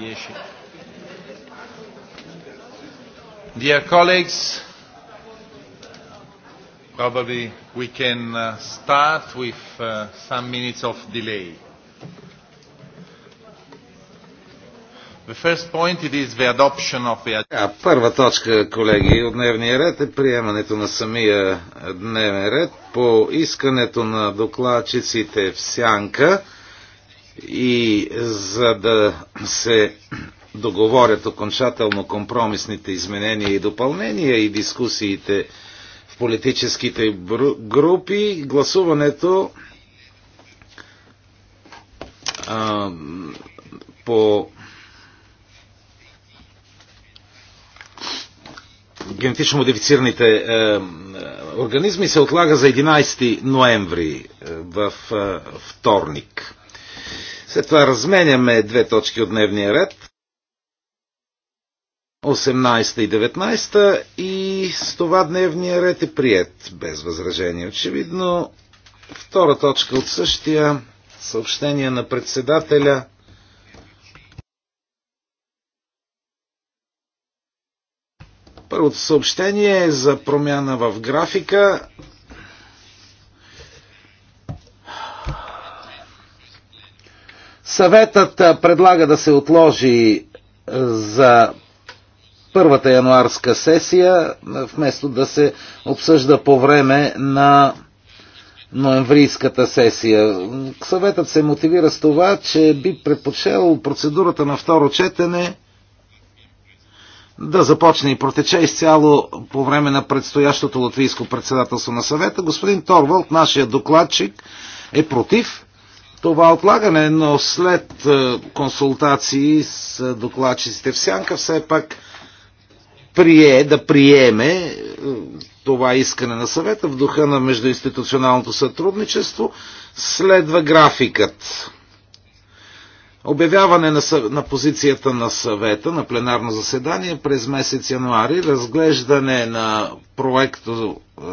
10. Dear colleagues, probably we can uh, start with uh, some minutes of delay. The first point it is the adoption of the... agenda. първа точка, колеги, от дневния ред е приемането на самия дневен ред по искането на докладчиците в сянка. И за да се договорят окончателно компромисните изменения и допълнения и дискусиите в политическите групи, гласуването а, по генетично модифицираните е, е организми се отлага за 11 ноември е, в е, вторник. След това разменяме две точки от дневния ред. 18 и 19 и с това дневния ред е прият без възражение. Очевидно, втора точка от същия съобщение на председателя Първото съобщение е за промяна в графика. Съветът предлага да се отложи за първата януарска сесия, вместо да се обсъжда по време на ноемврийската сесия. Съветът се мотивира с това, че би предпочел процедурата на второ четене да започне и протече изцяло по време на предстоящото латвийско председателство на съвета. Господин Торвалд, нашия докладчик, е против това отлагане, но след е, консултации с докладчиците в Сянка все пак прие, да приеме е, това искане на съвета в духа на междуинституционалното сътрудничество, следва графикът. Обявяване на, на позицията на съвета на пленарно заседание през месец януари, разглеждане на проекто е... е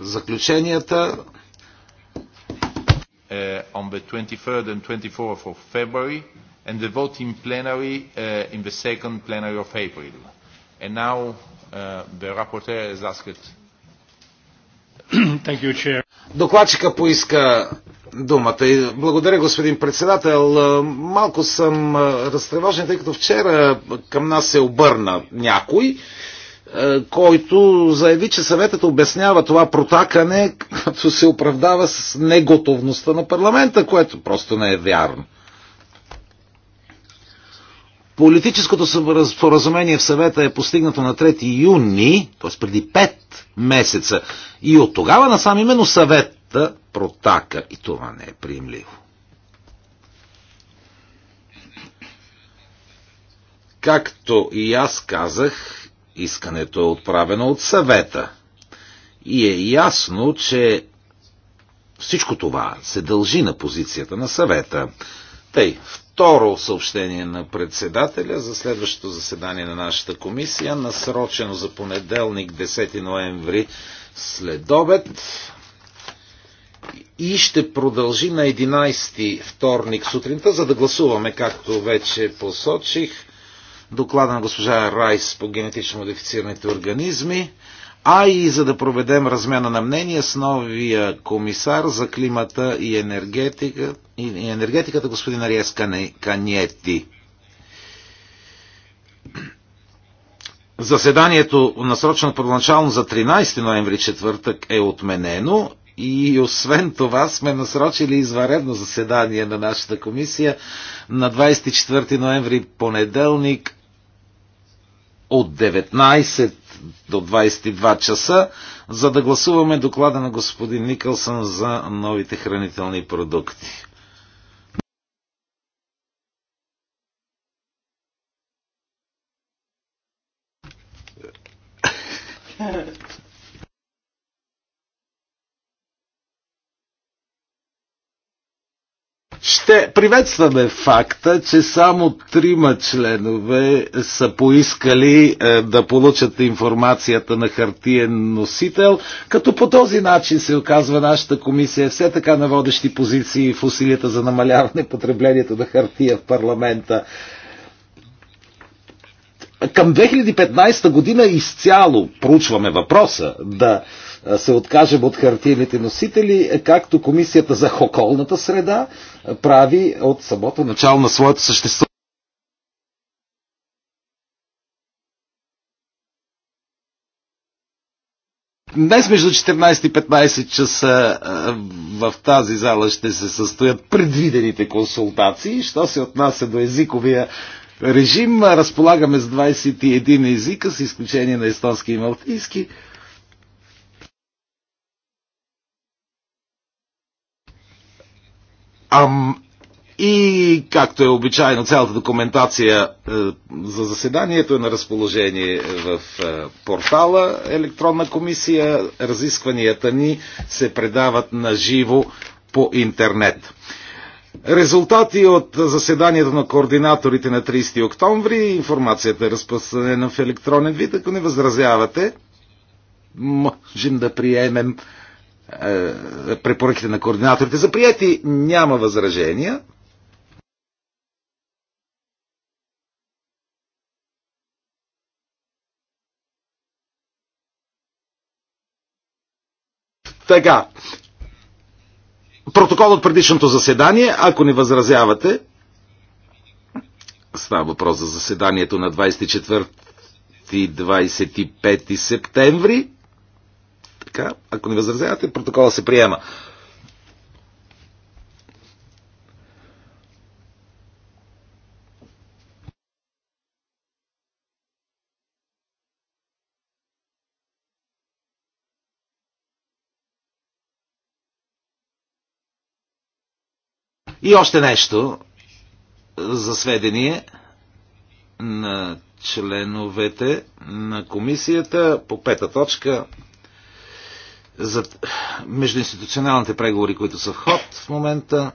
заключенията uh, on the 23rd and 24th of February, and the vote in plenary uh, in the second plenary of April. And now uh, the rapporteur has asked. Thank you, Chair. Докладчика поиска думата. И благодаря, господин председател. Малко съм разтревожен, тъй като вчера към нас се обърна някой е, който заяви, че съветът обяснява това протакане, като се оправдава с неготовността на парламента, което просто не е вярно. Политическото споразумение в съвета е постигнато на 3 юни, т.е. преди 5 месеца. И от тогава насам именно съвета протака. И това не е приемливо. Както и аз казах, Искането е отправено от съвета. И е ясно, че всичко това се дължи на позицията на съвета. Тъй, второ съобщение на председателя за следващото заседание на нашата комисия, насрочено за понеделник 10 ноември след обед. И ще продължи на 11 вторник сутринта, за да гласуваме, както вече посочих, доклада на госпожа Райс по генетично модифицираните организми, а и за да проведем размяна на мнения с новия комисар за климата и, енергетика, и енергетиката господин Ариес Каниети. Заседанието, насрочено първоначално за 13 ноември четвъртък, е отменено и освен това сме насрочили изваредно заседание на нашата комисия на 24 ноември понеделник от 19 до 22 часа, за да гласуваме доклада на господин Никълсън за новите хранителни продукти. Ще приветстваме факта, че само трима членове са поискали е, да получат информацията на хартиен носител, като по този начин се оказва нашата комисия все така на водещи позиции в усилията за намаляване потреблението на хартия в парламента към 2015 година изцяло проучваме въпроса да се откажем от хартийните носители, както Комисията за околната среда прави от самото начало на своето същество. Днес между 14 и 15 часа в тази зала ще се състоят предвидените консултации. Що се отнася до езиковия режим, разполагаме с 21 езика, с изключение на естонски и малтийски. Ам, и както е обичайно, цялата документация е, за заседанието е на разположение в е, портала Електронна комисия. Разискванията ни се предават на живо по интернет. Резултати от заседанието на координаторите на 30 октомври. Информацията е разпространена в електронен вид. Ако не възразявате, можем да приемем е, препоръките на координаторите за прияти. Няма възражения. Така. Протокол от предишното заседание, ако не възразявате, става въпрос за заседанието на 24 и 25 септември. Така, ако не възразявате, протокола се приема. И още нещо за сведение на членовете на комисията по пета точка за междуинституционалните преговори, които са в ход в момента.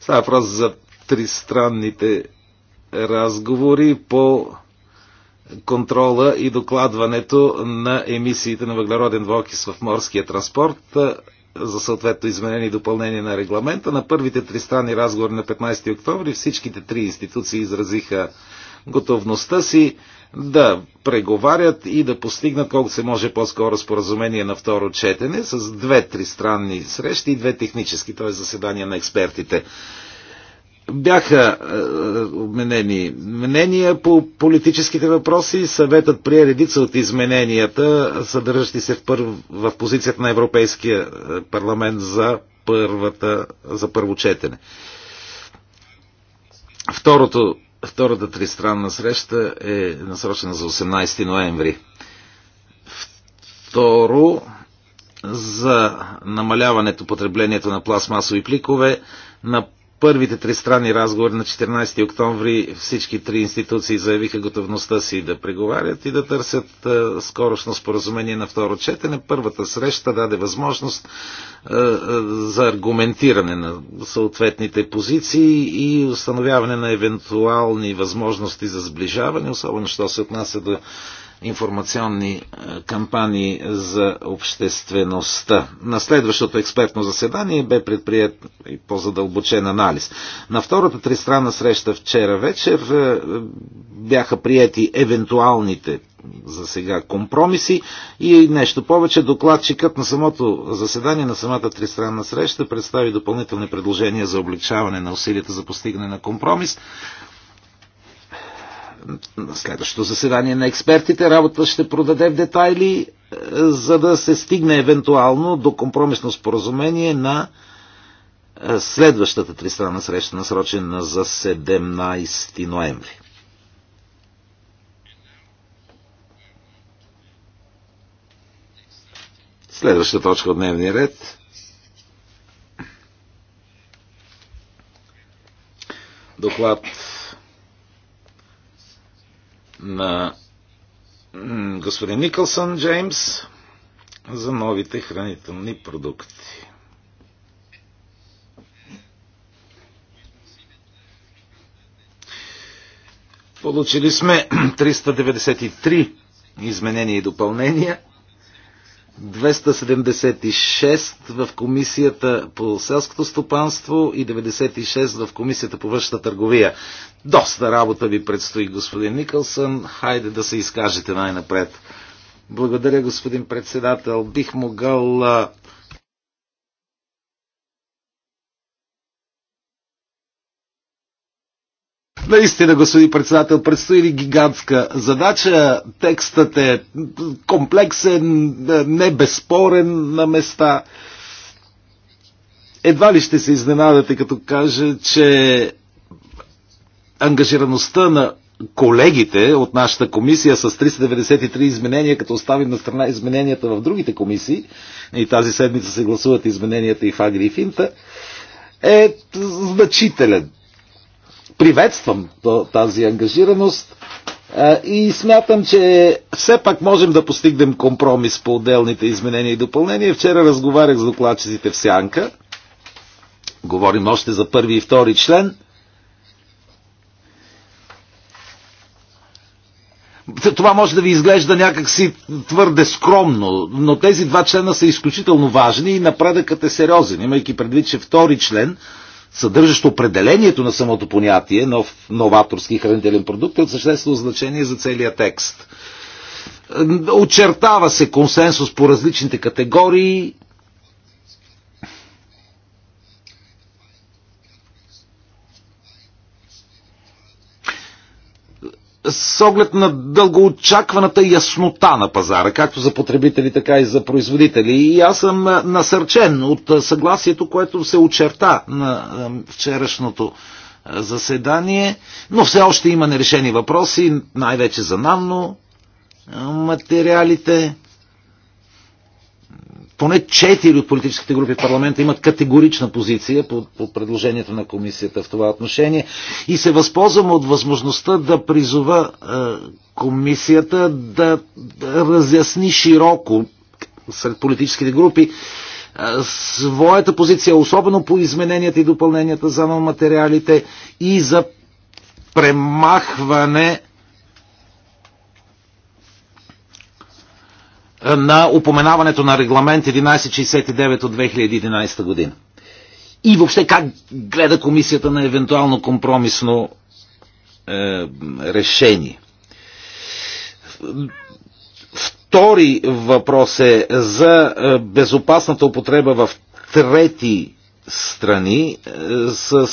Става въпрос за тристранните разговори по контрола и докладването на емисиите на въглероден двокис в морския транспорт за съответно изменение и допълнение на регламента. На първите три страни разговори на 15 октомври всичките три институции изразиха готовността си да преговарят и да постигнат колко се може по-скоро споразумение на второ четене с две тристранни срещи и две технически, т.е. заседания на експертите. Бяха е, обменени мнения по политическите въпроси. Съветът прие редица от измененията, съдържащи се в, първ, в позицията на Европейския е, парламент за, първата, за първо четене. Второто, втората тристранна среща е насрочена за 18 ноември. Второ, за намаляването потреблението на пластмасови пликове на първите три странни разговори на 14 октомври всички три институции заявиха готовността си да преговарят и да търсят е, скорошно споразумение на второ четене. Първата среща даде възможност е, е, за аргументиране на съответните позиции и установяване на евентуални възможности за сближаване, особено що се отнася до информационни е, кампании за обществеността. На следващото експертно заседание бе предприят и по-задълбочен анализ. На втората тристранна среща вчера вечер е, бяха приети евентуалните за сега компромиси и нещо повече. Докладчикът на самото заседание, на самата тристранна среща представи допълнителни предложения за облегчаване на усилията за постигане на компромис. На следващото заседание на експертите работа ще продаде в детайли, е, за да се стигне евентуално до компромисно споразумение на е, следващата тристранна среща, насрочена за 17 ноември. Следваща точка от дневния ред. Доклад на господин Никълсън Джеймс за новите хранителни продукти. Получили сме 393 изменения и допълнения – 276 в комисията по селското стопанство и 96 в комисията по външната търговия. Доста работа ви предстои, господин Никълсън. Хайде да се изкажете най-напред. Благодаря, господин председател. Бих могъл Наистина, господин председател, предстои ли гигантска задача. Текстът е комплексен, не безспорен на места. Едва ли ще се изненадате, като кажа, че ангажираността на колегите от нашата комисия с 393 изменения, като оставим на страна измененията в другите комисии, и тази седмица се гласуват измененията и в Агри и Финта, е значителен приветствам тази ангажираност е, и смятам, че все пак можем да постигнем компромис по отделните изменения и допълнения. Вчера разговарях с докладчиците в Сянка. Говорим още за първи и втори член. Това може да ви изглежда някакси твърде скромно, но тези два члена са изключително важни и напредъкът е сериозен, имайки предвид, че втори член съдържащ определението на самото понятие нов, новаторски хранителен продукт е от съществено значение за целия текст. Е, очертава се консенсус по различните категории, с оглед на дългоочакваната яснота на пазара, както за потребители, така и за производители. И аз съм е, насърчен от е, съгласието, което се очерта на е, вчерашното заседание, но все още има нерешени въпроси, най-вече за нанно материалите поне четири от политическите групи в парламента имат категорична позиция по, по предложението на комисията в това отношение и се възползвам от възможността да призова е, комисията да, да разясни широко сред политическите групи е, своята позиция, особено по измененията и допълненията за материалите и за премахване на упоменаването на регламент 1169 от 2011 година. И въобще как гледа комисията на евентуално компромисно е, решение. Втори въпрос е за е, безопасната употреба в трети страни е, с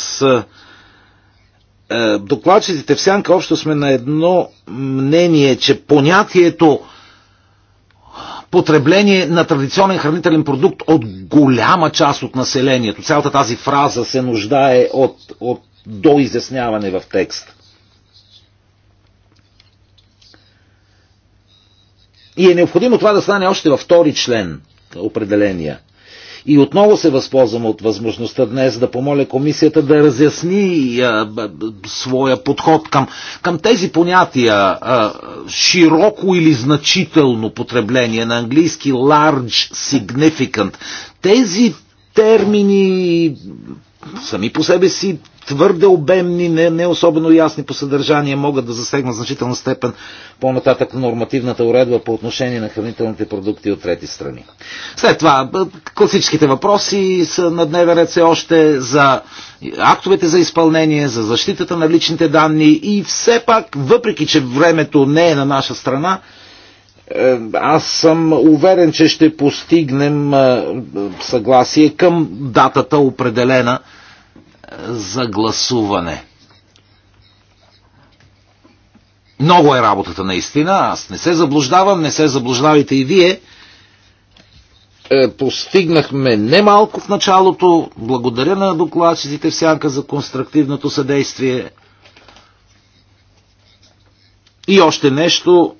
е, е, докладчиците в сянка общо сме на едно мнение, че понятието потребление на традиционен хранителен продукт от голяма част от населението. Цялата тази фраза се нуждае от, от доизясняване в текст. И е необходимо това да стане още във втори член определения. И отново се възползвам от възможността днес да помоля комисията да разясни а, б, своя подход към, към тези понятия а, широко или значително потребление на английски large significant. Тези термини сами по себе си твърде обемни, не, не особено ясни по съдържание, могат да засегнат значителна степен по-нататък нормативната уредба по отношение на хранителните продукти от трети страни. След това, класическите въпроси са на дневен ред се още за актовете за изпълнение, за защитата на личните данни и все пак, въпреки че времето не е на наша страна, е, аз съм уверен, че ще постигнем е, съгласие към датата определена е, за гласуване. Много е работата наистина. Аз не се заблуждавам, не се заблуждавайте и вие. Постигнахме немалко в началото. Благодаря на докладчиците в сянка за конструктивното съдействие. И още нещо,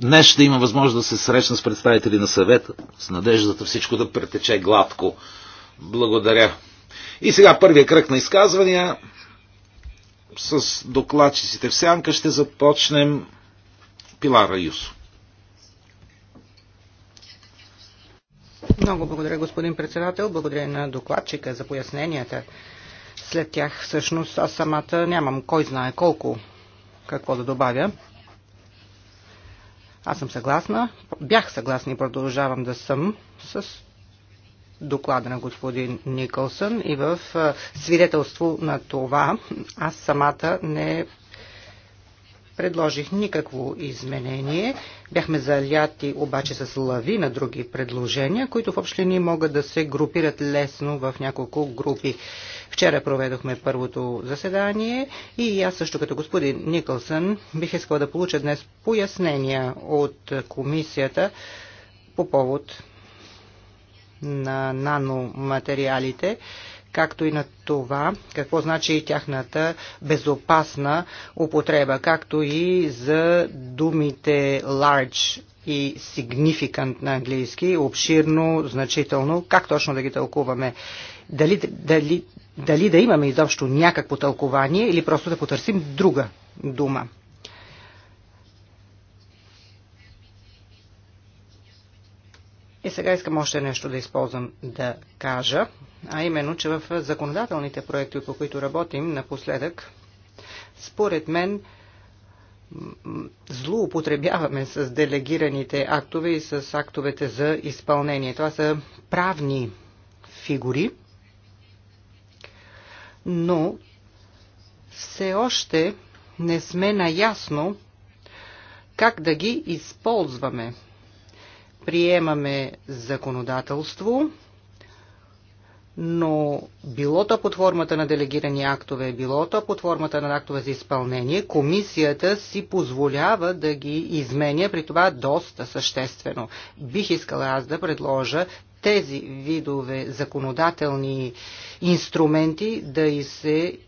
Днес ще има възможност да се срещна с представители на съвета, с надеждата всичко да претече гладко. Благодаря. И сега първия кръг на изказвания. С докладчиците в сянка ще започнем Пилара Юсо. Много благодаря, господин председател. Благодаря на докладчика за поясненията. След тях, всъщност, аз самата нямам кой знае колко какво да добавя. Аз съм съгласна, бях съгласна и продължавам да съм с доклада на господин Николсън. и в свидетелство на това аз самата не предложих никакво изменение. Бяхме заляти обаче с лави на други предложения, които в общини могат да се групират лесно в няколко групи. Вчера проведохме първото заседание и аз също като господин Никълсън бих искал да получа днес пояснения от комисията по повод на наноматериалите, както и на това, какво значи тяхната безопасна употреба, както и за думите large и significant на английски, обширно, значително, как точно да ги тълкуваме. Дали, дали дали да имаме изобщо някакво тълкование или просто да потърсим друга дума. И сега искам още нещо да използвам да кажа, а именно, че в законодателните проекти, по които работим напоследък, според мен злоупотребяваме с делегираните актове и с актовете за изпълнение. Това са правни фигури, но все още не сме наясно как да ги използваме. Приемаме законодателство, но било то под формата на делегирани актове, било то под формата на актове за изпълнение, комисията си позволява да ги изменя, при това доста съществено. Бих искала аз да предложа тези видове законодателни инструменти да и се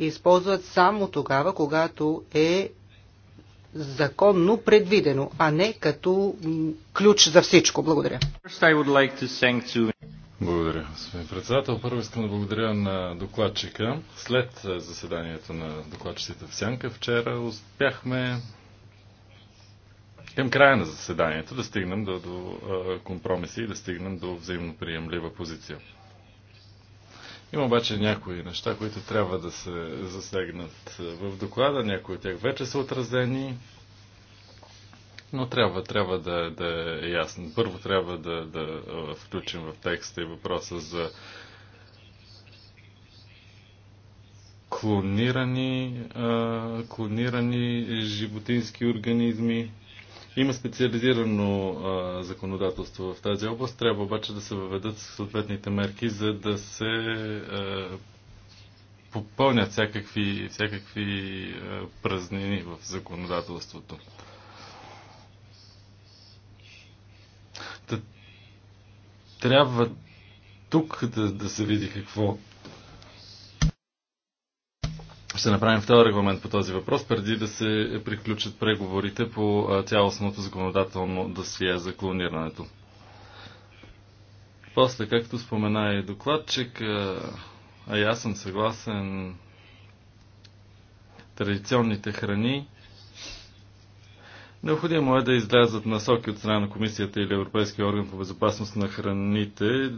използват само тогава, когато е законно предвидено, а не като ключ за всичко. Благодаря. Благодаря, господин председател. Първо искам да благодаря на докладчика. След заседанието на докладчиците в Сянка вчера успяхме към края на заседанието да стигнем до, до компромиси и да стигнем до взаимноприемлива позиция. Има обаче някои неща, които трябва да се засегнат в доклада. Някои от тях вече са отразени но трябва, трябва да, да е ясно. Първо трябва да, да включим в текста и въпроса за клонирани, а, клонирани животински организми. Има специализирано а, законодателство в тази област, трябва обаче да се въведат съответните мерки, за да се а, попълнят всякакви, всякакви а, празнини в законодателството. трябва тук да, да се види какво ще направим втори регламент по този въпрос, преди да се приключат преговорите по цялостното законодателно досие за клонирането. После, както спомена и докладчик, а и аз съм съгласен, традиционните храни Необходимо е да излязат насоки от страна на комисията или Европейския орган по безопасност на храните.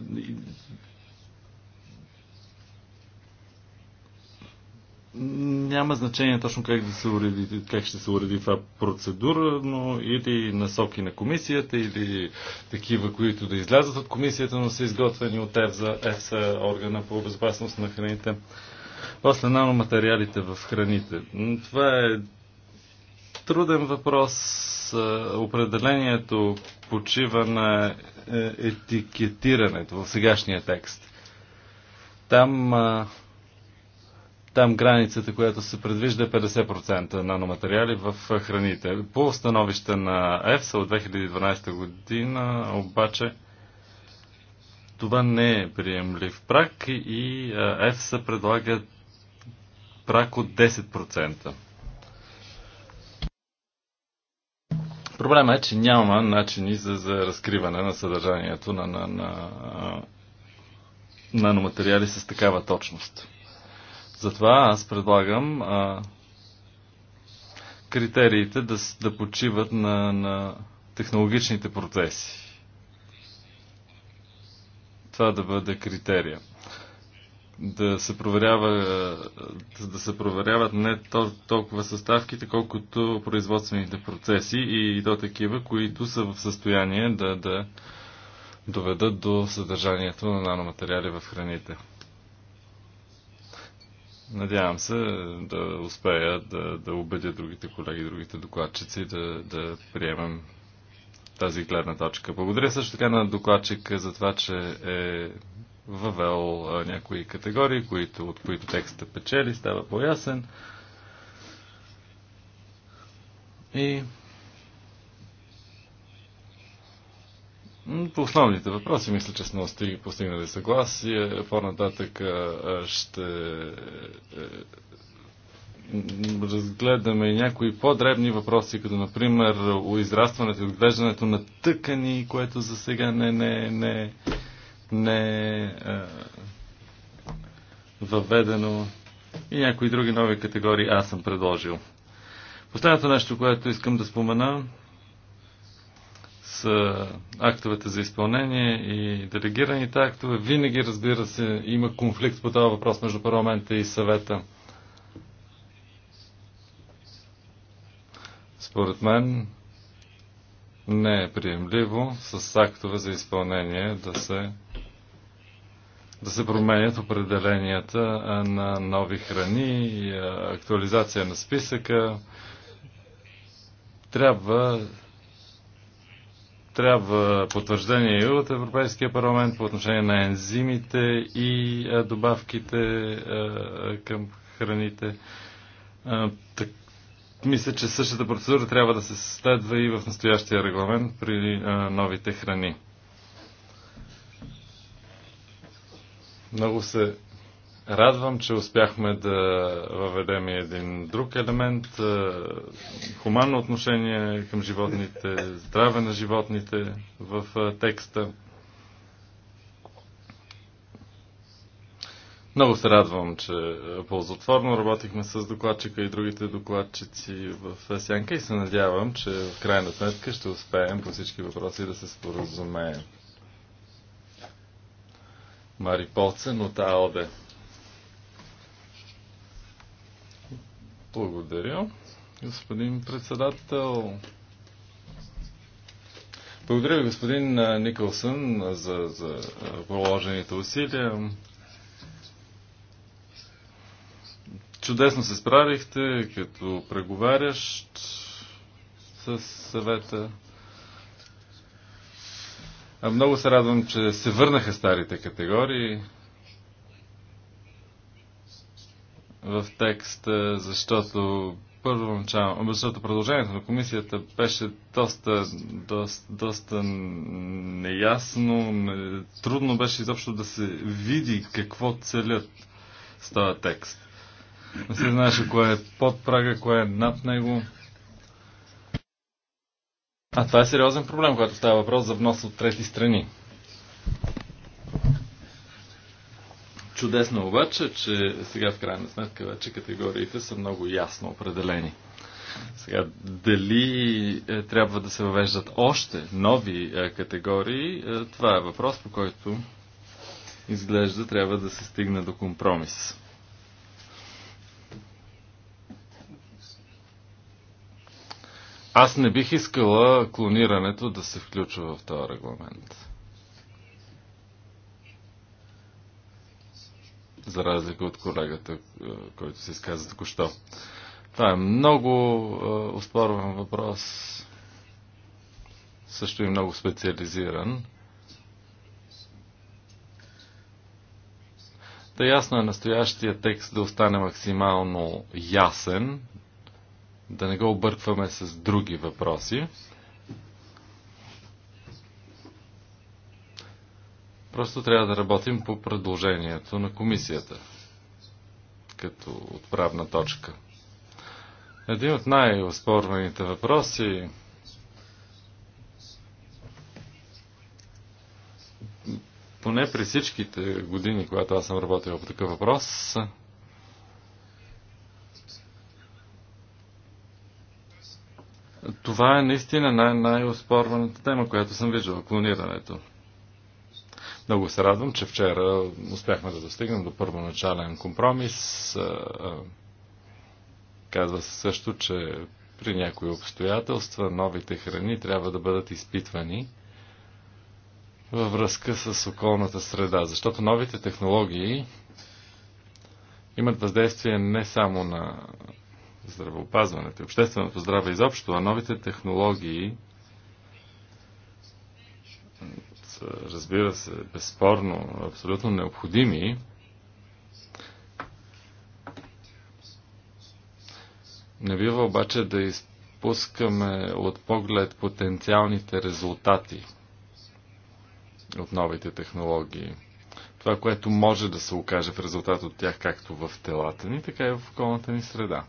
Няма значение точно как, да се уреди, как ще се уреди това процедура, но или насоки на комисията, или такива, които да излязат от комисията, но са изготвени от ЕФЗА, ЕФСА, органа по безопасност на храните. После наноматериалите в храните. Това е труден въпрос. Е, определението почива на е етикетирането в сегашния текст. Там, е, там границата, която се предвижда е 50% наноматериали в храните. По становище на ЕФСА от 2012 година обаче това не е приемлив прак и ЕФСА предлага прак от 10%. Проблема е, че няма начини за, за разкриване на съдържанието на, на, на наноматериали с такава точност. Затова аз предлагам а, критериите да, да почиват на, на технологичните процеси. Това да бъде критерия да се, проверява, е, да се проверяват не толкова съставките, колкото производствените процеси и до такива, които са в състояние да, да доведат до съдържанието на наноматериали в храните. Надявам се е, да успея да, да убедя другите колеги, другите докладчици да, да приемем тази гледна точка. Благодаря също така на докладчика за това, че е въвел някои категории, които, от които текста печели, става по-ясен. И По основните въпроси мисля, че сме постигнали съгласие. По-нататък ще е, разгледаме и някои по-дребни въпроси, като например израстването и отглеждането на тъкани, което за сега не, не, не, не е, е въведено и някои други нови категории аз съм предложил. Последното нещо, което искам да спомена, са актовете за изпълнение и делегираните актове. Винаги, разбира се, има конфликт по този въпрос между парламента и съвета. Според мен не е приемливо с актове за изпълнение да се да се променят определенията на нови храни, актуализация на списъка. Трябва трябва потвърждение и от Европейския парламент по отношение на ензимите и добавките към храните. мисля, че същата процедура трябва да се следва и в настоящия регламент при новите храни. Много се радвам, че успяхме да въведем един друг елемент е, хуманно отношение към животните, здраве на животните в е, текста. Много се радвам, че ползотворно работихме с докладчика и другите докладчици в е, Сянка и се надявам, че в крайна сметка ще успеем по всички въпроси да се споразумеем. Мари Полцен от АОД. Благодаря, господин председател. Благодаря ви, господин Николсън, за, за положените усилия. Чудесно се справихте като преговарящ с съвета. Много се радвам, че се върнаха старите категории в текста, защото първо начало, ами, защото продължението на комисията беше доста, доста, доста неясно, трудно беше изобщо да се види какво целят с този текст. Не се знаеше кое е под прага, кое е над него. А това е сериозен проблем, когато става въпрос за внос от трети страни. Чудесно обаче, че сега в крайна сметка вече категориите са много ясно определени. Сега, дали е, трябва да се въвеждат още нови е, категории, е, това е въпрос, по който изглежда трябва да се стигне до компромис. Аз не бих искала клонирането да се включва в този регламент. За разлика от колегата, е, който се изказа току-що. Това е много е, оспорван въпрос. Също и много специализиран. Та ясно е настоящия текст да остане максимално ясен, да не го объркваме с други въпроси. Просто трябва да работим по предложението на комисията като отправна точка. Един от най-оспорваните въпроси поне при всичките години, когато аз съм работил по такъв въпрос, Това е наистина най- най-оспорваната тема, която съм виждал клонирането. Много се радвам, че вчера успяхме да достигнем до първоначален компромис. Казва се също, че при някои обстоятелства новите храни трябва да бъдат изпитвани във връзка с околната среда, защото новите технологии имат въздействие не само на здравеопазването и общественото здраве изобщо, а новите технологии са, разбира се, безспорно, абсолютно необходими, Не бива обаче да изпускаме от поглед потенциалните резултати от новите технологии. Това, което може да се окаже в резултат от тях, както в телата ни, така и в околната ни среда.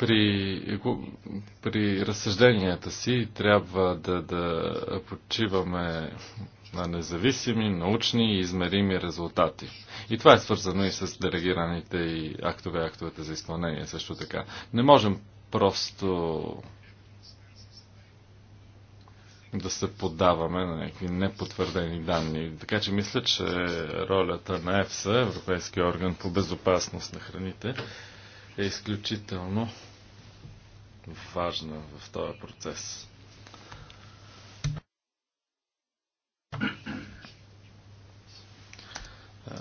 при, при разсъжденията си трябва да, да почиваме на независими, научни и измерими резултати. И това е свързано и с делегираните и актове, актовете за изпълнение също така. Не можем просто да се поддаваме на някакви непотвърдени данни. Така че мисля, че ролята на ЕФСА, Европейския орган по безопасност на храните, е изключително важна в този процес.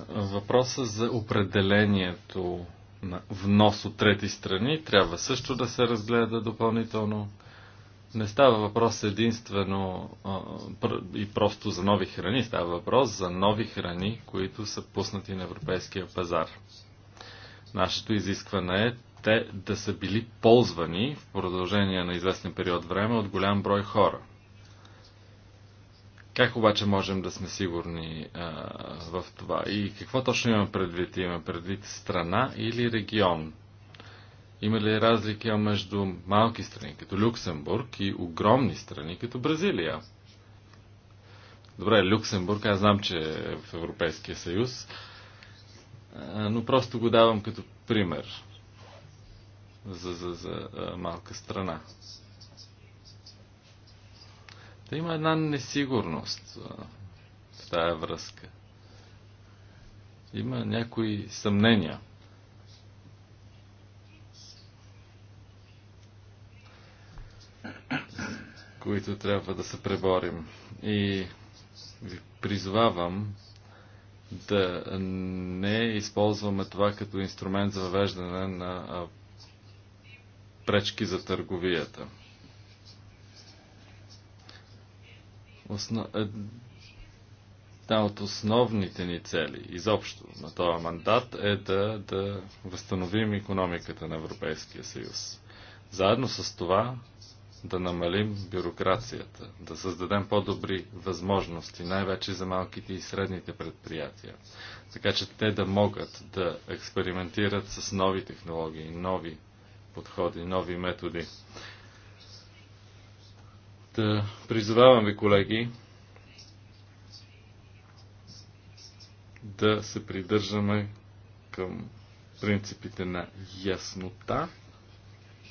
Въпроса за определението на внос от трети страни трябва също да се разгледа допълнително. Не става въпрос единствено и просто за нови храни, става въпрос за нови храни, които са пуснати на европейския пазар. Нашето изискване е те да са били ползвани в продължение на известен период време от голям брой хора. Как обаче можем да сме сигурни а, в това? И какво точно имам предвид? Има предвид страна или регион? Има ли разлика между малки страни като Люксембург и огромни страни като Бразилия? Добре, Люксембург, аз знам, че е в Европейския съюз, но просто го давам като пример за, за, за малка страна. Да има една несигурност в тая връзка. Има някои съмнения. които трябва да се преборим. И ви призвавам да не използваме това като инструмент за въвеждане на пречки за търговията. Осно... Е, една от основните ни цели изобщо на този мандат е да, да възстановим економиката на Европейския съюз. Заедно с това да намалим бюрокрацията, да създадем по-добри възможности, най-вече за малките и средните предприятия, така че те да могат да експериментират с нови технологии, нови подходи, нови методи. Да призовавам ви, колеги, да се придържаме към принципите на яснота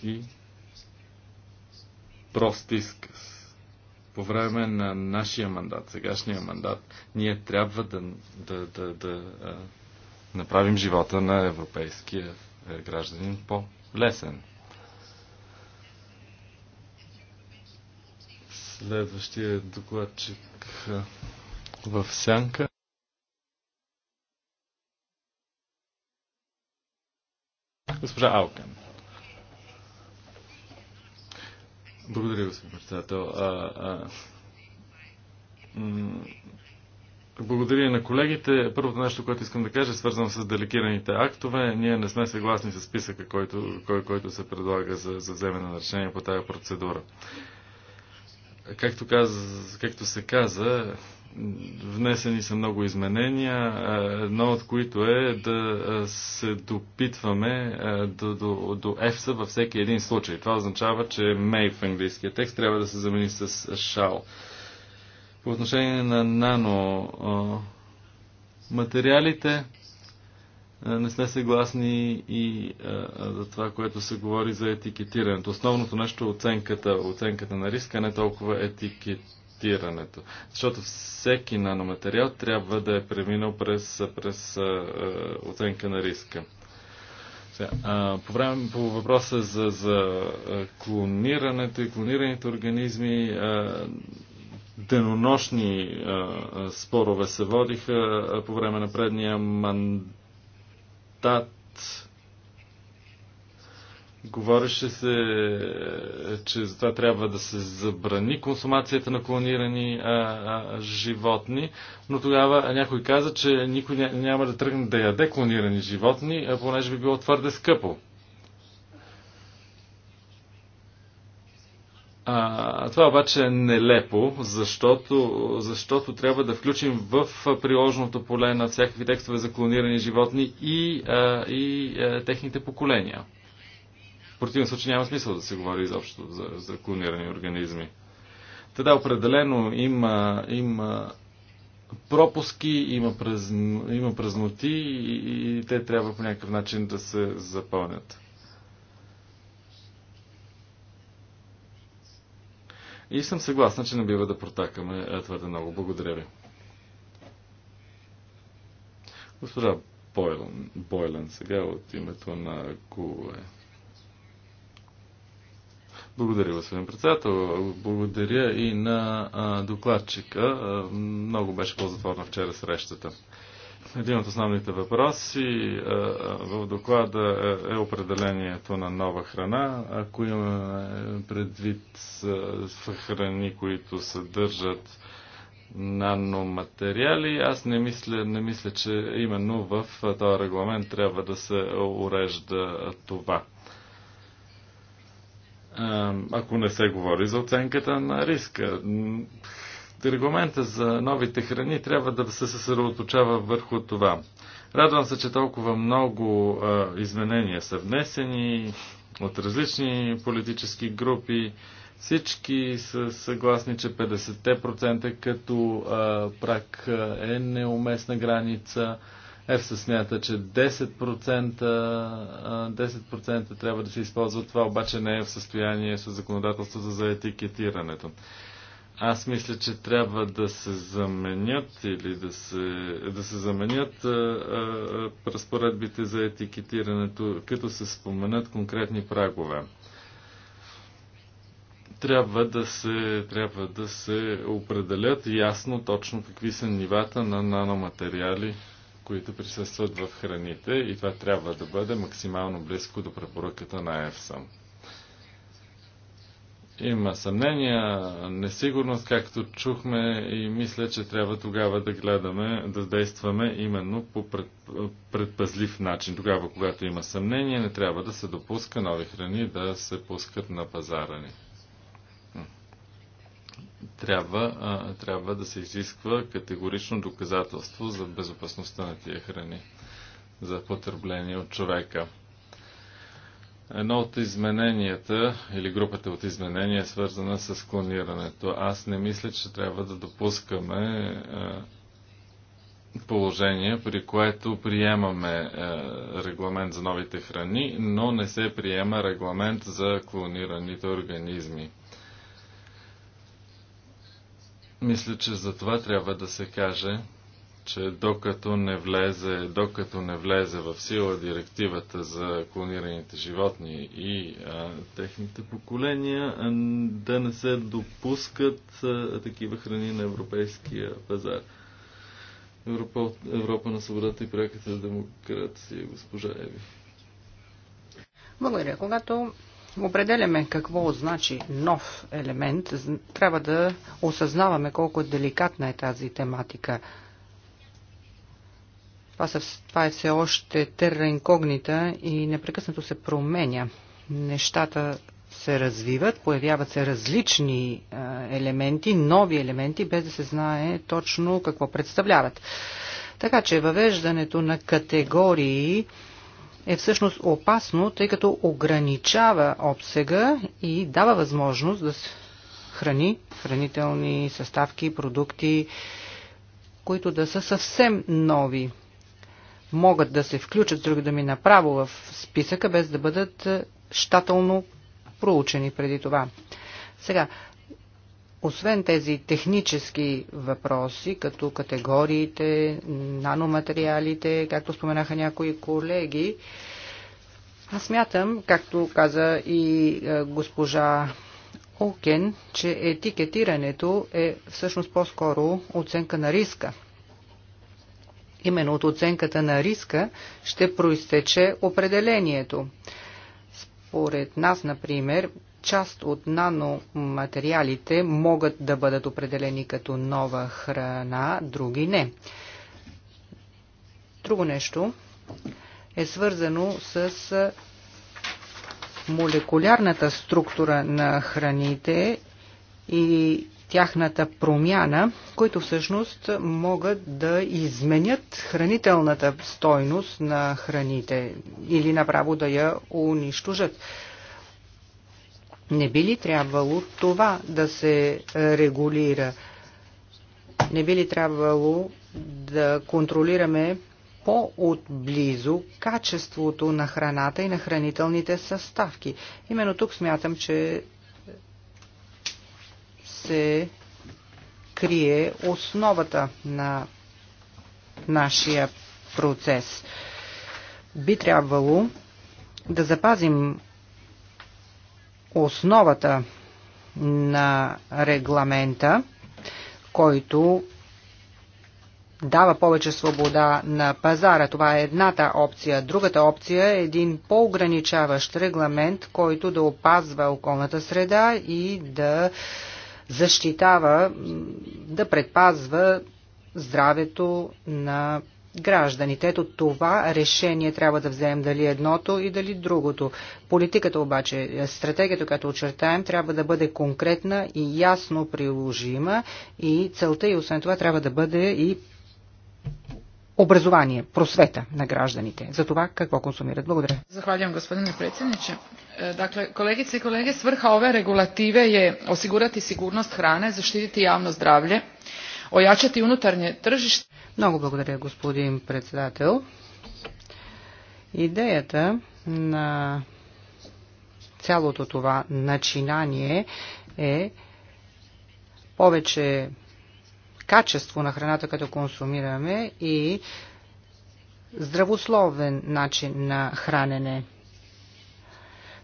и прост изказ. По време на нашия мандат, сегашния мандат, ние трябва да, да, да, да направим живота на европейския е, гражданин по лесен. Следващия докладчик в сянка. Госпожа Алкен. Благодаря, господин председател. А, а, благодаря на колегите. Първото нещо, което искам да кажа, е свързано с делегираните актове. Ние не сме съгласни с списъка, който, кой, който се предлага за, за вземане на решение по тази процедура. Както, каз, както се каза, внесени са много изменения, едно от които е да се допитваме до, до, до EFSA във всеки един случай. Това означава, че may в английския текст трябва да се замени с shall. По отношение на нано материалите, не сме съгласни и за това, което се говори за етикетирането. Основното нещо е оценката, оценката на риска, не толкова етикетирането. Защото всеки наноматериал трябва да е преминал през, през оценка на риска. По, време, по въпроса за, за клонирането и клонираните организми, денонощни спорове се водиха по време на предния мандат. Говореше се, е, че за това трябва да се забрани консумацията на клонирани а, а, животни, но тогава някой каза, че никой няма да тръгне да яде клонирани животни, понеже би било твърде скъпо. А, това обаче е нелепо, защото, защото трябва да включим в приложното поле на всякакви текстове за клонирани животни и, а, и а, техните поколения. В противен случай няма смисъл да се говори изобщо за, за клонирани организми. Тогава определено има, има пропуски, има, празно, има празноти и, и те трябва по някакъв начин да се запълнят. И съм съгласна, че не бива да протакаме е, твърде много. Благодаря ви. Госпожа Бойлен, Бойлен сега от името на ГУЕ. Благодаря, господин председател. Благодаря и на докладчика. Много беше по-затворна вчера срещата. Един от основните въпроси е, е, в доклада е определението на нова храна. Ако имаме предвид е, храни, които съдържат наноматериали, аз не мисля, не мисля, че именно в този регламент трябва да се урежда това. Ако не се говори за оценката на риска, Регламента за новите храни трябва да се съсредоточава върху това. Радвам се, че толкова много а, изменения са внесени от различни политически групи. Всички са съгласни, че 50% като а, прак е неуместна граница. ЕФСА смята, че 10%, а, 10% трябва да се използва, Това обаче не е в състояние с законодателство за етикетирането. Аз мисля, че трябва да се заменят или да се, да се заменят а, а, разпоредбите за етикетирането, като се споменат конкретни прагове. Трябва да, се, трябва да се определят ясно точно какви са нивата на наноматериали, които присъстват в храните и това трябва да бъде максимално близко до препоръката на ЕФСАМ. Има съмнения, несигурност, както чухме и мисля, че трябва тогава да гледаме, да действаме именно по пред, предпазлив начин. Тогава, когато има съмнение, не трябва да се допуска нови храни да се пускат на пазара ни трябва, а, трябва да се изисква категорично доказателство за безопасността на тия храни за потребление от човека. Едно от измененията или групата от изменения е свързана с клонирането. Аз не мисля, че трябва да допускаме е, положение, при което приемаме е, регламент за новите храни, но не се приема регламент за клонираните организми. Мисля, че за това трябва да се каже, че докато не влезе, докато не влезе в сила директивата за клонираните животни и а, техните поколения, а, да не се допускат а, такива храни на европейския пазар. Европа, Европа на свободата и пряката демокрация, госпожа Еви. Благодаря. Когато определяме какво значи нов елемент, трябва да осъзнаваме колко деликатна е тази тематика. Това, са, това е все още терра инкогнита и непрекъснато се променя. Нещата се развиват, появяват се различни елементи, нови елементи, без да се знае точно какво представляват. Така че въвеждането на категории е всъщност опасно, тъй като ограничава обсега и дава възможност да се храни, хранителни съставки, продукти, които да са съвсем нови могат да се включат, с други думи, направо в списъка, без да бъдат е, щателно проучени преди това. Сега, освен тези технически въпроси, като категориите, наноматериалите, както споменаха някои колеги, аз мятам, както каза и е, госпожа Окен, че етикетирането е всъщност по-скоро оценка на риска Именно от оценката на риска ще проистече определението. Според нас, например, част от наноматериалите могат да бъдат определени като нова храна, други не. Друго нещо е свързано с молекулярната структура на храните и тяхната промяна, които всъщност могат да изменят хранителната стойност на храните или направо да я унищожат. Не би ли трябвало това да се регулира? Не би ли трябвало да контролираме по-отблизо качеството на храната и на хранителните съставки. Именно тук смятам, че се крие основата на нашия процес. Би трябвало да запазим основата на регламента, който дава повече свобода на пазара. Това е едната опция. Другата опция е един по-ограничаващ регламент, който да опазва околната среда и да защитава, да предпазва здравето на гражданите. Ето това решение трябва да вземем дали едното и дали другото. Политиката обаче, е, стратегията, която очертаем, трябва да бъде конкретна и ясно приложима и целта и освен това трябва да бъде и образование, просвета на гражданите за това какво консумират. Благодаря. Захвалям господине председниче. Е, dakle, kolegice i kolege, svrha ove regulative je osigurati sigurnost hrane, zaštititi javno zdravlje, ojačati unutarnje tržište. Mnogo благодаря, господин председател. Идеята на цялото това начинание е повече качество на храната, като консумираме и здравословен начин на хранене.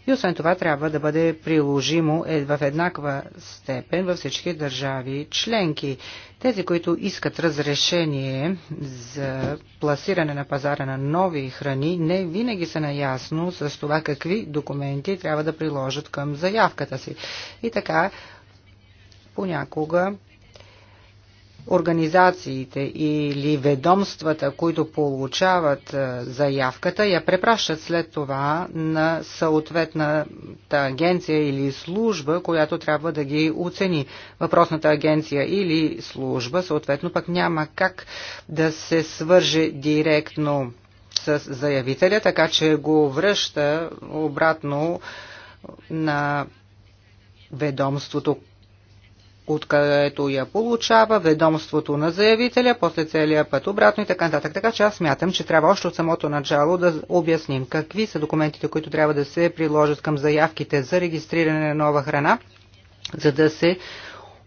И освен това трябва да бъде приложимо е в еднаква степен във всички държави членки. Тези, които искат разрешение за пласиране на пазара на нови храни, не винаги са наясно с това какви документи трябва да приложат към заявката си. И така, понякога организациите или ведомствата, които получават заявката, я препращат след това на съответната агенция или служба, която трябва да ги оцени. Въпросната агенция или служба, съответно, пък няма как да се свърже директно с заявителя, така че го връща обратно на ведомството, откъдето я получава, ведомството на заявителя, после целия път обратно и така нататък. Така че аз смятам, че трябва още от самото начало да обясним какви са документите, които трябва да се приложат към заявките за регистриране на нова храна, за да се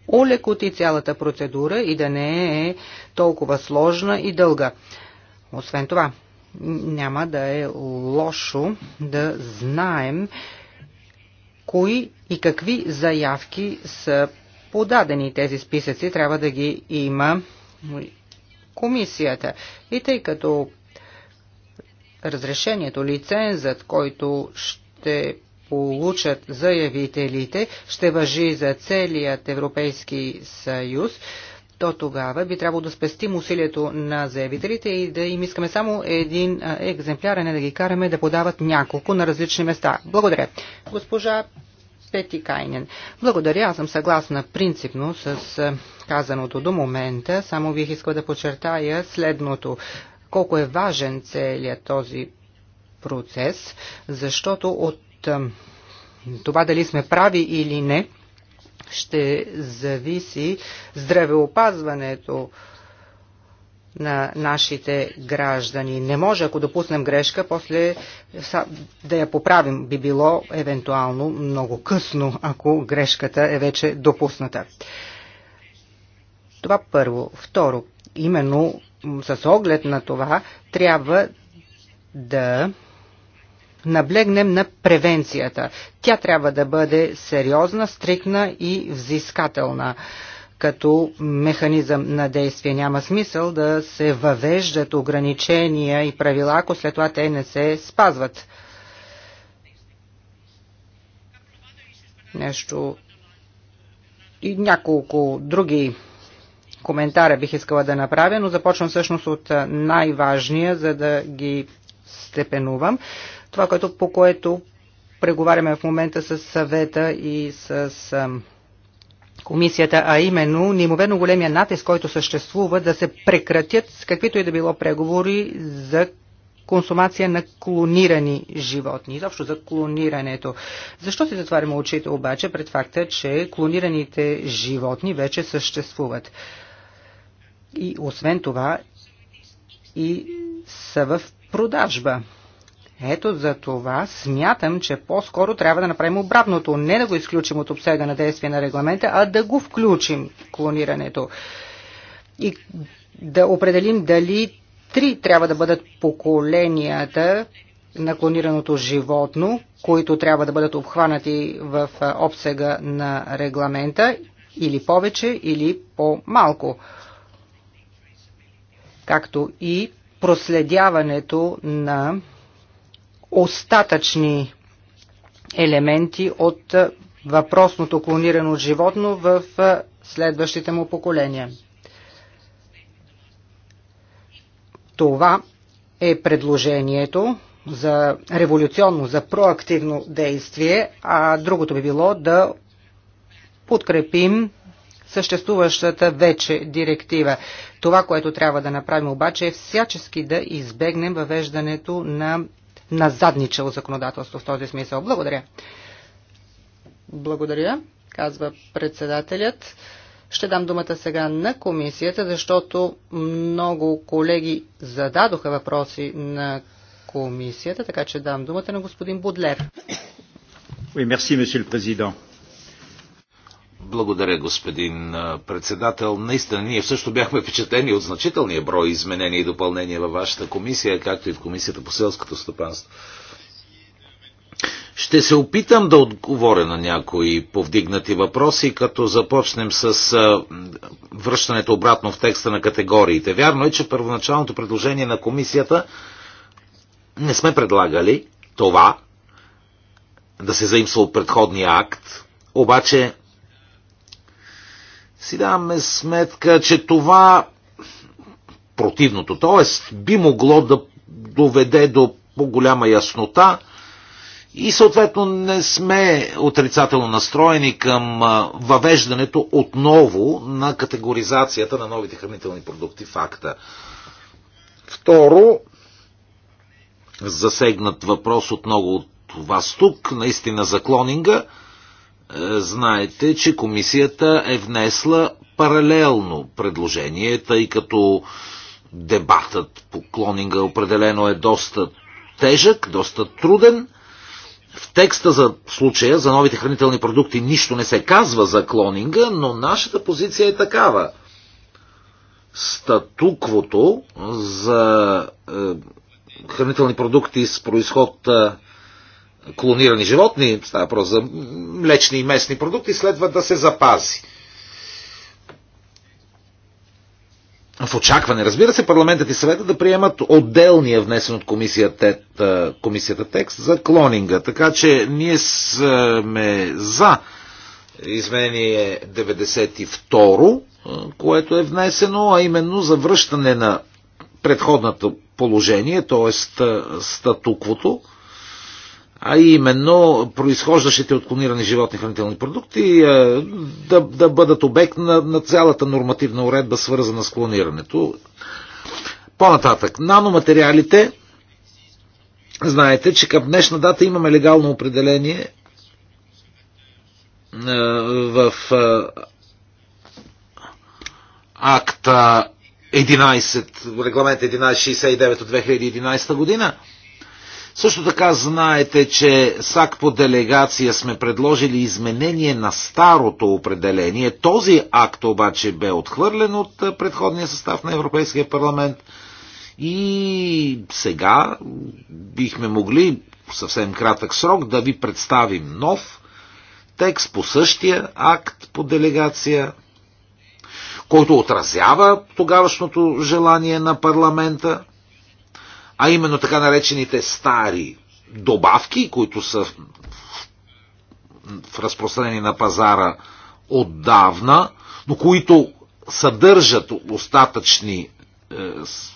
улекоти цялата процедура и да не е толкова сложна и дълга. Освен това, няма да е лошо да знаем кои и какви заявки са подадени тези списъци, трябва да ги има комисията. И тъй като разрешението, лицензът, който ще получат заявителите, ще въжи за целият Европейски съюз, то тогава би трябвало да спестим усилието на заявителите и да им искаме само един екземпляр, а не да ги караме да подават няколко на различни места. Благодаря. Госпожа Пети Кайнен. Благодаря, аз съм съгласна принципно с е, казаното до момента, само бих искал да подчертая следното. Колко е важен целият този процес, защото от е, това дали сме прави или не, ще зависи здравеопазването, на нашите граждани. Не може, ако допуснем грешка, после да я поправим. Би било евентуално много късно, ако грешката е вече допусната. Това първо. Второ, именно с оглед на това трябва да наблегнем на превенцията. Тя трябва да бъде сериозна, стрикна и взискателна като механизъм на действие. Няма смисъл да се въвеждат ограничения и правила, ако след това те не се спазват. Нещо и няколко други коментара бих искала да направя, но започвам всъщност от най-важния, за да ги степенувам. Това, което, по което преговаряме в момента с съвета и с комисията, а именно неимоверно големия натиск, който съществува да се прекратят с каквито и да било преговори за консумация на клонирани животни, изобщо за клонирането. Защо си затваряме очите обаче пред факта, че клонираните животни вече съществуват? И освен това и са в продажба. Ето за това смятам, че по-скоро трябва да направим обратното. Не да го изключим от обсега на действие на регламента, а да го включим в клонирането. И да определим дали три трябва да бъдат поколенията на клонираното животно, които трябва да бъдат обхванати в обсега на регламента или повече, или по-малко. Както и проследяването на остатъчни елементи от въпросното клонирано животно в следващите му поколения. Това е предложението за революционно, за проактивно действие, а другото би било да подкрепим съществуващата вече директива. Това, което трябва да направим обаче е всячески да избегнем въвеждането на назадничало законодателство в този смисъл. Благодаря. Благодаря, казва председателят. Ще дам думата сега на комисията, защото много колеги зададоха въпроси на комисията, така че дам думата на господин Будлер. Oui, merci, благодаря, господин председател. Наистина, ние също бяхме впечатлени от значителния брой изменения и допълнения във вашата комисия, както и в комисията по селското стопанство. Ще се опитам да отговоря на някои повдигнати въпроси, като започнем с връщането обратно в текста на категориите. Вярно е, че първоначалното предложение на комисията не сме предлагали това да се заимства от предходния акт, обаче си даваме сметка, че това противното, т.е. би могло да доведе до по-голяма яснота и съответно не сме отрицателно настроени към въвеждането отново на категоризацията на новите хранителни продукти факта. Второ, засегнат въпрос от много от вас тук, наистина за клонинга – е, знаете, че комисията е внесла паралелно предложение, тъй като дебатът по клонинга определено е доста тежък, доста труден. В текста за случая, за новите хранителни продукти, нищо не се казва за клонинга, но нашата позиция е такава. Статуквото за е, хранителни продукти с происход е, клонирани животни, става въпрос за млечни и местни продукти, следва да се запази. В очакване, разбира се, парламентът и съвета да приемат отделния внесен от комисията, е, комисията текст за клонинга. Така че ние сме за изменение 92, е, което е внесено, а именно за връщане на предходното положение, т.е. статуквото, а именно произхождащите от клонирани животни хранителни продукти е, да, да бъдат обект на, на цялата нормативна уредба, свързана с клонирането. По-нататък, наноматериалите, знаете, че към днешна дата имаме легално определение е, в е, акта 11, регламент 1169 от 2011 година, също така знаете, че САК по делегация сме предложили изменение на старото определение. Този акт обаче бе отхвърлен от предходния състав на Европейския парламент. И сега бихме могли в съвсем кратък срок да ви представим нов текст по същия акт по делегация, който отразява тогавашното желание на парламента – а именно така наречените стари добавки, които са в разпространение на пазара отдавна, но които съдържат остатъчни, е,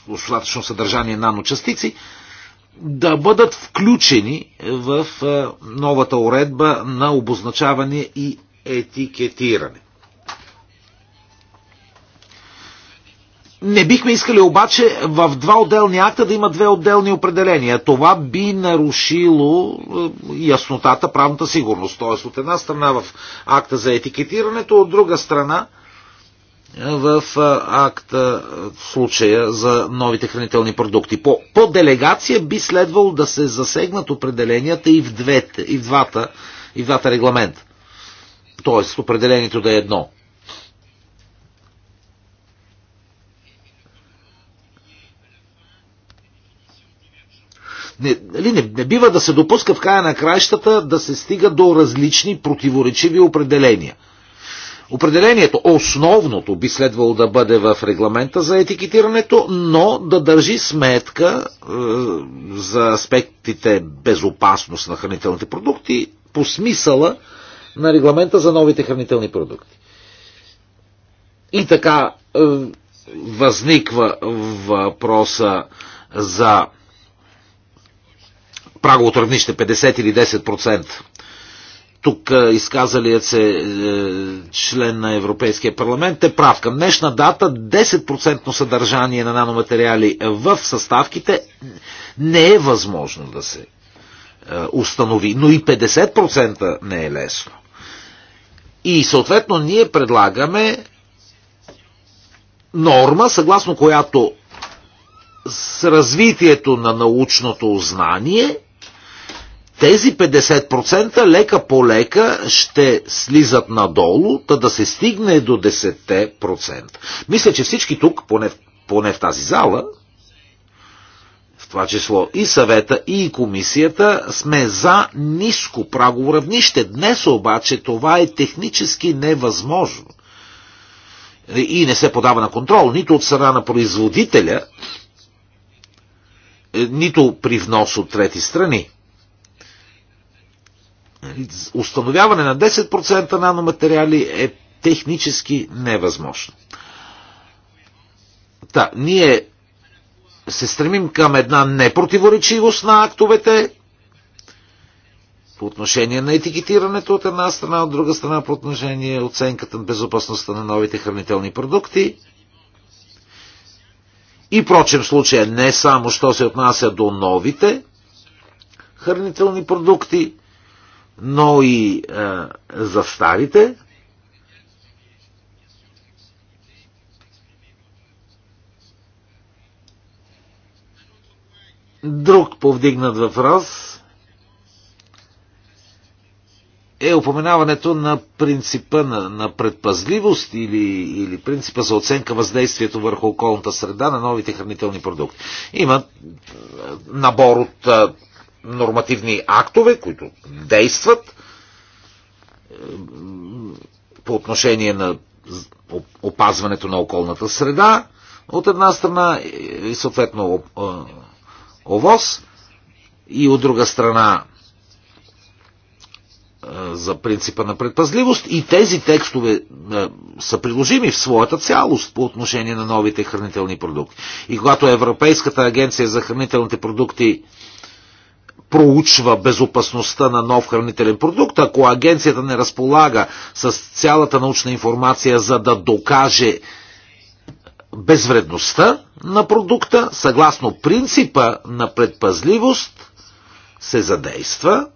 остатъчно съдържание наночастици, да бъдат включени в е, новата уредба на обозначаване и етикетиране. Не бихме искали обаче в два отделни акта да има две отделни определения. Това би нарушило е, яснотата, правната сигурност. Т.е. от една страна в акта за етикетирането, от друга страна е, в е, акта в случая за новите хранителни продукти. По, по делегация би следвало да се засегнат определенията и в, двете, и в, двата, и в двата регламента. Тоест определението да е едно. Не, нали, не, не бива да се допуска в края на краищата да се стига до различни противоречиви определения. Определението, основното, би следвало да бъде в регламента за етикетирането, но да държи сметка е, за аспектите безопасност на хранителните продукти по смисъла на регламента за новите хранителни продукти. И така е, възниква въпроса за праговото равнище 50 или 10%. Тук е, изказалият се е, член на Европейския парламент е прав. Към днешна дата 10% съдържание на наноматериали в съставките не е възможно да се е, установи, но и 50% не е лесно. И съответно ние предлагаме норма, съгласно която с развитието на научното знание – тези 50% лека по лека ще слизат надолу, та да се стигне до 10%. Мисля, че всички тук, поне, поне в тази зала, в това число и съвета, и комисията, сме за ниско прагово равнище. Днес обаче това е технически невъзможно. И не се подава на контрол, нито от страна на производителя, нито при внос от трети страни установяване на 10% наноматериали е технически невъзможно. Та, ние се стремим към една непротиворечивост на актовете по отношение на етикетирането от една страна, от друга страна по отношение оценката на безопасността на новите хранителни продукти. И прочим случая не само, що се отнася до новите хранителни продукти, но и е, за Друг повдигнат въпрос е упоменаването на принципа на, на предпазливост или, или принципа за оценка въздействието върху околната среда на новите хранителни продукти. Има е, набор от е, нормативни актове, които действат е, по отношение на опазването на околната среда, от една страна е, и съответно е, ОВОз, и от друга страна за принципа на предпазливост и тези текстове са приложими в своята цялост по отношение на новите хранителни продукти. И когато Европейската агенция за хранителните продукти проучва безопасността на нов хранителен продукт, ако агенцията не разполага с цялата научна информация, за да докаже безвредността на продукта, съгласно принципа на предпазливост, се задейства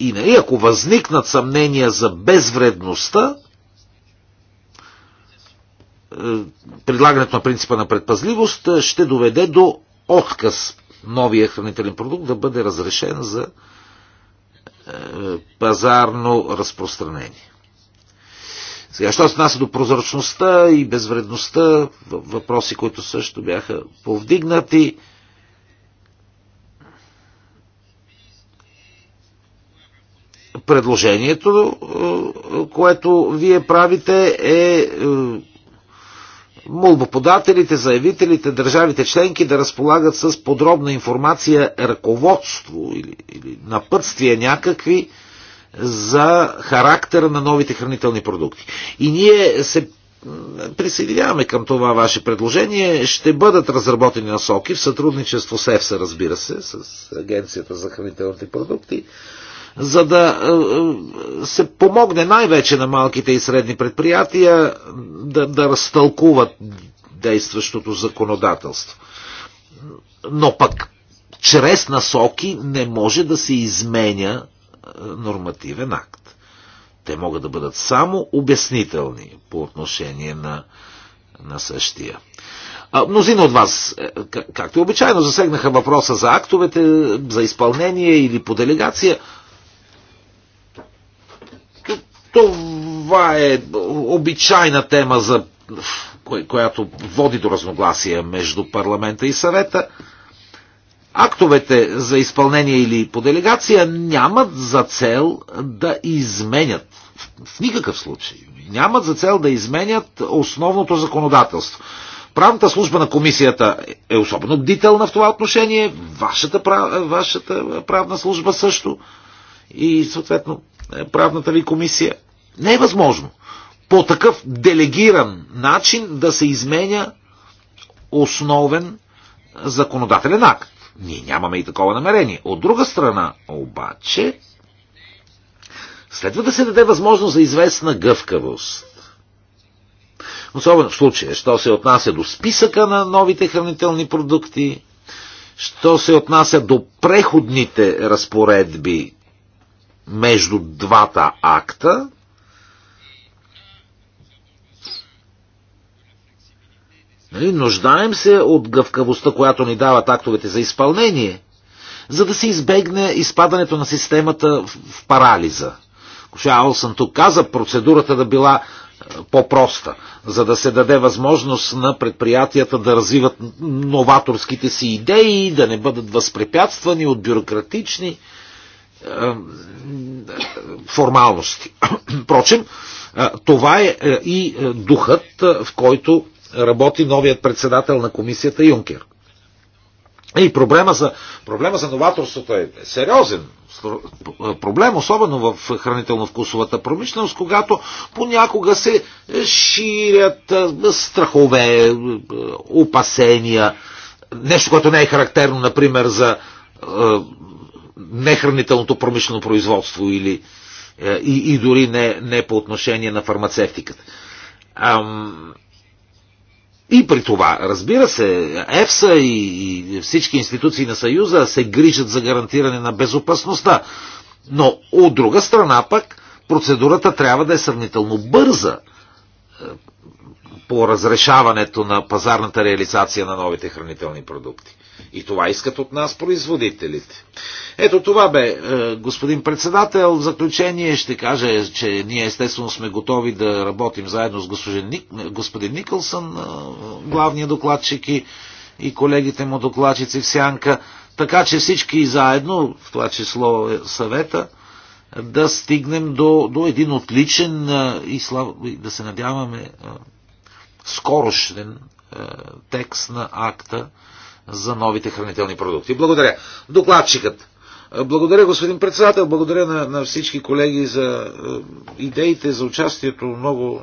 и нали, ако възникнат съмнения за безвредността, е, предлагането на принципа на предпазливост е, ще доведе до отказ новия хранителен продукт да бъде разрешен за е, пазарно разпространение. Сега, що се нася до прозрачността и безвредността, въпроси, които също бяха повдигнати, предложението, е, което вие правите е, е Молбоподателите, заявителите, държавите членки да разполагат с подробна информация, ръководство или, или напътствия някакви за характера на новите хранителни продукти. И ние се присъединяваме към това ваше предложение. Ще бъдат разработени насоки в сътрудничество с ЕФСА, разбира се, с Агенцията за хранителните продукти за да е, е, се помогне най-вече на малките и средни предприятия да, да разтълкуват действащото законодателство. Но пък чрез насоки не може да се изменя е, нормативен акт. Те могат да бъдат само обяснителни по отношение на, на същия. А, мнозина от вас, както и обичайно, засегнаха въпроса за актовете, за изпълнение или по делегация. Това е обичайна тема, за, която води до разногласия между парламента и съвета. Актовете за изпълнение или по делегация нямат за цел да изменят, в никакъв случай, нямат за цел да изменят основното законодателство. Правната служба на комисията е особено бдителна в това отношение, вашата, прав... вашата правна служба също и съответно е, правната ви комисия. Не е възможно по такъв делегиран начин да се изменя основен законодателен акт. Ние нямаме и такова намерение. От друга страна, обаче, следва да се даде възможност за известна гъвкавост. Особено в случая, що се отнася до списъка на новите хранителни продукти, що се отнася до преходните разпоредби между двата акта. Нали, нуждаем се от гъвкавостта, която ни дават актовете за изпълнение, за да се избегне изпадането на системата в парализа. Кошал съм тук каза процедурата да била е, по-проста, за да се даде възможност на предприятията да развиват новаторските си идеи, да не бъдат възпрепятствани от бюрократични формалности. Впрочем, това е, е и е, духът, е, в който работи новият председател на комисията Юнкер. И проблема за, проблема за новаторството е сериозен проблем, особено в хранително-вкусовата промишленост, когато понякога се ширят страхове, опасения, нещо, което не е характерно, например, за нехранителното промишлено производство или е, и, и дори не, не по отношение на фармацевтиката. Ам, и при това, разбира се, ЕФСА и, и всички институции на Съюза се грижат за гарантиране на безопасността. Но от друга страна пък, процедурата трябва да е сравнително бърза е, по разрешаването на пазарната реализация на новите хранителни продукти. И това искат от нас производителите. Ето това бе, е, господин председател. В заключение ще кажа, че ние естествено сме готови да работим заедно с господин Никълсън, е, главния докладчик и, и колегите му докладчици в Сянка. Така че всички заедно, в това число е съвета, да стигнем до, до един отличен и слав, да се надяваме скорошен текст на акта за новите хранителни продукти. Благодаря. Докладчикът. Благодаря, господин председател. Благодаря на, на всички колеги за е, идеите, за участието. Много,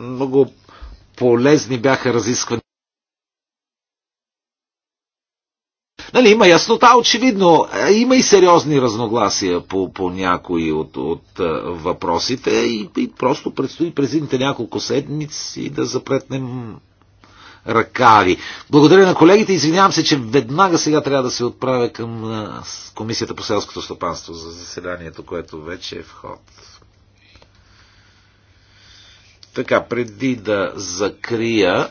много полезни бяха разисквани. Нали, има яснота, очевидно. Е, има и сериозни разногласия по, по някои от, от е, въпросите и, и просто предстои през едните няколко седмици да запретнем ръкави. Благодаря на колегите. Извинявам се, че веднага сега трябва да се отправя към Комисията по селското стопанство за заседанието, което вече е в ход. Така, преди да закрия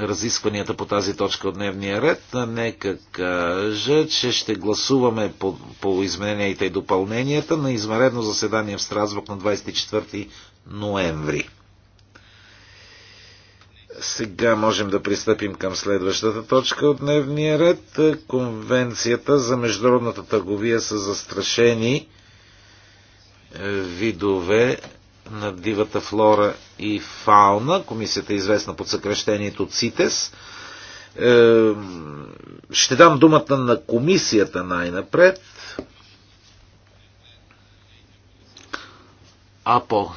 разискванията по тази точка от дневния ред, нека кажа, че ще гласуваме по, по измененията и допълненията на измаредно заседание в Страсбург на 24 ноември. Сега можем да пристъпим към следващата точка от дневния ред. Конвенцията за международната търговия са застрашени е, видове на дивата флора и фауна. Комисията е известна под съкрещението ЦИТЕС. Е, ще дам думата на комисията най-напред. А по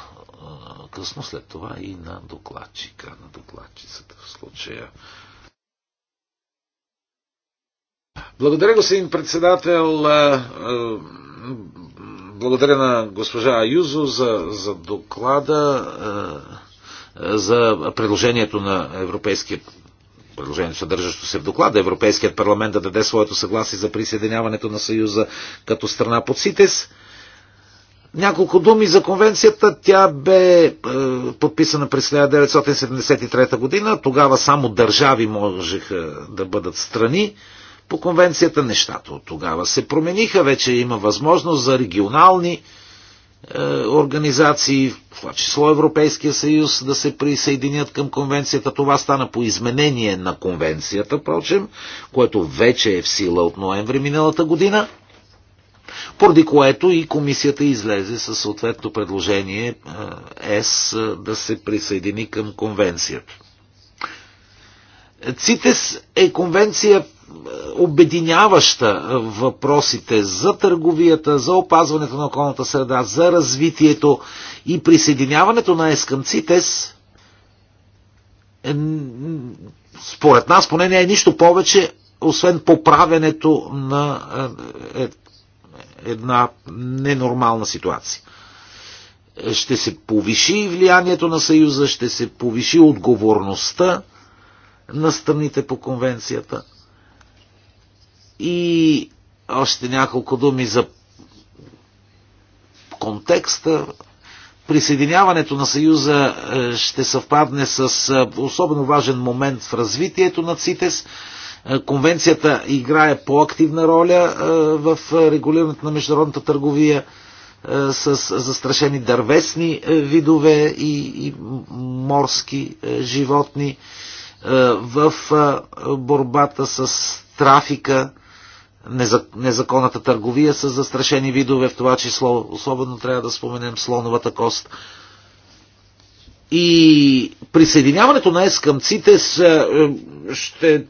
по-късно, след това и на докладчика, на докладчицата в случая. Благодаря, господин председател. Е, е, благодаря на госпожа Аюзо за, за доклада, е, за предложението на Европейския предложението, съдържащо се в доклада, Европейският парламент да даде своето съгласие за присъединяването на Съюза като страна под СИТЕС. Няколко думи за конвенцията. Тя бе е, подписана през 1973 година. Тогава само държави можеха да бъдат страни. По конвенцията нещата от тогава се промениха. Вече има възможност за регионални е, организации, в това число Европейския съюз, да се присъединят към конвенцията. Това стана по изменение на конвенцията, прочим, което вече е в сила от ноември миналата година поради което и комисията излезе със съответно предложение е, ЕС е, да се присъедини към конвенцията. ЦИТЕС е конвенция е, обединяваща въпросите за търговията, за опазването на околната среда, за развитието и присъединяването на ЕС към ЦИТЕС според нас поне не е нищо повече, освен поправянето на една ненормална ситуация. Ще се повиши влиянието на Съюза, ще се повиши отговорността на страните по конвенцията. И още няколко думи за контекста. Присъединяването на Съюза е, ще съвпадне с е, особено важен момент в развитието на ЦИТЕС – е, конвенцията играе по-активна роля е, в регулирането на международната търговия е, с застрашени дървесни видове и, и морски животни, в борбата с трафика, незаконната търговия с застрашени видове, в това число особено трябва да споменем слоновата кост. И присъединяването на ЕС към ЦИТЕС ще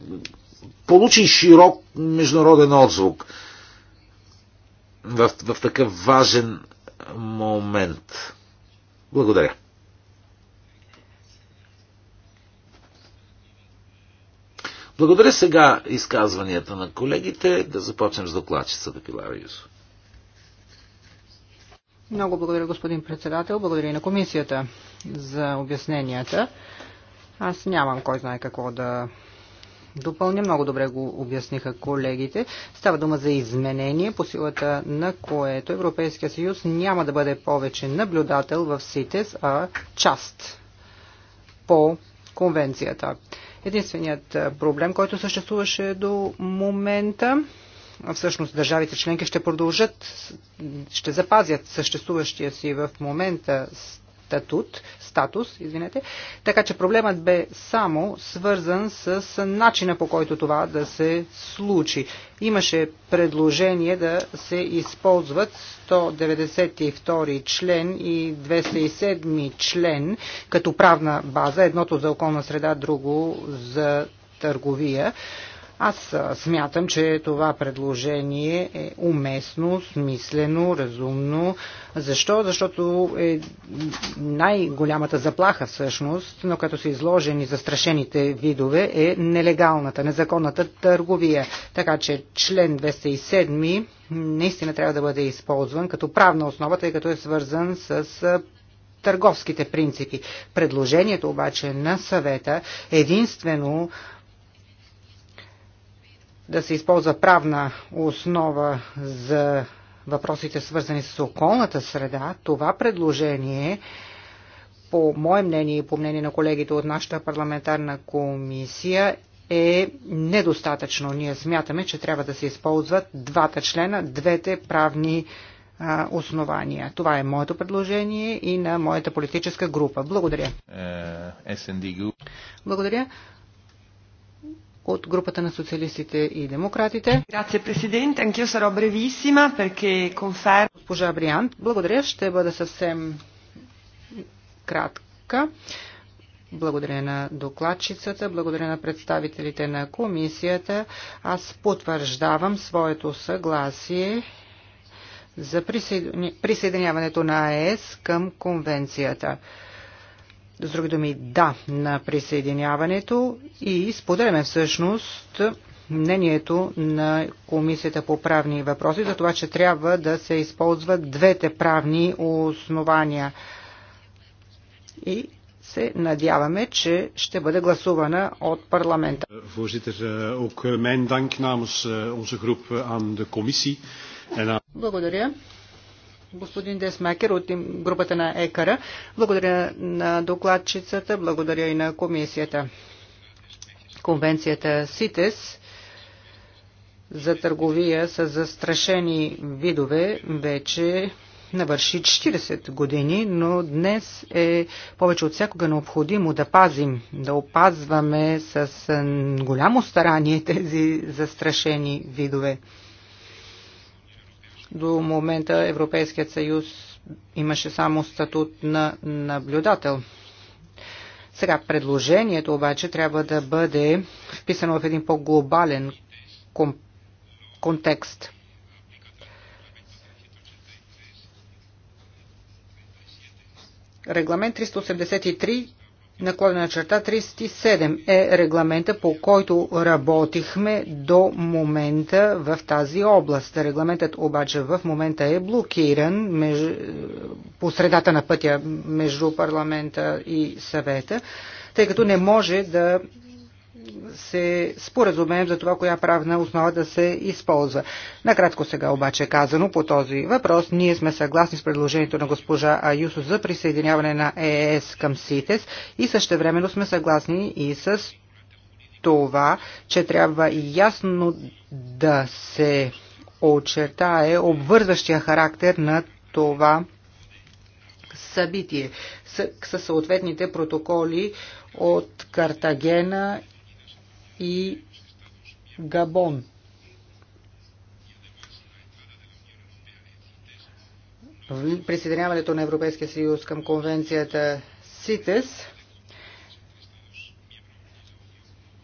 получи широк международен отзвук в, в такъв важен момент. Благодаря. Благодаря сега изказванията на колегите. Да започнем с докладчицата Пилара Юсо. Много благодаря, господин председател. Благодаря и на комисията за обясненията. Аз нямам кой знае какво да допълня. Много добре го обясниха колегите. Става дума за изменение, по силата на което Европейския съюз няма да бъде повече наблюдател в СИТЕС, а част по конвенцията. Единственият проблем, който съществуваше до момента, всъщност държавите членки ще продължат, ще запазят съществуващия си в момента статут, статус, извинете, така че проблемът бе само свързан с начина по който това да се случи. Имаше предложение да се използват 192 член и 207 член като правна база, едното за околна среда, друго за търговия. Аз смятам, че това предложение е уместно, смислено, разумно. Защо? Защото е най-голямата заплаха всъщност, но като са изложени застрашените видове, е нелегалната, незаконната търговия. Така че член 207 наистина трябва да бъде използван като правна основа, тъй като е свързан с търговските принципи. Предложението обаче на съвета единствено да се използва правна основа за въпросите свързани с околната среда, това предложение, по мое мнение и по мнение на колегите от нашата парламентарна комисия, е недостатъчно. Ние смятаме, че трябва да се използват двата члена, двете правни а, основания. Това е моето предложение и на моята политическа група. Благодаря. Е, Благодаря от групата на социалистите и демократите. Грация, президент. Анкио саро бревисима, перке конфер... Госпожа Бриант, благодаря. Ще бъда съвсем кратка. Благодаря на докладчицата, благодаря на представителите на комисията. Аз потвърждавам своето съгласие за присъединяването на АЕС към конвенцията. С други думи, да на присъединяването и споделяме всъщност мнението на Комисията по правни въпроси за това, че трябва да се използват двете правни основания. И се надяваме, че ще бъде гласувана от парламента. Благодаря господин Десмакер от групата на ЕКАРА. Благодаря на докладчицата, благодаря и на комисията. Конвенцията СИТЕС за търговия с застрашени видове вече навърши 40 години, но днес е повече от всякога необходимо да пазим, да опазваме с голямо старание тези застрашени видове. До момента Европейският съюз имаше само статут на наблюдател. Сега предложението обаче трябва да бъде вписано в един по-глобален контекст. Регламент 383 наклонена черта 37 е регламента, по който работихме до момента в тази област. Регламентът обаче в момента е блокиран меж... по средата на пътя между парламента и съвета, тъй като не може да се споразумеем за това, коя правна основа да се използва. Накратко сега обаче казано по този въпрос, ние сме съгласни с предложението на госпожа Аюсо за присъединяване на ЕС към СИТЕС и същевременно сме съгласни и с това, че трябва ясно да се очертае обвързващия характер на това събитие с, съответните протоколи от Картагена и Габон. Присъединяването на Европейския съюз към конвенцията СИТЕС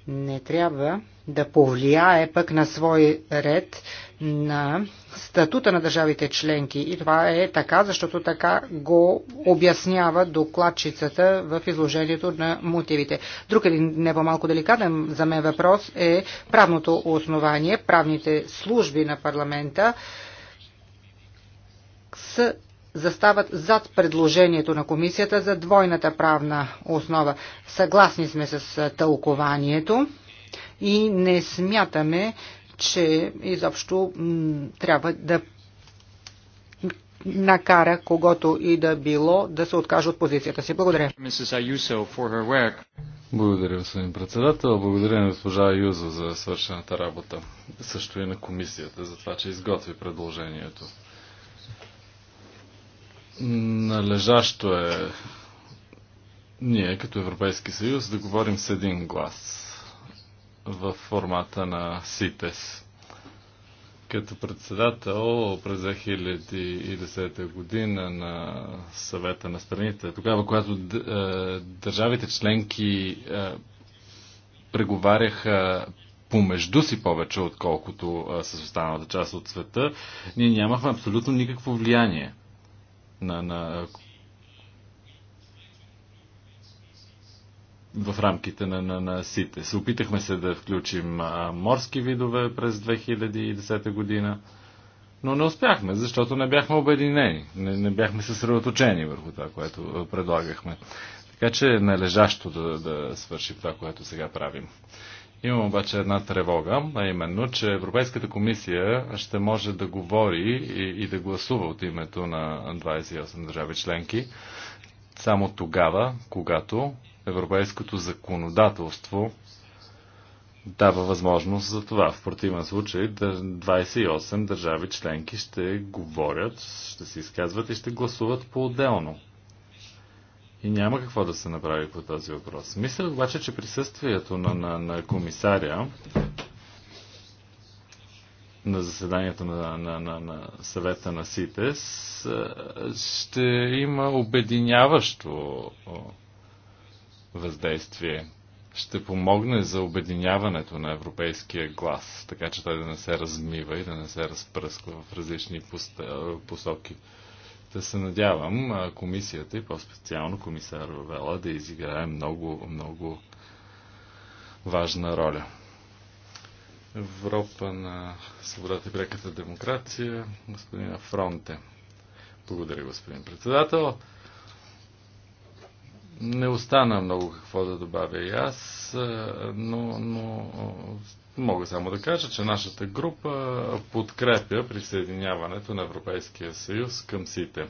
не трябва да повлияе пък на свой ред на статута на държавите членки. И това е така, защото така го обяснява докладчицата в изложението на мотивите. Друг един не по-малко деликатен за мен въпрос е правното основание, правните служби на парламента с застават зад предложението на комисията за двойната правна основа. Съгласни сме с тълкованието и не смятаме, че изобщо трябва да накара когото и да било да се откаже от позицията си. Благодаря. Благодаря, господин председател. Благодаря на госпожа Юзо за свършената работа. Също и на комисията за това, че изготви предложението. Належащо е ние като Европейски съюз да говорим с един глас в формата на СИТЕС. Като председател през 2010 година на съвета на страните, тогава, когато е, държавите членки е, преговаряха помежду си повече, отколкото е, с останалата част от света, ние нямахме абсолютно никакво влияние на, на в рамките на, на, на Се Опитахме се да включим а, морски видове през 2010 година, но не успяхме, защото не бяхме обединени, не, не бяхме съсредоточени върху това, което предлагахме. Така че е належащо да, да свършим това, което сега правим. Имам обаче една тревога, а именно, че Европейската комисия ще може да говори и, и да гласува от името на 28 държави членки само тогава, когато европейското законодателство дава възможност за това. В противен случай 28 държави членки ще говорят, ще се изказват и ще гласуват по-отделно. И няма какво да се направи по този въпрос. Мисля обаче, че присъствието на, на, на комисаря на заседанието на, на, на, на съвета на СИТЕС е, ще има обединяващо въздействие. Ще помогне за обединяването на европейския глас, така че той да не се размива и да не се разпръсква в различни посоки. Да се надявам комисията и по-специално комисар Вела да изиграе много, много важна роля. Европа на свободата и преката демокрация, господина Фронте. Благодаря, господин председател. Не остана много какво да добавя и аз, но, но мога само да кажа, че нашата група подкрепя присъединяването на Европейския съюз към СИТЕ.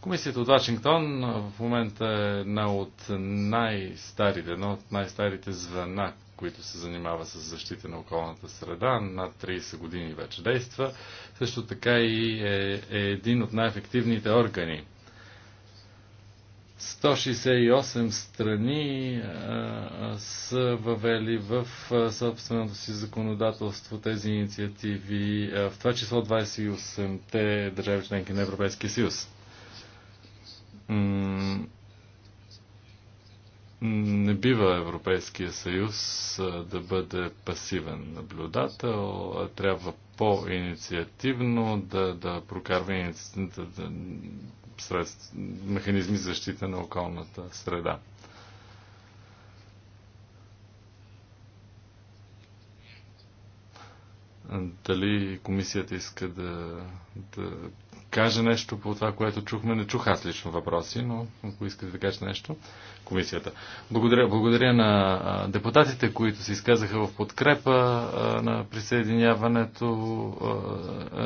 Комисията от Вашингтон в момента е една от най-старите, една от най-старите звена, които се занимава с защита на околната среда, над 30 години вече действа. Също така и е, е един от най-ефективните органи 168 страни а, са въвели в собственото си законодателство тези инициативи, а, в това число 28-те държави членки на Европейския съюз. М не бива Европейския съюз да бъде пасивен наблюдател, трябва по-инициативно да, да прокарва да, средств, механизми за защита на околната среда. Дали комисията иска да, да каже нещо по това, което чухме. Не чух аз лично въпроси, но ако искате да кажете нещо, комисията. Благодаря, благодаря на депутатите, които се изказаха в подкрепа на присъединяването.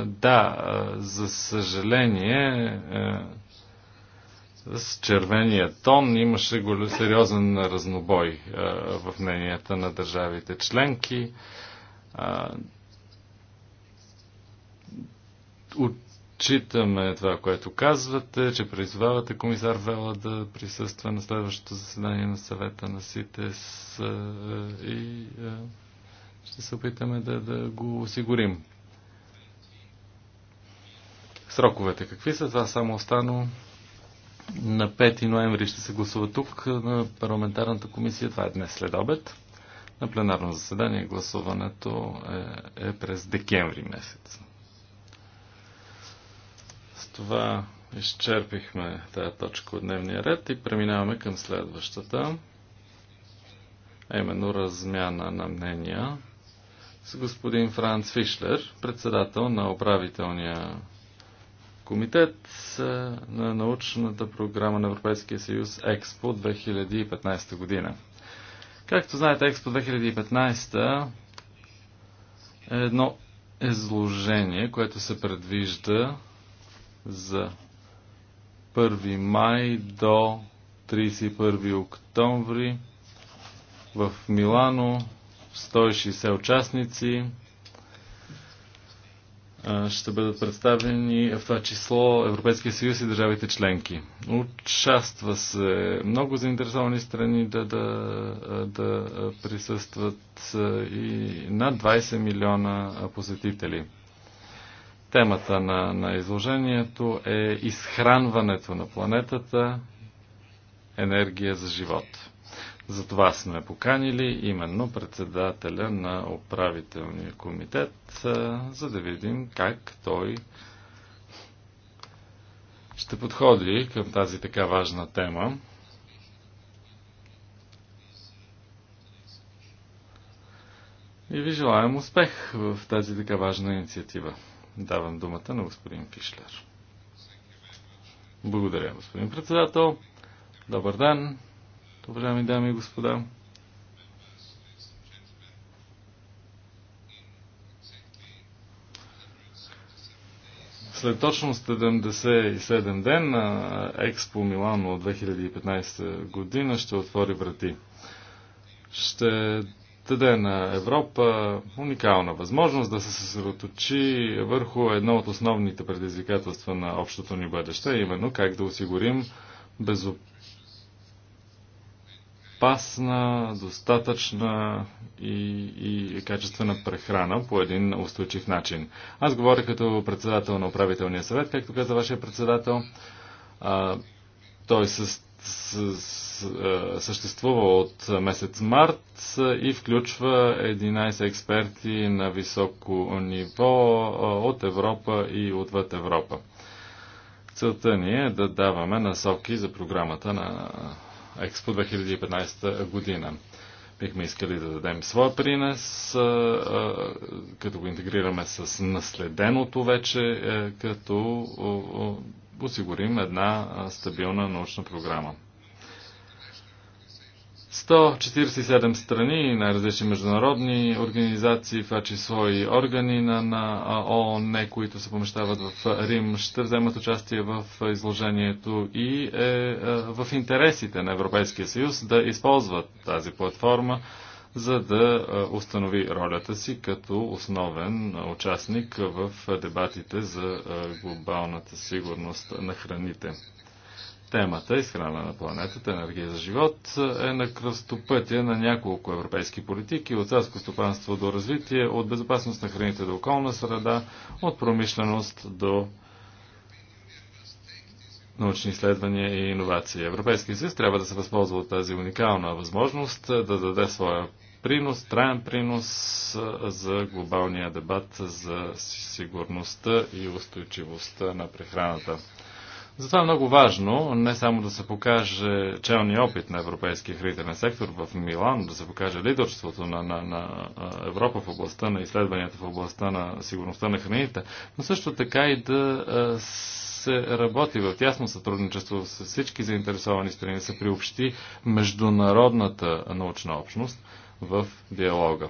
Да, за съжаление, с червения тон имаше сериозен разнобой в мненията на държавите членки. Отчитаме това, което казвате, че призовавате комисар Вела да присъства на следващото заседание на съвета на СИТЕС и ще се опитаме да, да го осигурим. Сроковете какви са? Това само останало на 5 ноември ще се гласува тук на парламентарната комисия. Това е днес след обед. На пленарно заседание гласуването е, е през декември месец. С това изчерпихме тази точка от дневния ред и преминаваме към следващата, а именно размяна на мнения с господин Франц Фишлер, председател на управителния комитет на научната програма на Европейския съюз Експо 2015 година. Както знаете, Експо 2015 е едно изложение, което се предвижда за 1 май до 31 октомври в Милано 160 участници, ще бъдат представени в това число Европейския съюз и държавите членки. Участва се много заинтересовани страни да, да, да присъстват и над 20 милиона посетители. Темата на, на изложението е изхранването на планетата, енергия за живот. Затова сме поканили именно председателя на управителния комитет, за да видим как той ще подходи към тази така важна тема. И ви желаем успех в тази така важна инициатива. Давам думата на господин Фишлер. Благодаря, господин председател. Добър ден уважаеми дами и господа. След точно 77 ден на Експо Милано 2015 година ще отвори врати. Ще даде на Европа уникална възможност да се съсредоточи върху едно от основните предизвикателства на общото ни бъдеще, именно как да осигурим безопасност безопасна, достатъчна и, и качествена прехрана по един устойчив начин. Аз говоря като председател на управителния съвет, както каза вашия председател. А, той със, с, с, съществува от месец март и включва 11 експерти на високо ниво от Европа и отвъд Европа. Целта ни е да даваме насоки за програмата на Експо 2015 година. Бихме искали да дадем своя принес, като го интегрираме с наследеното вече, е, като осигурим една стабилна научна програма. 147 страни най различни международни организации, това число и органи на, на ООН, които се помещават в Рим, ще вземат участие в изложението и е, е в интересите на Европейския съюз да използват тази платформа, за да установи ролята си като основен участник в дебатите за глобалната сигурност на храните. Темата изхрана е на планетата, енергия за живот е на кръстопътя на няколко европейски политики, от царско стопанство до развитие, от безопасност на храните до околна среда, от промишленост до научни изследвания и иновации. Европейския съюз трябва да се възползва от тази уникална възможност да даде своя принос, траен принос за глобалния дебат за сигурността и устойчивостта на прехраната. Затова е много важно не само да се покаже челния опит на европейския хранителен сектор в Милан, да се покаже лидерството на, на, на Европа в областта на изследванията, в областта на сигурността на храните, но също така и да се работи в тясно сътрудничество с всички заинтересовани страни, да се приобщи международната научна общност в диалога.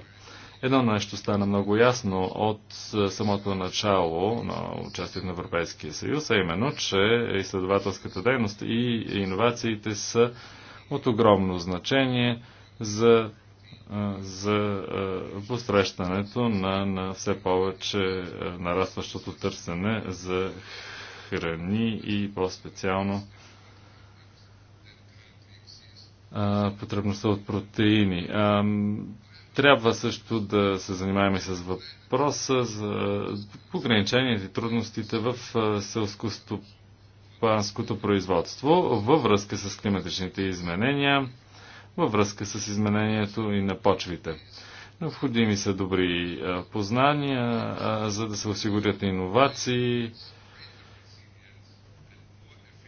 Едно нещо стана много ясно от е, самото начало на участието на Европейския съюз, а именно, че изследователската дейност и иновациите са от огромно значение за е, за е, посрещането на, на все повече нарастващото търсене за храни и по-специално потребността от протеини. Трябва също да се занимаваме с въпроса за ограниченията и трудностите в селско-стопанското производство във връзка с климатичните изменения, във връзка с изменението и на почвите. Необходими са добри познания, за да се осигурят иновации,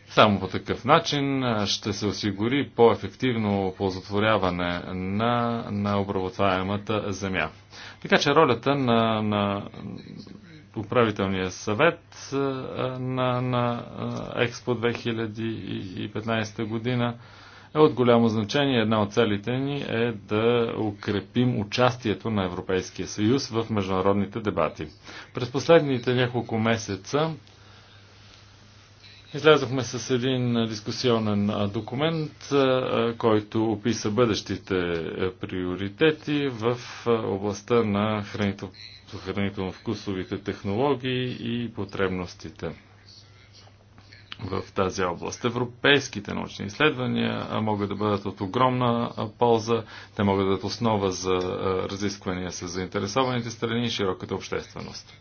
само по такъв начин ще се осигури по-ефективно ползотворяване на, на обработваемата земя. Така че ролята на, на управителния съвет на, на Експо 2015 година е от голямо значение. Една от целите ни е да укрепим участието на Европейския съюз в международните дебати. През последните няколко месеца Излязохме с един дискусионен документ, който описа бъдещите приоритети в областта на хранително-вкусовите технологии и потребностите в тази област. Европейските научни изследвания могат да бъдат от огромна полза. Те могат да бъдат основа за разисквания с заинтересованите страни и широката общественост.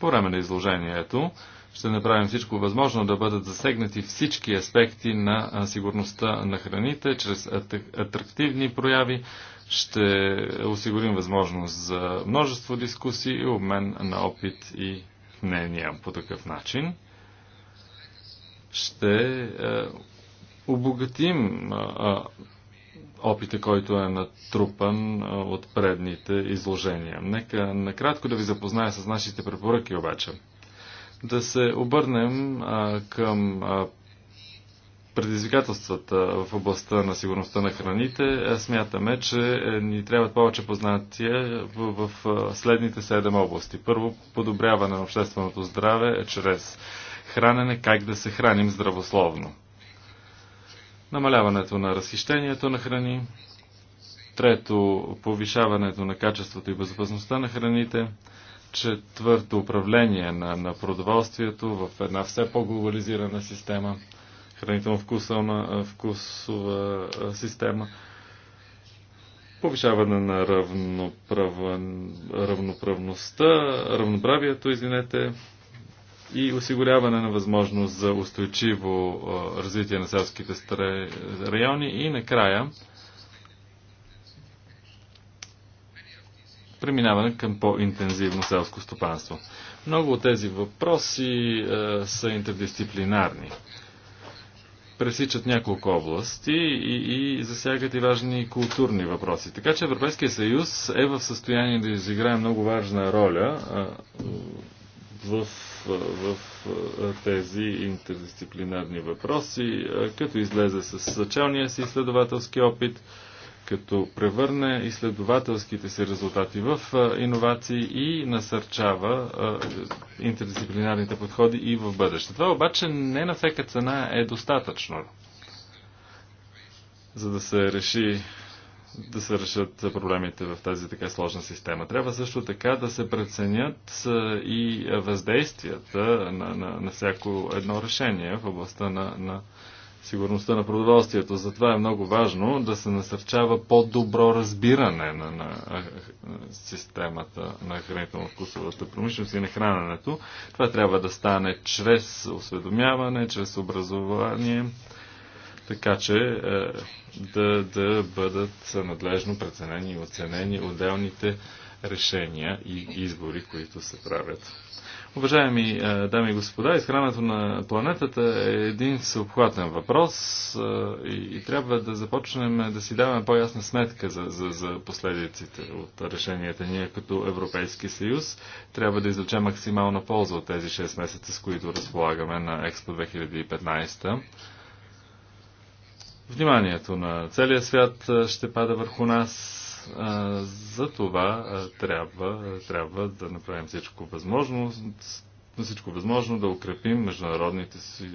По време на изложението ще направим всичко възможно да бъдат засегнати всички аспекти на сигурността на храните чрез атрактивни прояви. Ще осигурим възможност за множество дискусии и обмен на опит и мнения по такъв начин. Ще обогатим опита, който е натрупан от предните изложения. Нека накратко да ви запозная с нашите препоръки обаче да се обърнем а, към а, предизвикателствата в областта на сигурността на храните, е, смятаме, че е, ни трябват повече познатия в, в следните седем области. Първо, подобряване на общественото здраве е, чрез хранене, как да се храним здравословно. Намаляването на разхищението на храни. Трето, повишаването на качеството и безопасността на храните четвърто управление на, на продоволствието в една все по-глобализирана система, хранително-вкусова вкусова система, повишаване на равноправността, равноправието, извинете, и осигуряване на възможност за устойчиво развитие на селските райони и накрая преминаване към по-интензивно селско стопанство. Много от тези въпроси е, са интердисциплинарни. Пресичат няколко области и, и засягат и важни културни въпроси. Така че Европейския съюз е в състояние да изиграе много важна роля е, в е, в е, тези интердисциплинарни въпроси, е, като излезе с началния си изследователски опит като превърне изследователските си резултати в иновации и насърчава интердисциплинарните подходи и в бъдеще. Това обаче не на всяка цена е достатъчно, за да се реши да се решат проблемите в тази така сложна система. Трябва също така да се преценят и въздействията на, на, на всяко едно решение в областта на, на сигурността на продоволствието. Затова е много важно да се насърчава по-добро разбиране на, на системата на хранително-вкусовата промишленост и на храненето. Това трябва да стане чрез осведомяване, чрез образование, така че е, да, да бъдат надлежно преценени и оценени отделните решения и избори, които се правят. Уважаеми е, дами и господа, изхранването на планетата е един всеобхватен въпрос е, и, трябва да започнем да си даваме по-ясна сметка за, за, за последиците от решенията. Ние като Европейски съюз трябва да излечем максимална полза от тези 6 месеца, с които разполагаме на Експо 2015. Вниманието на целия свят е, ще пада върху нас за това трябва, трябва да направим всичко възможно, всичко възможно да укрепим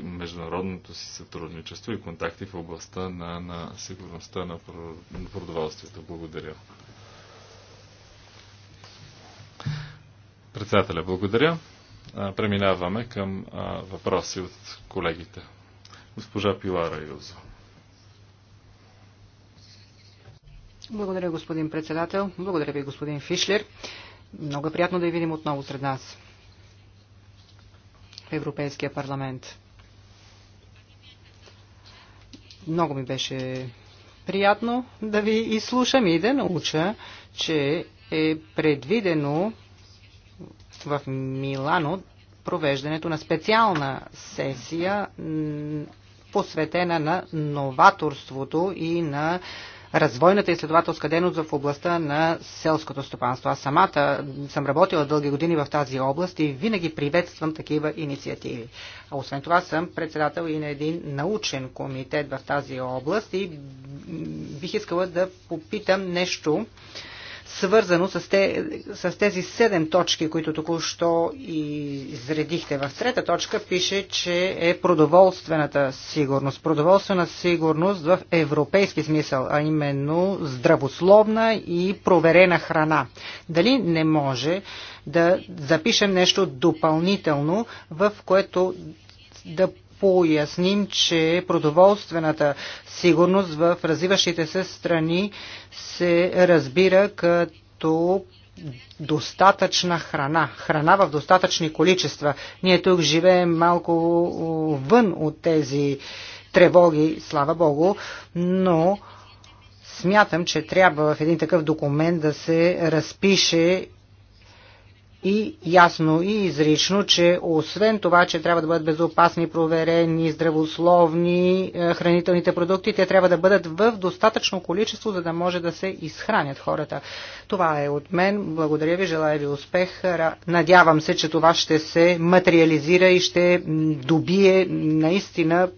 международното си сътрудничество и контакти в областта на, на сигурността на продоволствието. Благодаря. Председателя, благодаря. Преминаваме към въпроси от колегите. Госпожа Пилара Юзо. Благодаря, господин председател. Благодаря ви, господин Фишлер. Много е приятно да ви видим отново сред нас в Европейския парламент. Много ми беше приятно да ви изслушам и да науча, че е предвидено в Милано провеждането на специална сесия посветена на новаторството и на развойната изследователска дейност в областта на селското стопанство. Аз самата съм работила дълги години в тази област и винаги приветствам такива инициативи. А освен това съм председател и на един научен комитет в тази област и бих искала да попитам нещо свързано с, те, с тези седем точки, които току-що изредихте. В трета точка пише, че е продоволствената сигурност. Продоволствена сигурност в европейски смисъл, а именно здравословна и проверена храна. Дали не може да запишем нещо допълнително, в което да поясним, че продоволствената сигурност в развиващите се страни се разбира като достатъчна храна, храна в достатъчни количества. Ние тук живеем малко вън от тези тревоги, слава Богу, но смятам, че трябва в един такъв документ да се разпише и ясно и изрично, че освен това, че трябва да бъдат безопасни, проверени, здравословни е, хранителните продукти, те трябва да бъдат в достатъчно количество, за да може да се изхранят хората. Това е от мен. Благодаря ви, желая ви успех. Надявам се, че това ще се материализира и ще добие наистина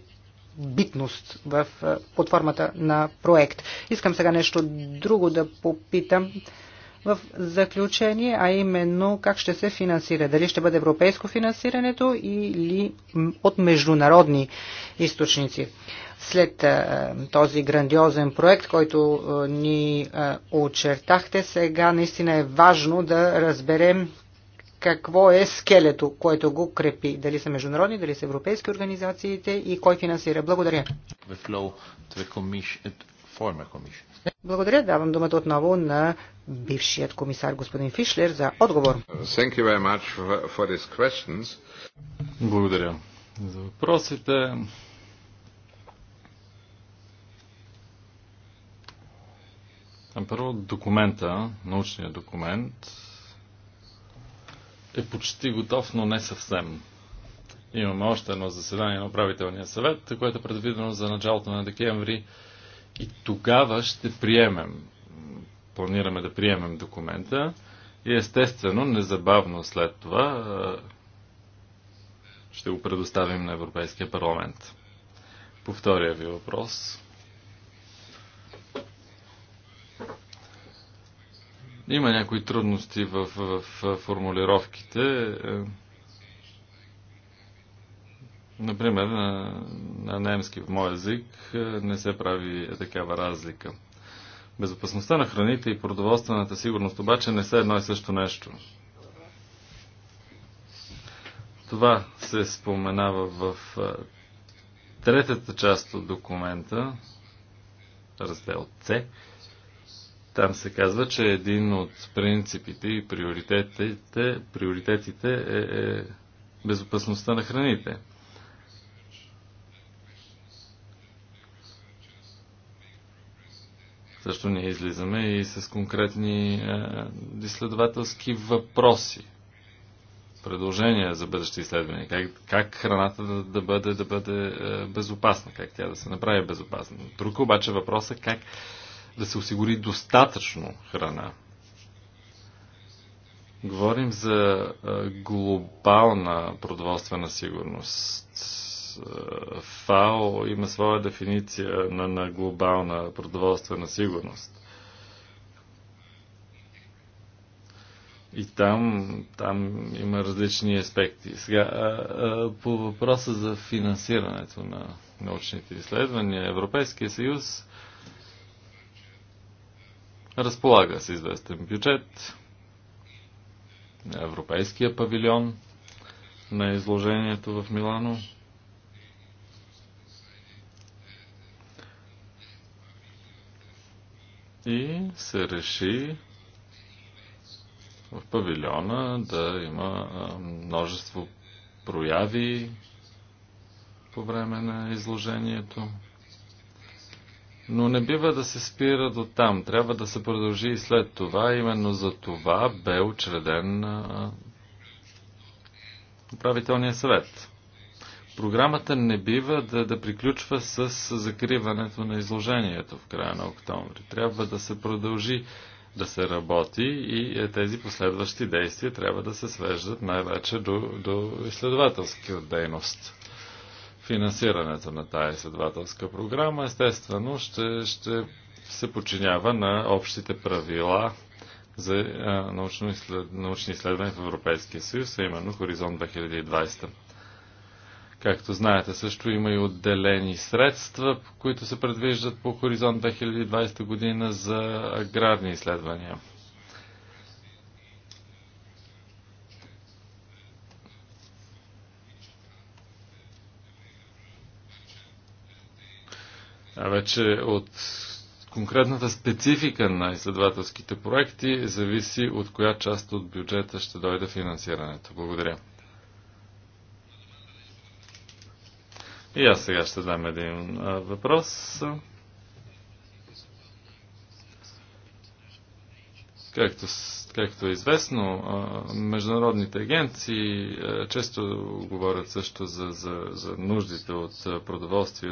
битност в, е, под формата на проект. Искам сега нещо друго да попитам в заключение, а именно как ще се финансира. Дали ще бъде европейско финансирането или от международни източници. След този грандиозен проект, който ни очертахте, сега наистина е важно да разберем какво е скелето, което го крепи. Дали са международни, дали са европейски организациите и кой финансира. Благодаря. Благодаря. Давам думата отново на бившият комисар господин Фишлер за отговор. Благодаря за въпросите. Първо, документа, научният документ е почти готов, но не съвсем. Имаме още едно заседание на управителния съвет, което е предвидено за началото на декември и тогава ще приемем, планираме да приемем документа и естествено, незабавно след това е, ще го предоставим на Европейския парламент. По втория ви въпрос. Има някои трудности в, в, в формулировките. Е, Например, на, немски, в мой език, е, не се прави такава разлика. Безопасността на храните и продоволствената сигурност обаче не са едно и също нещо. Това се споменава в е, третата част от документа, раздел С. Там се казва, че един от принципите и приоритетите, приоритетите е, е безопасността на храните. Също ние излизаме и с конкретни е, изследователски въпроси, предложения за бъдещи изследвания, как, как храната да, да бъде, да бъде е, безопасна, как тя да се направи безопасна. Друг обаче въпрос е как да се осигури достатъчно храна. Говорим за е, глобална продоволствена сигурност ФАО има своя дефиниция на, на глобална продоволствена сигурност. И там, там има различни аспекти. Сега, по въпроса за финансирането на научните изследвания, Европейския съюз разполага с известен бюджет, Европейския павилион на изложението в Милано – и се реши в павилиона да има множество прояви по време на изложението. Но не бива да се спира до там. Трябва да се продължи и след това. Именно за това бе учреден управителният съвет. Програмата не бива да, да приключва с закриването на изложението в края на октомври. Трябва да се продължи да се работи и е, тези последващи действия трябва да се свеждат най-вече до, до изследователска дейност. Финансирането на тази изследователска програма естествено ще, ще се подчинява на общите правила за е, научни изследвания в Европейския съюз, а именно Хоризонт 2020. Както знаете, също има и отделени средства, които се предвиждат по Хоризонт 2020 година за аграрни изследвания. А вече от конкретната специфика на изследователските проекти зависи от коя част от бюджета ще дойде финансирането. Благодаря. И аз сега ще дам един въпрос. Както, както е известно, международните агенции често говорят също за, за, за нуждите от продоволствие.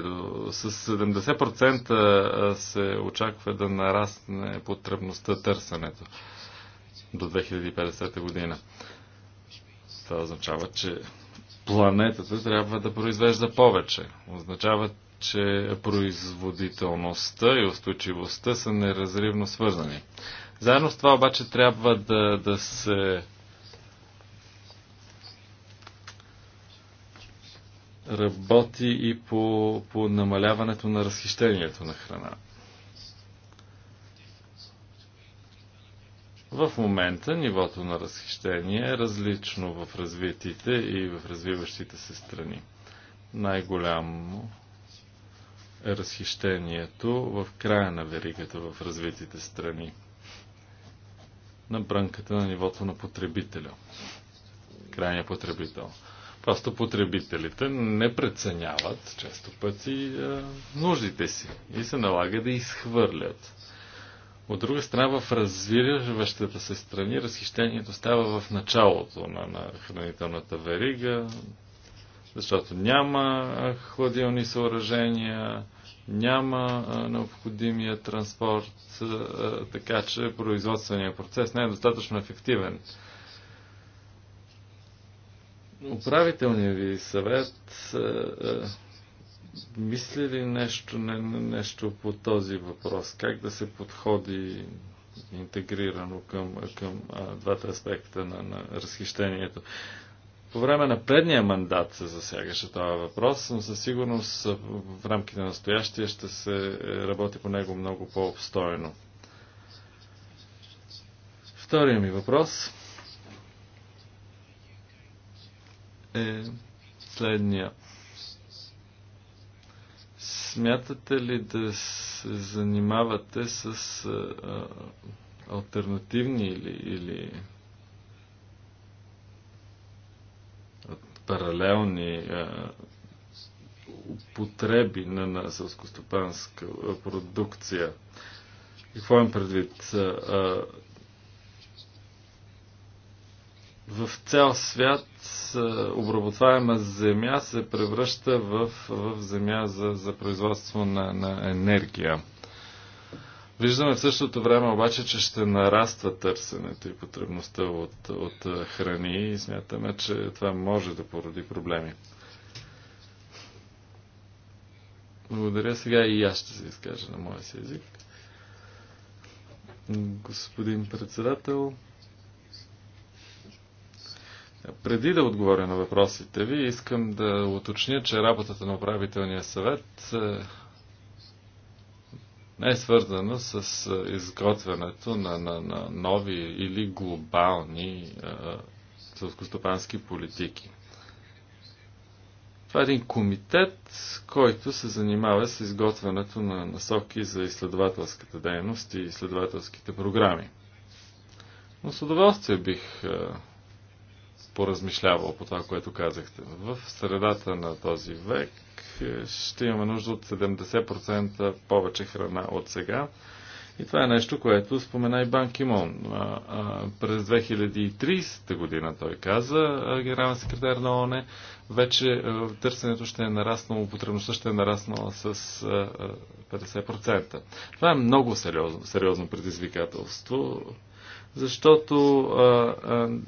С 70% се очаква да нарасне потребността търсенето до 2050 година. Това означава, че планетата трябва да произвежда повече. Означава, че производителността и устойчивостта са неразривно свързани. Заедно с това обаче трябва да, да се работи и по, по намаляването на разхищението на храна. В момента нивото на разхищение е различно в развитите и в развиващите се страни. Най-голямо е разхищението в края на веригата в развитите страни. На брънката на нивото на потребителя. Крайния потребител. Просто потребителите не преценяват често пъти нуждите си и се налага да изхвърлят от друга страна, в развиващата се страни разхищението става в началото на, на хранителната верига, защото няма хладилни съоръжения, няма необходимия транспорт, така че производственият процес не е достатъчно ефективен. Управителният ви съвет мисли ли нещо, не, нещо по този въпрос? Как да се подходи интегрирано към, към а, двата аспекта на, на разхищението? По време на предния мандат се засягаше този въпрос, но със сигурност в рамките на настоящия ще се е, работи по него много по-обстойно. Втория ми въпрос е следния. Смятате ли да се занимавате с а, альтернативни или, или паралелни а, употреби на, на селскостопанска продукция? Какво им предвид? А, а, в цял свят е, обработваема земя се превръща в, в земя за, за производство на, на енергия. Виждаме в същото време обаче, че ще нараства търсенето и потребността от, от е, храни и смятаме, че това може да породи проблеми. Благодаря. Сега и аз ще се изкажа на моя си език. Господин председател, преди да отговоря на въпросите ви, искам да уточня, че работата на управителния съвет е, не е свързана с е, изготвянето на, на, на нови или глобални е, селскостопански политики. Това е един комитет, който се занимава с изготвянето на насоки за изследователската дейност и изследователските програми. Но с удоволствие бих поразмишлявал по това, което казахте. В средата на този век е, ще имаме нужда от 70% повече храна от сега. И това е нещо, което спомена и Бан Кимон. А, а, през 2030 година, той каза, генерален секретар на ОНЕ, вече а, търсенето ще е нараснало, потребността ще е нараснала с а, 50%. Това е много сериозно, сериозно предизвикателство, защото а, а,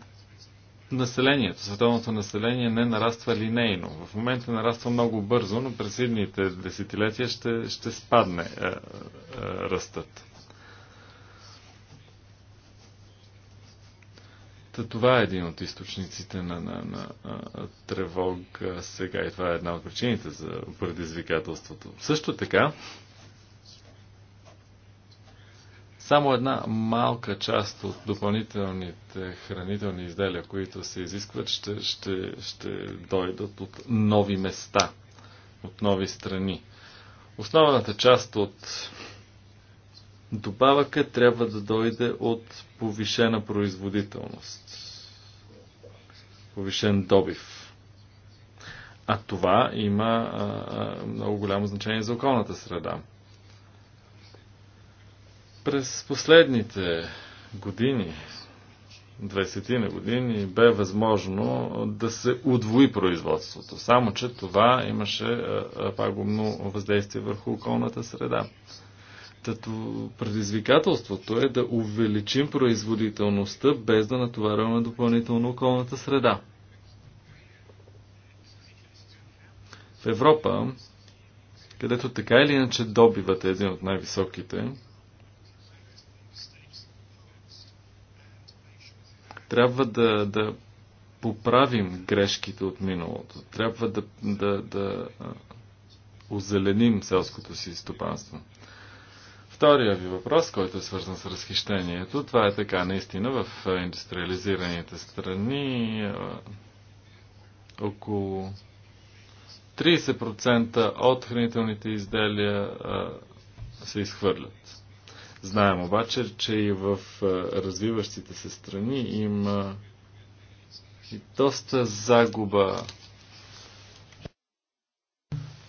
населението, световното население не нараства линейно. В момента нараства много бързо, но през едните десетилетия ще, ще спадне е, е, ръстът. Та това е един от източниците на, на, на, на тревога сега и това е една от причините за предизвикателството. Също така, само една малка част от допълнителните хранителни изделия, които се изискват, ще, ще, ще дойдат от нови места, от нови страни. Основната част от добавъка трябва да дойде от повишена производителност, повишен добив. А това има а, много голямо значение за околната среда. През последните години, 20 ти на години, бе възможно да се удвои производството. Само, че това имаше пагубно въздействие върху околната среда. Тато предизвикателството е да увеличим производителността, без да натоварваме допълнително околната среда. В Европа, където така или иначе добивът е един от най-високите, Трябва да, да поправим грешките от миналото. Трябва да, да, да озеленим селското си стопанство. Втория ви въпрос, който е свързан с разхищението, това е така наистина в индустриализираните страни около 30% от хранителните изделия се изхвърлят. Знаем обаче, че и в развиващите се страни има и доста загуба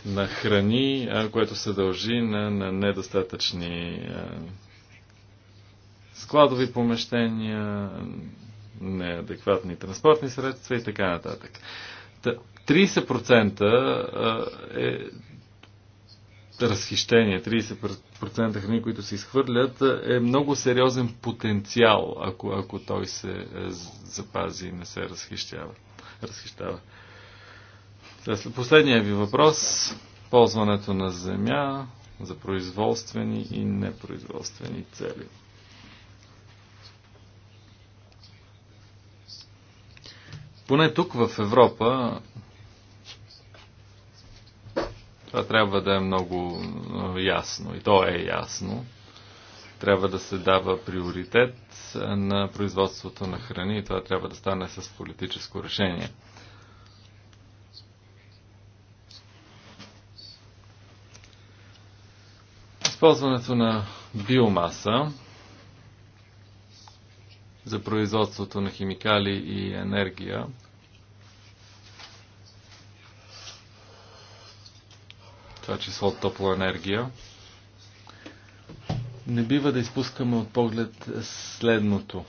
на храни, което се дължи на, на недостатъчни складови помещения, неадекватни транспортни средства и така нататък. 30% е разхищение, 30% храни, които се изхвърлят, е много сериозен потенциал, ако, ако той се е, запази и не се разхищава. разхищава. Последния ви въпрос. Ползването на земя за производствени и непроизводствени цели. Поне тук в Европа това трябва да е много ясно и то е ясно. Трябва да се дава приоритет на производството на храни и това трябва да стане с политическо решение. Използването на биомаса за производството на химикали и енергия това число енергия. не бива да изпускаме от поглед следното.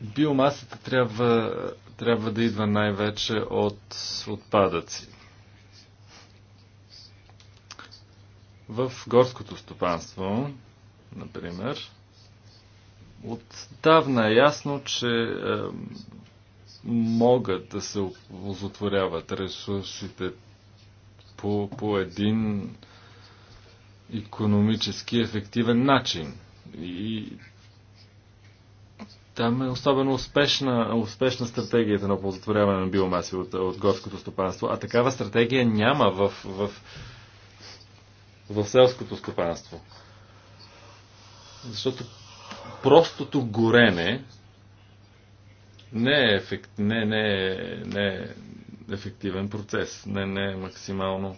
Биомасата трябва, трябва да идва най-вече от отпадъци. В горското стопанство, например, отдавна е ясно, че могат да се озотворяват ресурсите по, по един економически ефективен начин. И там е особено успешна, успешна стратегията на оползотворяване на биомаси от, от горското стопанство, а такава стратегия няма в, в, в селското стопанство. Защото простото горене не е, ефект, не, не, е, не е ефективен процес, не, не е максимално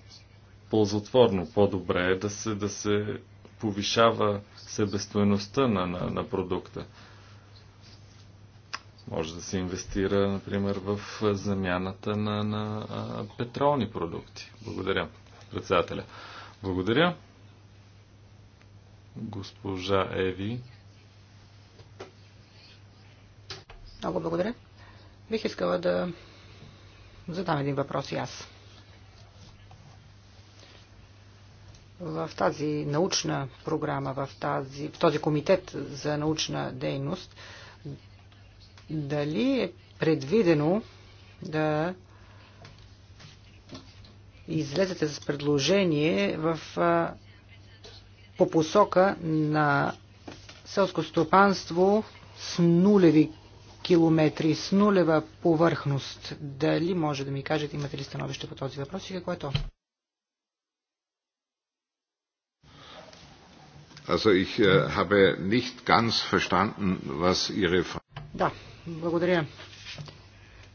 ползотворно. По-добре е да се, да се повишава себестоеността на, на, на продукта. Може да се инвестира, например, в замяната на, на а, петролни продукти. Благодаря, председателя. Благодаря. Госпожа Еви. Много благодаря. Бих искала да задам един въпрос и аз. В тази научна програма, в, тази, в този комитет за научна дейност, дали е предвидено да излезете с предложение в, по посока на селско стопанство с нулеви километри с нулева повърхност. Дали може да ми кажете, имате ли становище по този въпрос и какво е то? Also ich äh, habe nicht ganz verstanden, was Ihre Да, благодаря.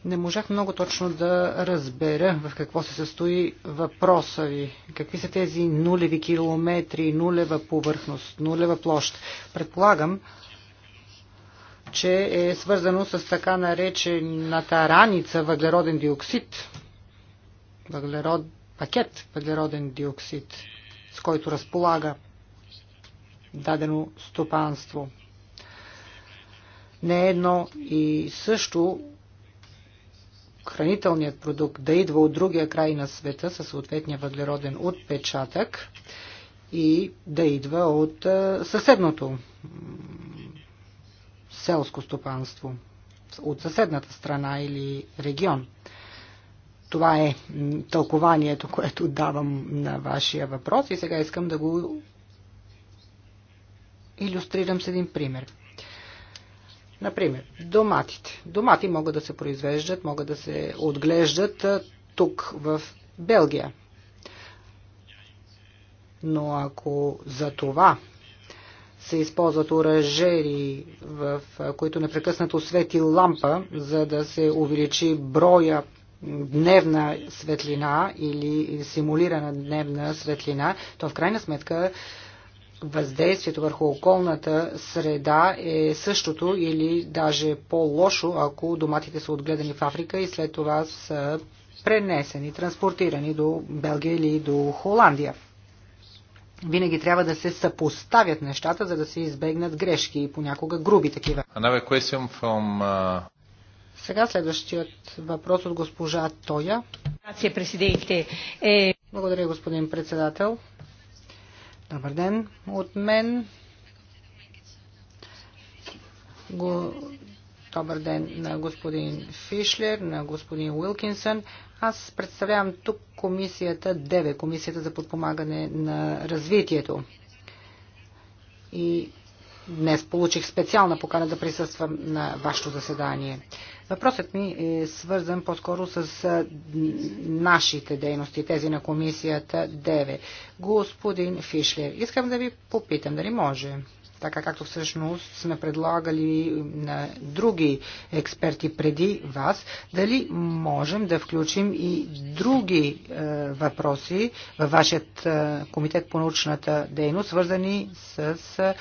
Не можах много точно да разбера в какво се състои въпроса ви. Какви са тези нулеви километри, нулева повърхност, нулева площ? Предполагам, че е свързано с така наречената раница въглероден диоксид, въглерод, пакет въглероден диоксид, с който разполага дадено стопанство. Не е едно и също хранителният продукт да идва от другия край на света със съответния въглероден отпечатък и да идва от съседното селско стопанство от съседната страна или регион. Това е тълкованието, което давам на вашия въпрос и сега искам да го иллюстрирам с един пример. Например, доматите. Домати могат да се произвеждат, могат да се отглеждат тук в Белгия. Но ако за това се използват оръжери, в които непрекъснато свети лампа, за да се увеличи броя дневна светлина или симулирана дневна светлина, то в крайна сметка въздействието върху околната среда е същото или даже по-лошо, ако доматите са отгледани в Африка и след това са пренесени, транспортирани до Белгия или до Холандия винаги трябва да се съпоставят нещата, за да се избегнат грешки и понякога груби такива. From, uh... Сега следващият въпрос от госпожа Тоя. Е, Благодаря, господин председател. Добър ден от мен. Го... Добър ден на господин Фишлер, на господин Уилкинсън. Аз представлявам тук комисията 9, комисията за подпомагане на развитието. И днес получих специална покана да присъствам на вашето заседание. Въпросът ми е свързан по-скоро с нашите дейности, тези на комисията 9. Господин Фишлер, искам да ви попитам дали може така както всъщност сме предлагали на други експерти преди вас, дали можем да включим и други е, въпроси във вашият е, комитет по научната дейност, свързани с е,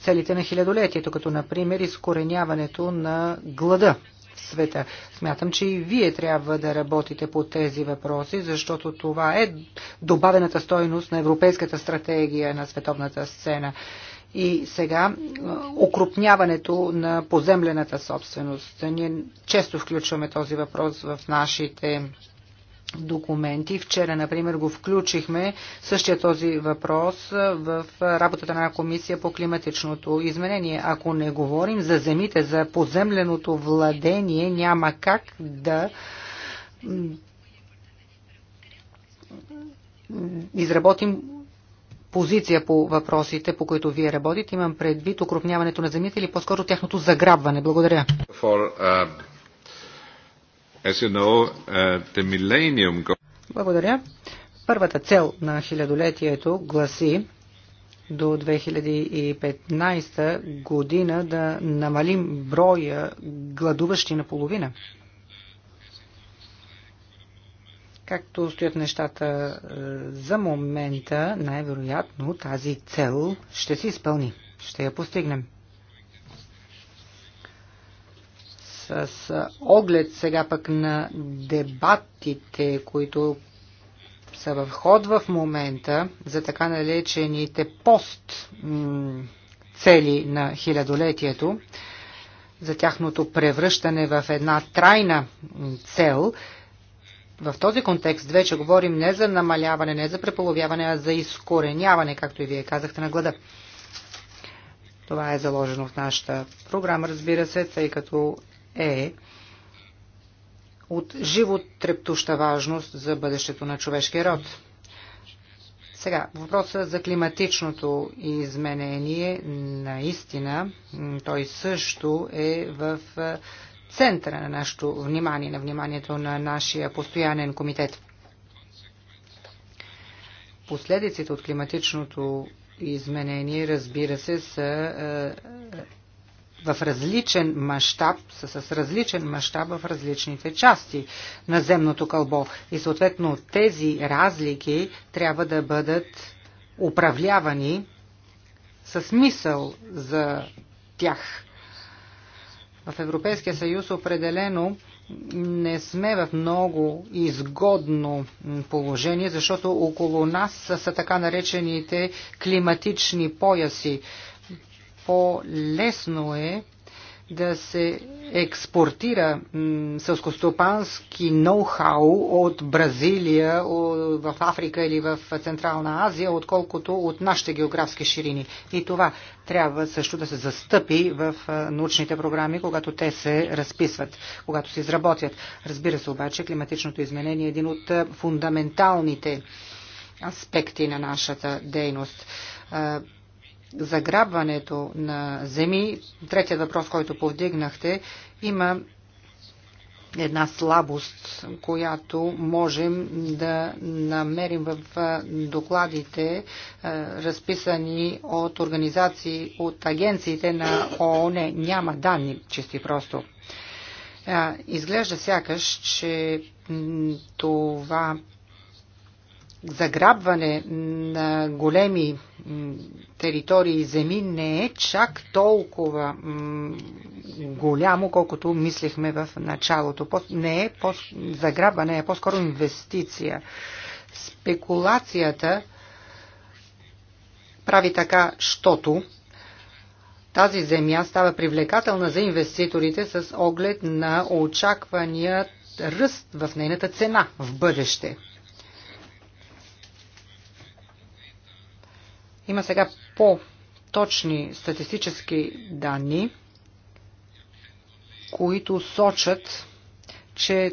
целите на хилядолетието, като например изкореняването на глада в света. Смятам, че и вие трябва да работите по тези въпроси, защото това е добавената стойност на Европейската стратегия на световната сцена и сега окрупняването на поземлената собственост. Ние често включваме този въпрос в нашите документи. Вчера, например, го включихме същия този въпрос в работата на комисия по климатичното изменение. Ако не говорим за земите, за поземленото владение, няма как да изработим позиция по въпросите, по които вие работите. Имам предвид укрупняването на земите или по-скоро тяхното заграбване. Благодаря. For, uh, you know, uh, millennium... Благодаря. Първата цел на хилядолетието гласи до 2015 година да намалим броя гладуващи наполовина. Както стоят нещата е, за момента, най-вероятно тази цел ще се изпълни. Ще я постигнем. С оглед сега пък на дебатите, които са в ход в момента за така наречените пост цели на хилядолетието, за тяхното превръщане в една трайна цел – в този контекст вече говорим не за намаляване, не за преполовяване, а за изкореняване, както и вие казахте, на глада. Това е заложено в нашата програма, разбира се, тъй като е от животрептуща важност за бъдещето на човешкия род. Сега, въпросът за климатичното изменение, наистина, той също е в центъра на нашето внимание, на вниманието на нашия постоянен комитет. Последиците от климатичното изменение, разбира се, са е, в различен мащаб, са с различен мащаб в различните части на земното кълбо. И съответно тези разлики трябва да бъдат управлявани с мисъл за тях в Европейския съюз определено не сме в много изгодно положение, защото около нас са, са така наречените климатични пояси. По-лесно е да се експортира сълскостопански ноу-хау от Бразилия, в Африка или в Централна Азия, отколкото от нашите географски ширини. И това трябва също да се застъпи в научните програми, когато те се разписват, когато се изработят. Разбира се обаче, климатичното изменение е един от фундаменталните аспекти на нашата дейност заграбването на земи, третият въпрос, който повдигнахте, има една слабост, която можем да намерим в докладите, разписани от организации, от агенциите на ООН. Няма данни, чисти просто. Изглежда сякаш, че това заграбване на големи територии и земи не е чак толкова голямо, колкото мислехме в началото. Не е по- заграбване, е по-скоро инвестиция. Спекулацията прави така, щото тази земя става привлекателна за инвеститорите с оглед на очаквания ръст в нейната цена в бъдеще. Има сега по-точни статистически данни, които сочат, че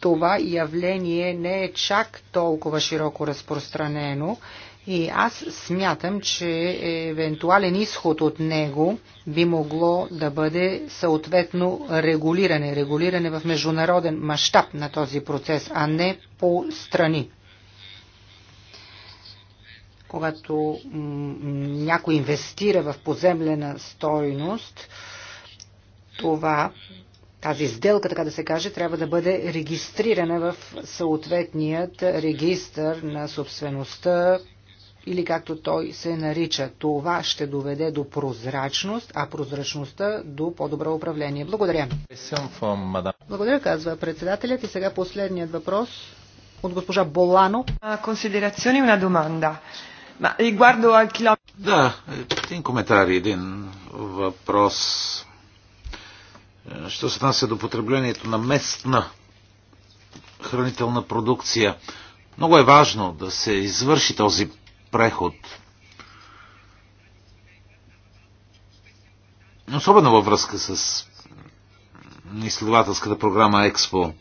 това явление не е чак толкова широко разпространено и аз смятам, че евентуален изход от него би могло да бъде съответно регулиране, регулиране в международен мащаб на този процес, а не по страни когато някой инвестира в подземлена стойност, това, тази сделка, така да се каже, трябва да бъде регистрирана в съответният регистър на собствеността или както той се нарича. Това ще доведе до прозрачност, а прозрачността до по-добро управление. Благодаря. Благодаря, казва председателят. И сега последният въпрос от госпожа Болано. Консидерационна доманда. Ма, и гвардо chilometro... Да, един коментар, един въпрос. Е, що се отнася до потреблението на местна хранителна продукция, много е важно да се извърши този преход. Особено във връзка с изследователската програма Експо.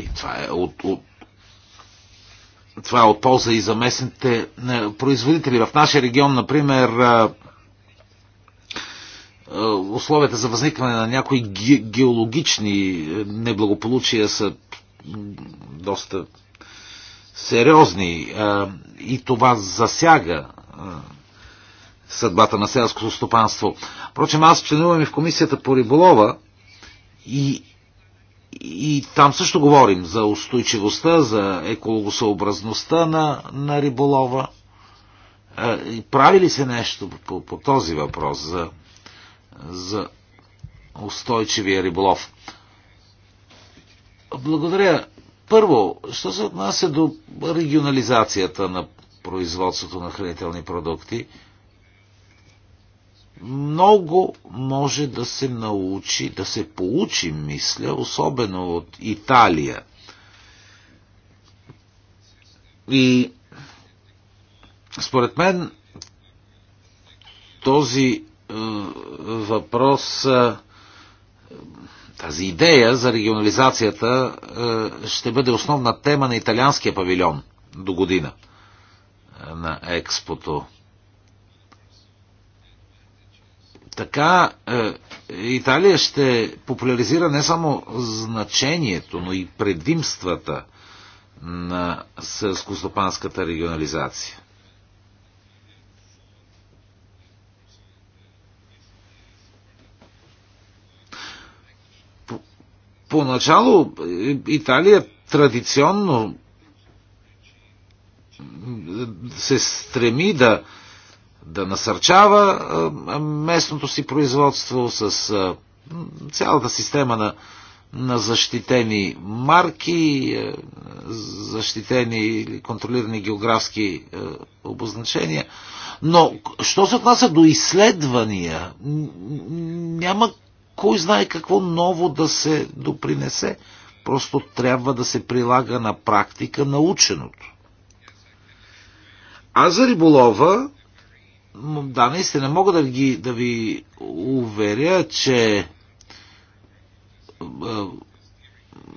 И значи, това е от, от, това е от полза и за местните е, производители. В нашия регион, например, е, е, условията за възникване на някои геологични неблагополучия са доста сериозни и това засяга съдбата на селското стопанство. Впрочем, аз членувам и в комисията по риболова и, и там също говорим за устойчивостта, за екологосъобразността на, на риболова. Е, Прави ли се нещо по, по този въпрос за, за устойчивия риболов? Благодаря. Първо, що се отнася до регионализацията на производството на хранителни продукти – много може да се научи, да се получи, мисля, особено от Италия. И според мен този е, въпрос, е, тази идея за регионализацията е, ще бъде основна тема на италианския павилион до година е, на експото. Така е, Италия ще популяризира не само значението, но и предимствата на сълскостопанската регионализация. Поначало е, Италия традиционно се стреми да да насърчава местното си производство с цялата система на, на защитени марки, защитени или контролирани географски обозначения. Но, що се отнася до изследвания, няма кой знае какво ново да се допринесе. Просто трябва да се прилага на практика наученото. А за риболова да, наистина мога да, ги, да ви уверя, че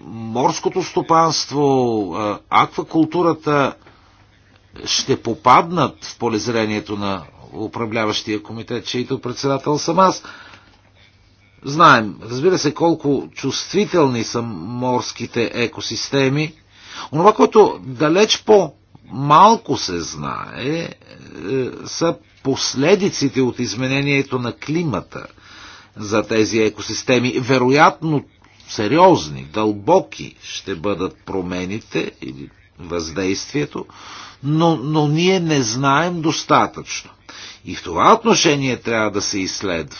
морското стопанство, аквакултурата ще попаднат в полезрението на управляващия комитет, чието председател съм аз. Знаем, разбира се, колко чувствителни са морските екосистеми. Онова, което далеч по-малко се знае, е, са последиците от изменението на климата за тези екосистеми. Вероятно, сериозни, дълбоки ще бъдат промените или въздействието, но, но ние не знаем достатъчно. И в това отношение трябва да се изследва,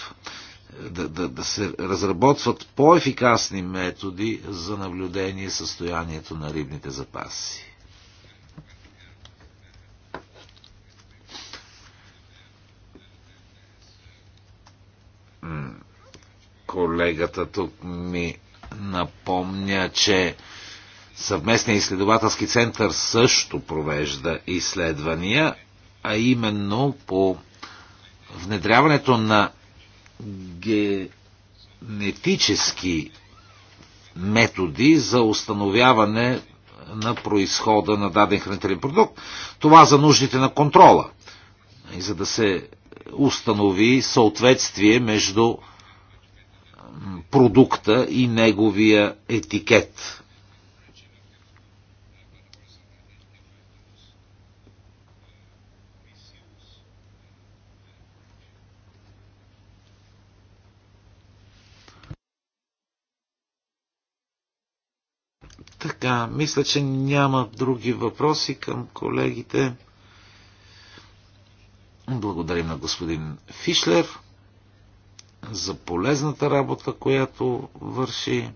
да, да, да се разработват по-ефикасни методи за наблюдение състоянието на рибните запаси. Колегата тук ми напомня, че съвместният изследователски център също провежда изследвания, а именно по внедряването на генетически методи за установяване на происхода на даден хранителен продукт. Това за нуждите на контрола. И за да се установи съответствие между продукта и неговия етикет. Така, мисля, че няма други въпроси към колегите. Благодарим на господин Фишлер за полезната работа, която върши.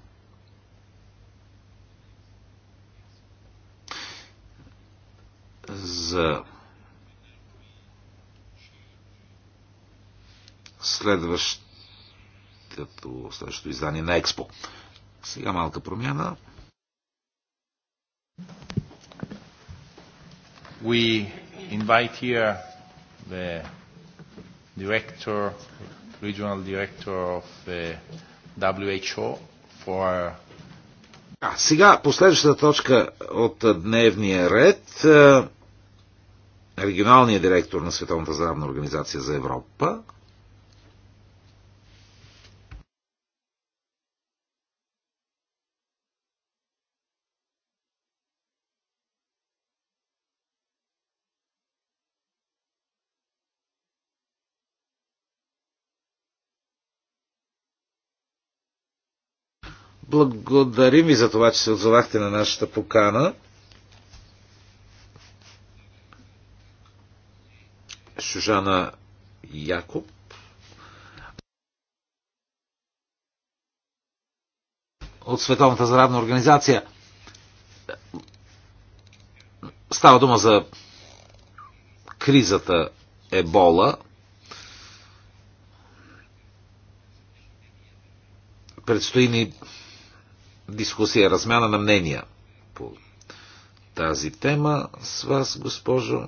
За следващото, следващото издание на Експо. Сега малка промяна. We invite here the director regional director of uh, WHO for uh, а, сега последващата точка от дневния ред. Регионалният директор на Световната здравна организация за Европа Благодарим ви за това, че се отзовахте на нашата покана. Шужана Якоб. от Световната здравна организация. Става дума за кризата Ебола. Предстои ни дискусия, размяна на мнения по тази тема с вас, госпожо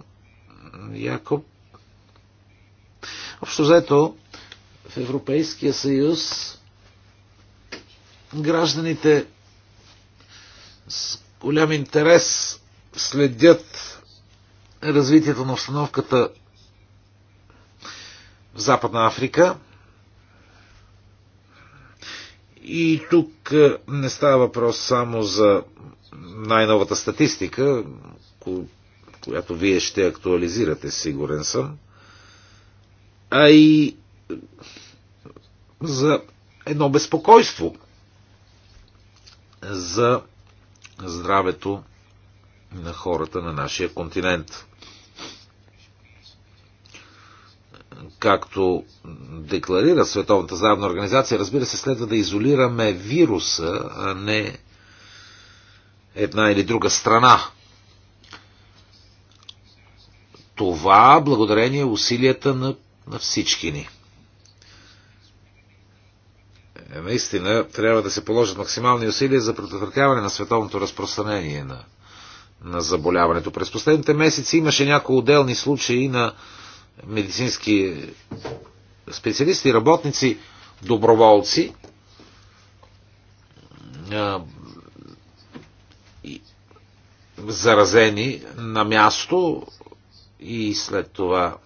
Якоб. Общо заето, в Европейския съюз гражданите с голям интерес следят развитието на обстановката в Западна Африка – и тук е, не става въпрос само за най-новата статистика, която вие ще актуализирате, сигурен съм, а и е, за едно безпокойство за здравето на хората на нашия континент. както декларира Световната здравна организация, разбира се, следва да изолираме вируса, а не една или друга страна. Това благодарение усилията на, на всички ни. Е, наистина, трябва да се положат максимални усилия за предотвратяване на световното разпространение на, на заболяването. През последните месеци имаше някои отделни случаи на медицински специалисти, работници, доброволци. заразени на място и след това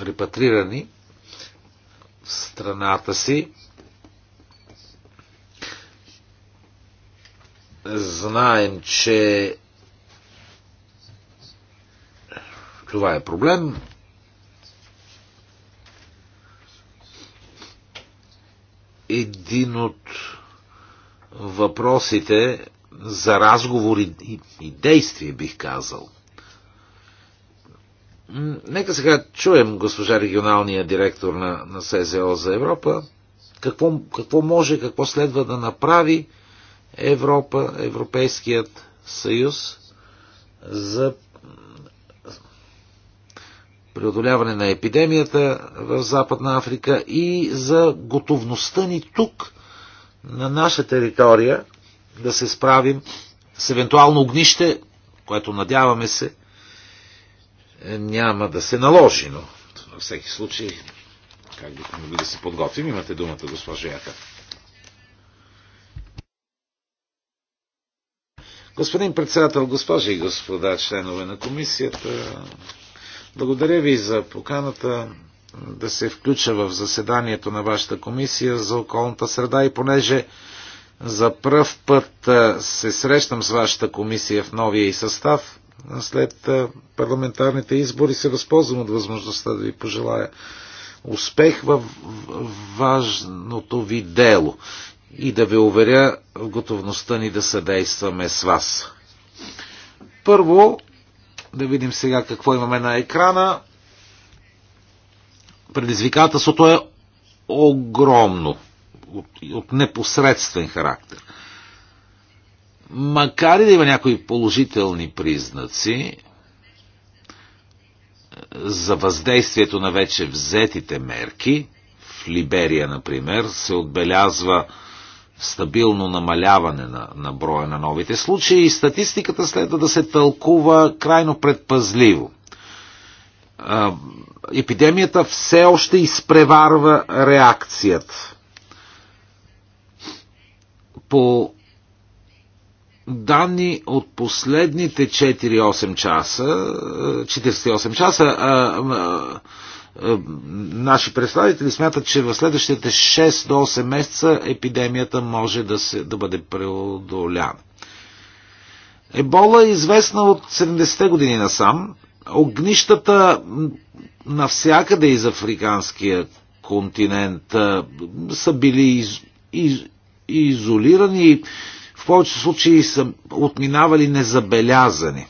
репатрирани в страната си. Знаем, че Това е проблем. Един от въпросите за разговори и, действия, действие, бих казал. Нека сега чуем госпожа регионалния директор на, на СЗО за Европа. Какво, какво може, какво следва да направи Европа, Европейският съюз за преодоляване на епидемията в Западна Африка и за готовността ни тук, на наша територия, да се справим с евентуално огнище, което надяваме се няма да се наложи, но на всеки случай как бихме могли да се подготвим. Имате думата, госпожа Яка. Господин председател, госпожи и господа, членове на комисията, благодаря ви за поканата да се включа в заседанието на вашата комисия за околната среда и понеже за пръв път се срещам с вашата комисия в новия и състав, след парламентарните избори се възползвам от възможността да ви пожелая успех в важното ви дело и да ви уверя в готовността ни да съдействаме с вас. Първо, да видим сега какво имаме на екрана. Предизвикателството е огромно, от, от непосредствен характер. Макар и да има някои положителни признаци е, за въздействието на вече взетите мерки, в Либерия, например, се отбелязва стабилно намаляване на, на броя на новите случаи и статистиката следва да се тълкува крайно предпазливо. Епидемията все още изпреварва реакцията. По данни от последните 4-8 часа, 48 часа, е, наши представители смятат, че в следващите 6 до 8 месеца епидемията може да, се, да бъде преодоляна. Ебола е известна от 70-те години насам. Огнищата навсякъде из африканския континент е, са били из, из, изолирани и в повечето случаи са отминавали незабелязани.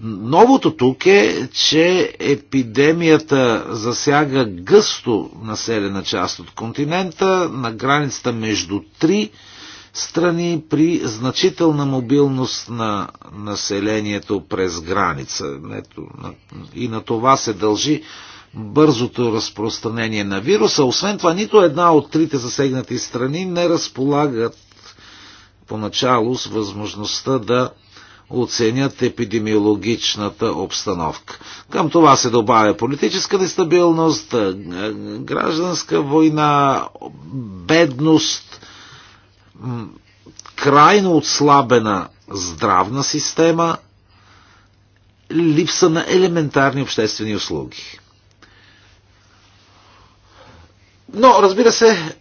Новото тук е, че епидемията засяга гъсто населена част от континента на границата между три страни при значителна мобилност на населението през граница. Ето, и на това се дължи бързото разпространение на вируса. Освен това, нито една от трите засегнати страни не разполагат поначало с възможността да оценят епидемиологичната обстановка. Към това се добавя политическа нестабилност, е, е, гражданска война, бедност, крайно отслабена здравна система, липса на елементарни обществени услуги. Но, разбира се,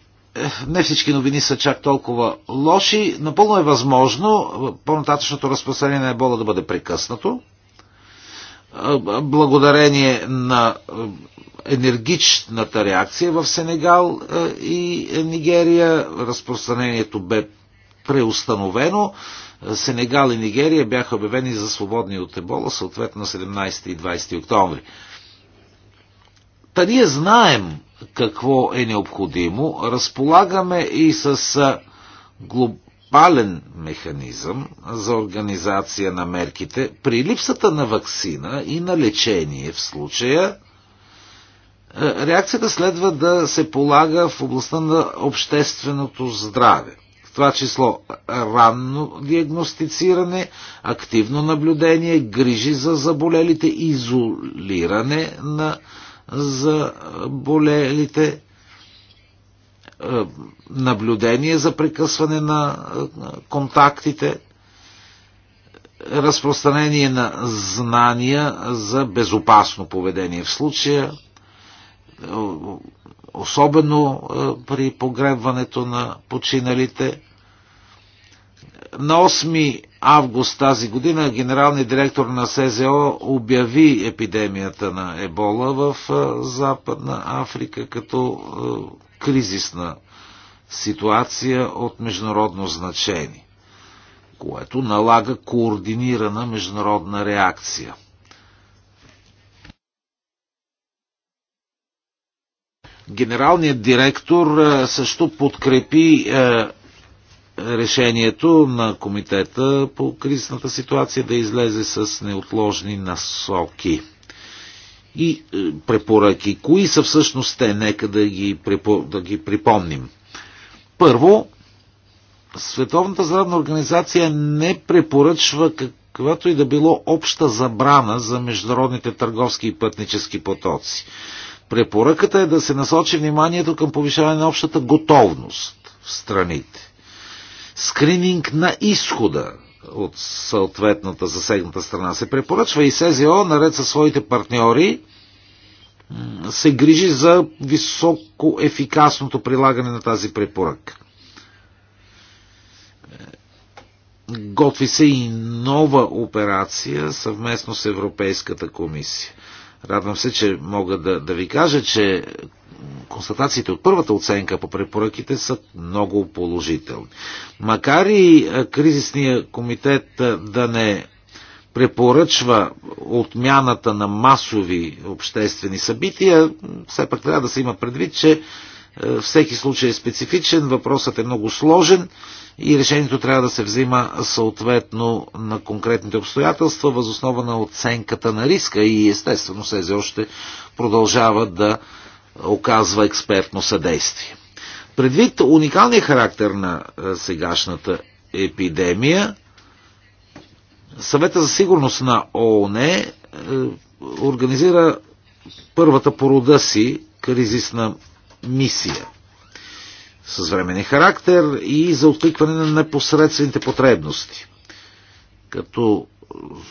не всички новини са чак толкова лоши. Напълно е възможно по-нататъчното разпространение на ебола да бъде прекъснато. Благодарение на енергичната реакция в Сенегал и Нигерия, разпространението бе преустановено. Сенегал и Нигерия бяха обявени за свободни от ебола, съответно на 17 и 20 октомври. Та ние знаем какво е необходимо, разполагаме и с глобален механизъм за организация на мерките при липсата на вакцина и на лечение в случая. Реакцията следва да се полага в областта на общественото здраве. В това число ранно диагностициране, активно наблюдение, грижи за заболелите, изолиране на за болелите, е, наблюдение за прекъсване на е, контактите, разпространение на знания за безопасно поведение в случая, особено е, при погребването на починалите. На 8 август тази година генералният директор на СЗО обяви епидемията на ебола в Западна Африка като кризисна ситуация от международно значение, което налага координирана международна реакция. Генералният директор също подкрепи решението на комитета по кризисната ситуация да излезе с неотложни насоки и е, препоръки. Кои са всъщност те? Нека да ги, припо... да ги припомним. Първо, Световната здравна организация не препоръчва каквато и да било обща забрана за международните търговски и пътнически потоци. Препоръката е да се насочи вниманието към повишаване на общата готовност в страните скрининг на изхода от съответната засегната страна се препоръчва и СЗО, наред със своите партньори, се грижи за високо ефикасното прилагане на тази препоръка. Готви се и нова операция съвместно с Европейската комисия. Радвам се, че мога да, да ви кажа, че констатациите от първата оценка по препоръките са много положителни. Макар и кризисния комитет да не препоръчва отмяната на масови обществени събития, все пак трябва да се има предвид, че всеки случай е специфичен, въпросът е много сложен и решението трябва да се взима съответно на конкретните обстоятелства, възоснова на оценката на риска и естествено СЗО още продължава да оказва експертно съдействие. Предвид уникалния характер на е, сегашната епидемия, Съвета за сигурност на ООН е, организира първата по рода си кризисна мисия с временен характер и за откликване на непосредствените потребности, като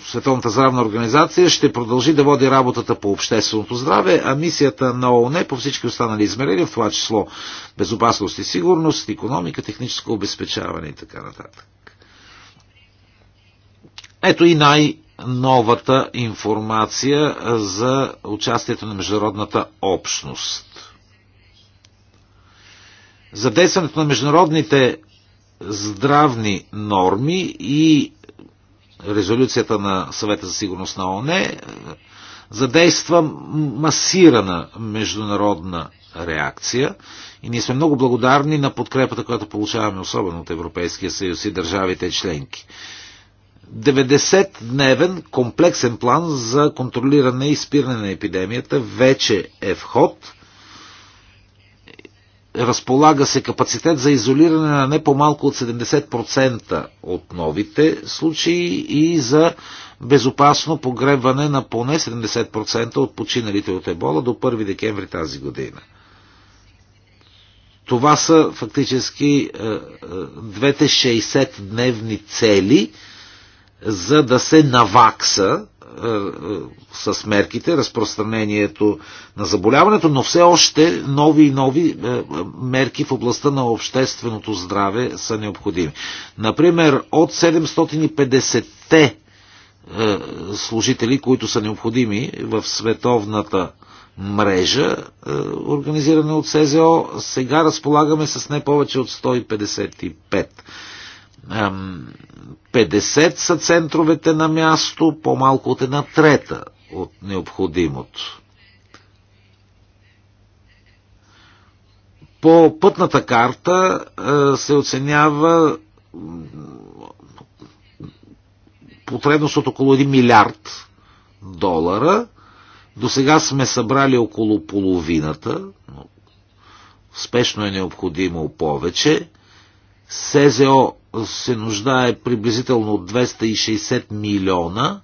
Световната здравна организация ще продължи да води работата по общественото здраве, а мисията на ООН е по всички останали измерения, в това число безопасност и сигурност, економика, техническо обезпечаване и така нататък. Ето и най-новата информация за участието на международната общност. Задействането на международните здравни норми и резолюцията на съвета за сигурност на ООН е, задейства масирана международна реакция и ние сме много благодарни на подкрепата, която получаваме особено от Европейския съюз и държавите членки. 90-дневен комплексен план за контролиране и спиране на епидемията вече е в ход – разполага се капацитет за изолиране на не по-малко от 70% от новите случаи и за безопасно погребване на поне 70% от починалите от ебола до 1 декември тази година. Това са фактически е, е, двете 60-дневни цели, за да се навакса е, е, с мерките, разпространението на заболяването, но все още нови и нови е, мерки в областта на общественото здраве са необходими. Например, от 750-те служители, които са необходими в световната мрежа, организирана от СЗО, сега разполагаме с не повече от 155 50 са центровете на място, по-малко от една трета от необходимото. По пътната карта е, се оценява потребност от около 1 милиард долара. До сега сме събрали около половината, но спешно е необходимо повече. СЗО се нуждае приблизително от 260 милиона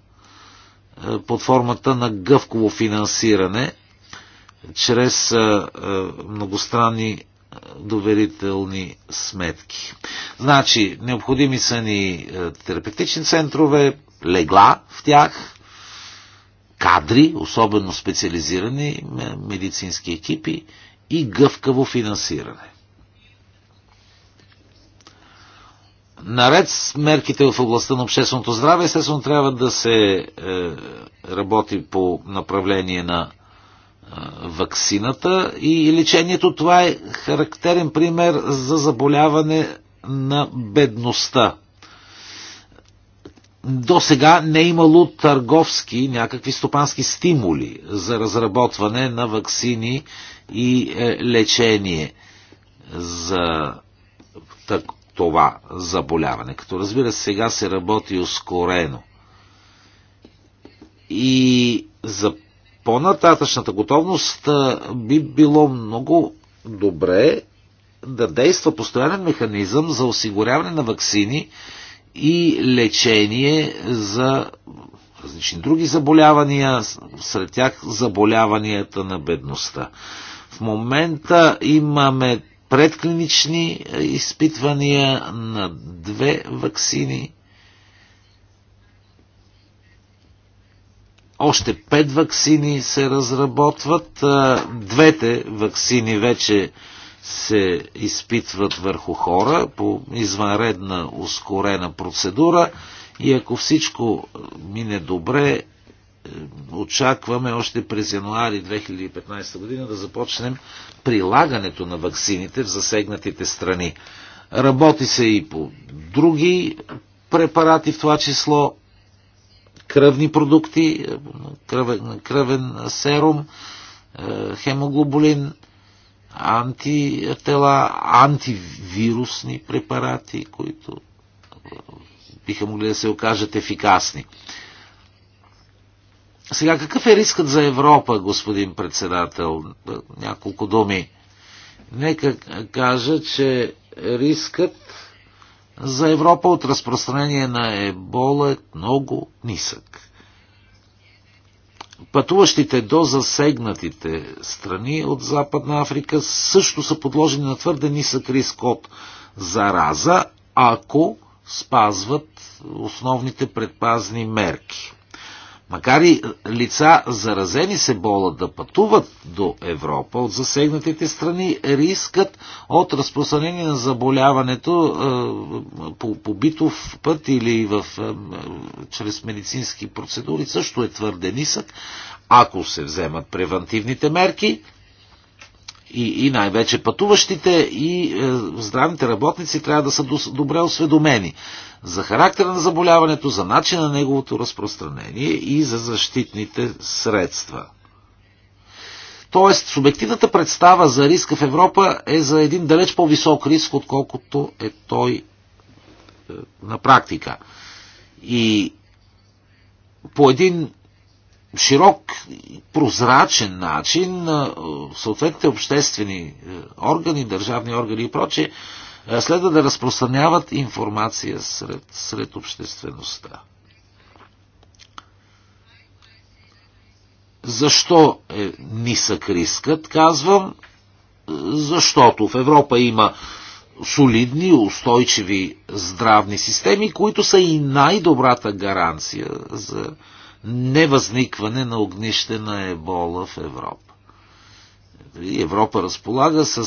е, под формата на гъвково финансиране чрез е, е, многостранни доверителни сметки. Значи, необходими са ни терапевтични центрове, легла в тях, кадри, особено специализирани медицински екипи и гъвкаво финансиране. Наред с мерките в областта на общественото здраве, естествено трябва да се е, работи по направление на е, ваксината и лечението. Това е характерен пример за заболяване на бедността. До сега не е имало търговски някакви стопански стимули за разработване на ваксини и е, лечение за так, това заболяване. Като разбира се, сега се работи ускорено. И за по-нататъчната готовност би било много добре да действа постоянен механизъм за осигуряване на вакцини и лечение за различни други заболявания, сред тях заболяванията на бедността. В момента имаме предклинични е, изпитвания на две вакцини. Още пет вакцини се разработват. Двете вакцини вече се изпитват върху хора по извънредна ускорена процедура и ако всичко мине добре, очакваме още през януари 2015 година да започнем прилагането на ваксините в засегнатите страни. Работи се и по други препарати, в това число кръвни продукти, кръвен, кръвен серум, е, хемоглобулин, антитела, антивирусни препарати, които е, биха могли да се окажат ефикасни. Сега, какъв е рискът за Европа, господин председател? Няколко думи. Нека кажа, че рискът за Европа от разпространение на ебола е много нисък. Пътуващите до засегнатите страни от Западна Африка също са подложени на твърде нисък риск от зараза, ако спазват основните предпазни мерки. Макар и лица заразени се бола да пътуват до Европа от засегнатите страни, рискът от разпространение на заболяването е, по, по битов път или в, е, е, чрез медицински процедури също е твърде нисък, ако се вземат превентивните мерки и, и най-вече пътуващите и здравните работници трябва да са добре осведомени за характера на заболяването, за начина на неговото разпространение и за защитните средства. Тоест, субективната представа за риска в Европа е за един далеч по-висок риск, отколкото е той е, на практика. И по един широк, прозрачен начин е, съответните обществени е, органи, държавни органи и прочее е, следва да разпространяват информация сред, сред обществеността. Защо е нисък рискът? Казвам, защото в Европа има солидни, устойчиви здравни системи, които са и най-добрата гаранция за невъзникване на огнище на ебола в Европа. Нали, Европа разполага с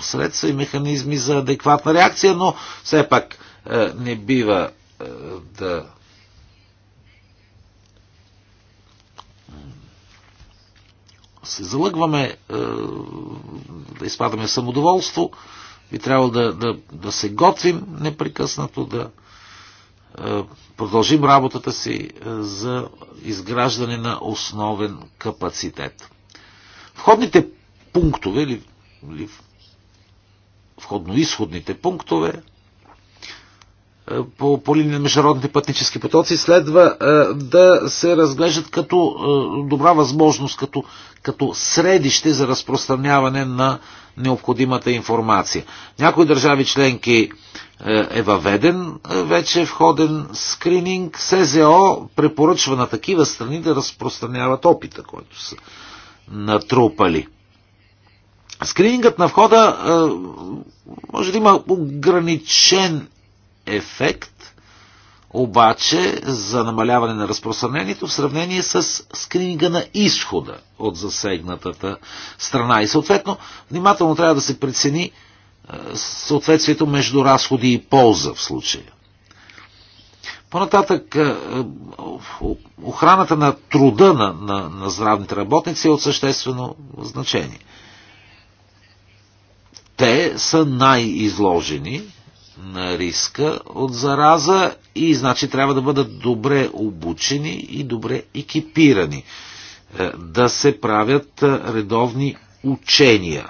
средства и механизми за адекватна реакция, но все пак не бива да се залъгваме, да изпадаме самодоволство, би трябва да, да, да се готвим непрекъснато, да продължим работата си за изграждане на основен капацитет. Входните пунктове или, или входно-изходните пунктове е, по, по линия на международните пътнически потоци следва е, да се разглеждат като е, добра възможност, като, като средище за разпространяване на необходимата информация. Някои държави членки е, е въведен е, вече входен скрининг. СЗО е препоръчва на такива страни да разпространяват опита, който са натрупали. Скринингът на входа може да има ограничен ефект, обаче за намаляване на разпространението в сравнение с скрининга на изхода от засегнатата страна. И съответно, внимателно трябва да се прецени съответствието между разходи и полза в случая. По-нататък е, е, охраната на труда на, на, на здравните работници е от съществено значение. Те са най-изложени на риска от зараза и значи трябва да бъдат добре обучени и добре екипирани. Е, да се правят редовни учения.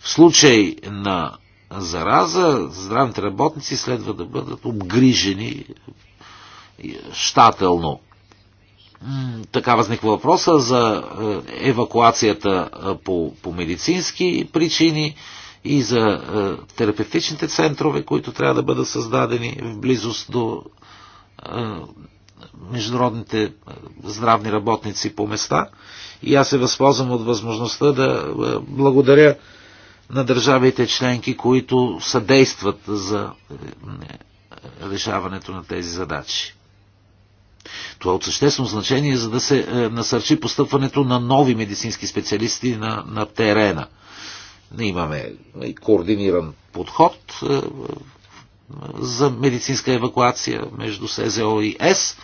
В случай на зараза, здравните работници следва да бъдат обгрижени щателно. Така възниква въпроса за е, евакуацията е, по, по медицински причини и за е, терапевтичните центрове, които трябва да бъдат създадени в близост до международните здравни работници по места. И аз се възползвам от възможността да благодаря на държавите членки, които съдействат за решаването на тези задачи. Това е от съществено значение, за да се е, насърчи постъпването на нови медицински специалисти на, на терена. Имаме и нали, координиран подход е, е, за медицинска евакуация между СЗО и ЕС.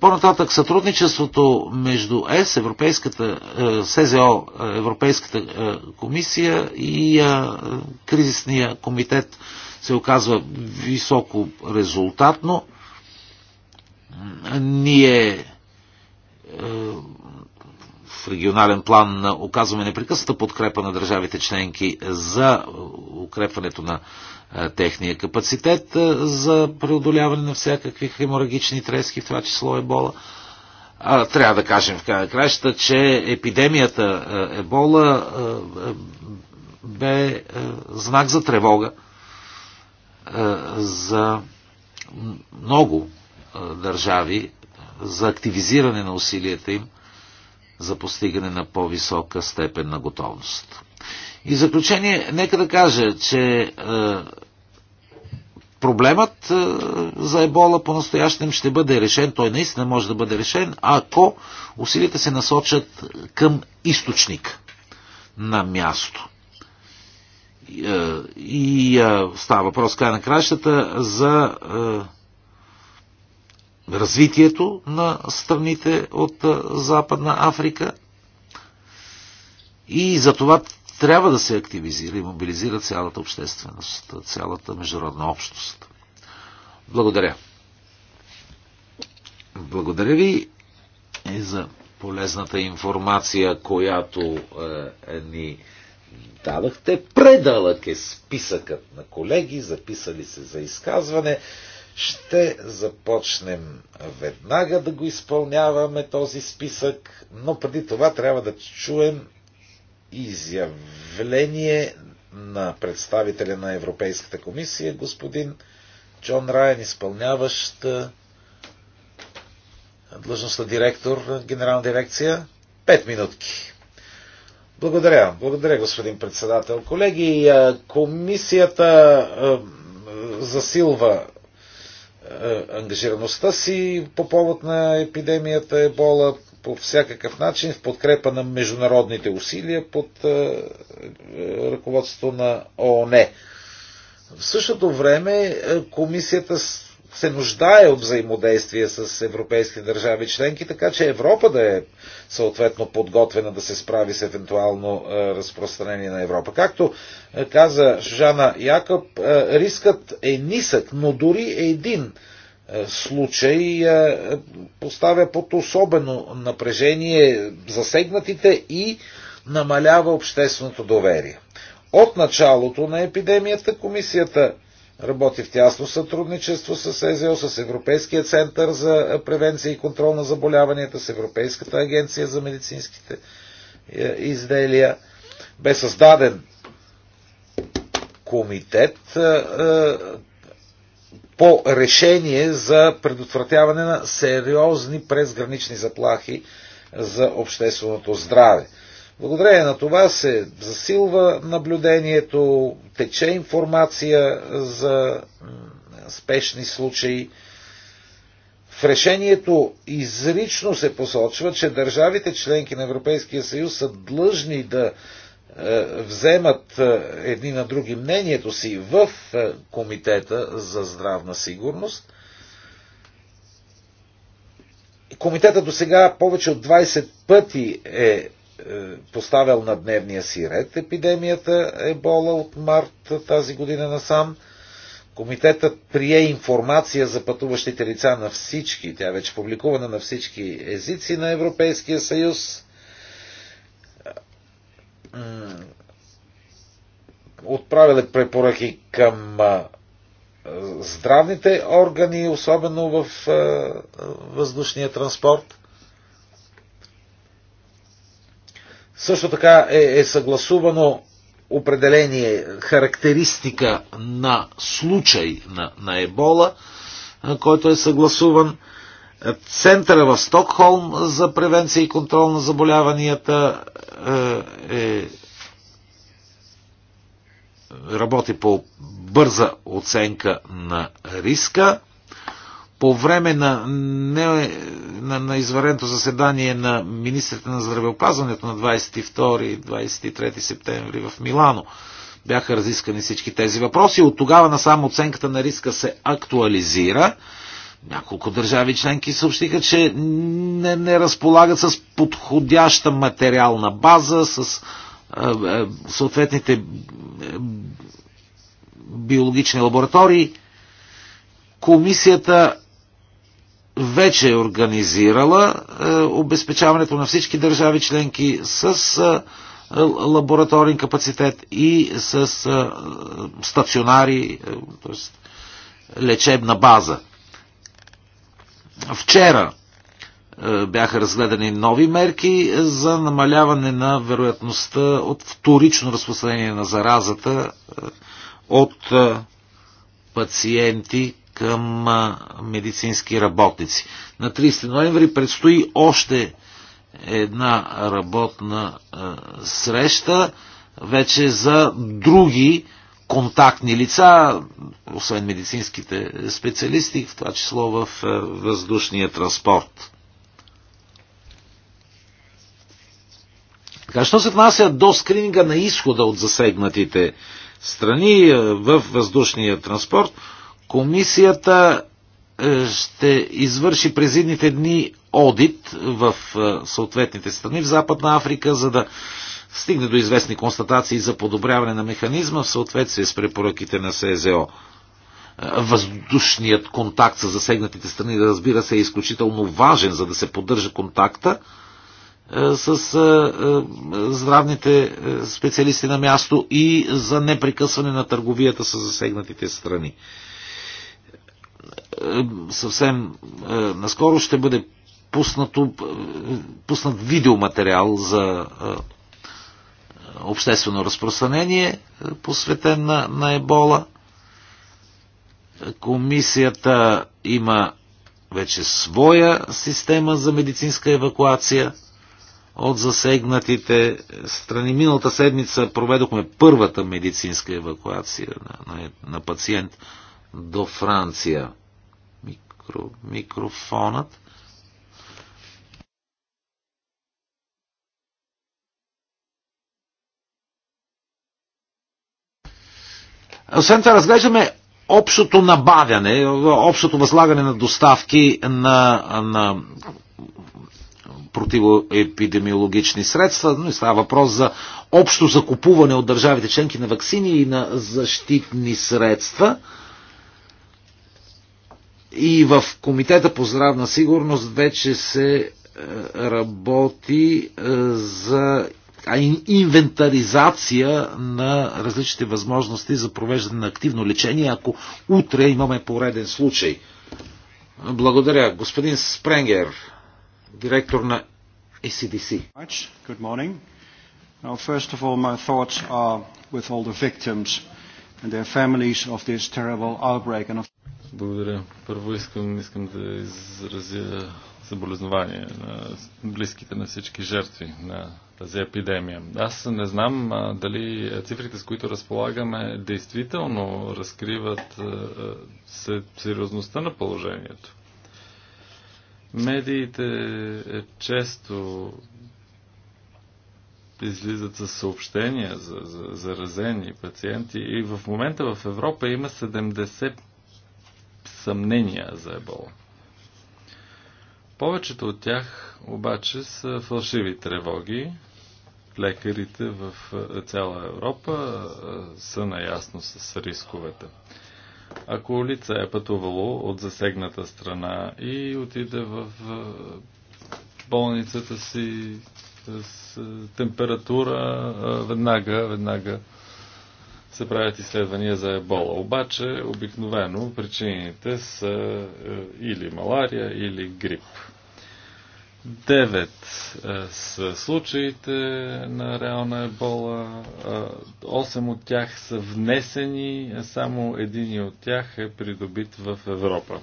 По-нататък сътрудничеството между ЕС, Европейската, СЗО, Европейската комисия и кризисния комитет се оказва високо резултатно. Ние е, в регионален план оказваме непрекъсната подкрепа на държавите членки за укрепването на е, техния капацитет е, за преодоляване на всякакви хеморагични трески, в това число ебола. Трябва да кажем в края краща, че епидемията ебола бе знак за тревога е, за много е, държави за активизиране на усилията им за постигане на по-висока степен на готовност. И в заключение, нека да кажа, че е, проблемът е, за ебола по-настоящем ще бъде решен, той наистина може да бъде решен, ако усилията се насочат към източник на място. И е, е, става въпрос край на кращата за е, развитието на страните от Западна Африка. И за това трябва да се активизира и мобилизира цялата общественост, цялата международна общност. Благодаря. Благодаря ви и за полезната информация, която е, ни подчертавахте. Предълъг е списъкът на колеги, записали се за изказване. Ще започнем веднага да го изпълняваме този списък, но преди това трябва да чуем изявление на представителя на Европейската комисия, господин Джон Райан, изпълняващ длъжността директор на генерална дирекция. Пет минутки. Благодаря. Благодаря, господин председател. Колеги, комисията засилва ангажираността си по повод на епидемията ебола по всякакъв начин в подкрепа на международните усилия под ръководство на ООН. В същото време комисията се нуждае от взаимодействие с европейски държави членки, така че Европа да е съответно подготвена да се справи с евентуално е, разпространение на Европа. Както е, каза Жана Якоб, е, рискът е нисък, но дори един случай поставя под особено напрежение засегнатите и намалява общественото доверие. От началото на епидемията комисията Работи в тясно сътрудничество с ЕЗО, с Европейския център за превенция и контрол на заболяванията, с Европейската агенция за медицинските е, изделия. Бе създаден комитет е, е, по решение за предотвратяване на сериозни презгранични заплахи за общественото здраве. Благодарение на това се засилва наблюдението, тече информация за спешни случаи. В решението изрично се посочва, че държавите членки на Европейския съюз са длъжни да е, вземат е, едни на други мнението си в е, Комитета за здравна сигурност. Комитета до сега повече от 20 пъти е е, поставял на дневния си ред епидемията Ебола от март тази година насам. Комитетът прие информация за пътуващите лица на всички, тя е вече публикувана на всички езици на Европейския съюз. Отправили препоръки към здравните органи, особено в въздушния транспорт. Също така е, е съгласувано определение, характеристика на случай на, на ебола, който е съгласуван. Центъра в Стокхолм за превенция и контрол на заболяванията е, работи по бърза оценка на риска по време на, не, на, на извареното заседание на министрите на здравеопазването на 22-23 септември в Милано бяха разискани всички тези въпроси. От тогава насам оценката на риска се актуализира. Няколко държави членки съобщиха, че не, не разполагат с подходяща материална база, с е, е, съответните е, биологични лаборатории. Комисията вече е организирала е, обезпечаването на всички държави членки с е, лабораторен капацитет и с е, стационари, т.е. лечебна база. Вчера бяха разгледани нови мерки за намаляване на вероятността от вторично разпространение на заразата от пациенти, към медицински работници. На 30 ноември предстои още една работна среща вече за други контактни лица, освен медицинските специалисти, в това число в въздушния транспорт. Така, що се внася до скрининга на изхода от засегнатите страни в въздушния транспорт, Комисията е, ще извърши през едните дни одит в е, съответните страни в Западна Африка, за да стигне до известни констатации за подобряване на механизма в съответствие с препоръките на СЗО. Е, въздушният контакт с засегнатите страни, да разбира се, е изключително важен, за да се поддържа контакта с здравните специалисти на място и за непрекъсване на търговията с засегнатите страни. Е, съвсем е, наскоро ще бъде пуснато, е, пуснат видеоматериал за обществено разпространение, посветен на, на ебола. Комисията има вече своя система за медицинска евакуация от засегнатите страни. Миналата седмица проведохме първата медицинска евакуация на, на, на пациент до Франция микро, микрофонът. Освен това, разглеждаме общото набавяне, общото възлагане на доставки на, на противоепидемиологични средства, но и става въпрос за общо закупуване от държавите членки на вакцини и на защитни средства – и в Комитета по здравна сигурност вече се е, работи е, за инвентаризация на различните възможности за провеждане на активно лечение, ако утре имаме пореден случай. Благодаря. Господин Спренгер, директор на ACDC. Good morning. Now, first of all, my thoughts are with all the victims and their families of this terrible outbreak. And of... Благодаря. Първо искам, искам да изразя съболезнование на близките на всички жертви на тази епидемия. Аз не знам а, дали цифрите, с които разполагаме, действително разкриват а, се, сериозността на положението. Медиите е, често излизат с съобщения за, за заразени пациенти и в момента в Европа има 70 съмнения за ебола. Повечето от тях обаче са фалшиви тревоги. Лекарите в е, цяла Европа е, са наясно с рисковете. Ако лица е пътувало от засегната страна и отиде в е, болницата си с температура, веднага, веднага се правят изследвания за ебола. Обаче, обикновено причините са е, или малария, или грип. Девет е, са случаите на реална ебола. Осем от тях са внесени, само един от тях е придобит в Европа.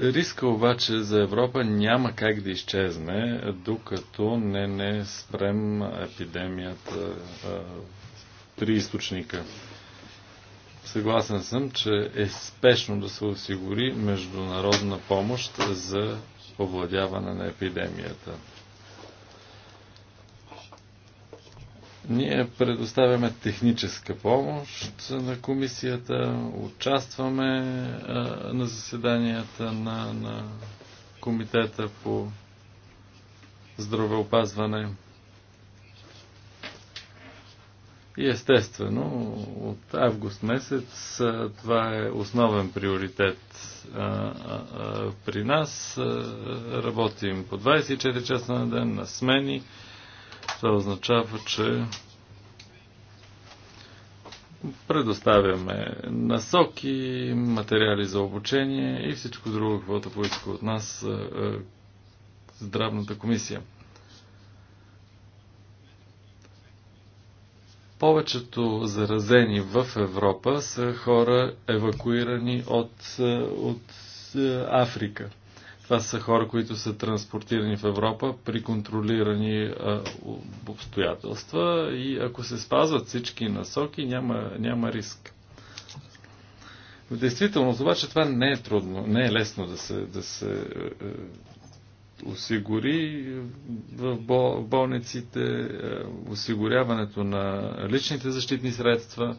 Риска обаче за Европа няма как да изчезне, докато не, не спрем епидемията а, при източника. Съгласен съм, че е спешно да се осигури международна помощ за овладяване на епидемията. Ние предоставяме техническа помощ на комисията, участваме а, на заседанията на, на комитета по здравеопазване. И естествено, от август месец това е основен приоритет а, а, при нас. Работим по 24 часа на ден, на смени това означава, че предоставяме насоки, материали за обучение и всичко друго, което поиска от нас е, е, здравната комисия. Повечето заразени в Европа са хора евакуирани от, е, от Африка. Това са хора, които са транспортирани в Европа при контролирани а, обстоятелства и ако се спазват всички насоки, няма, няма риск. В действителност обаче това не е трудно, не е лесно да се, да се е, е осигури в болниците, е, осигуряването на личните защитни средства.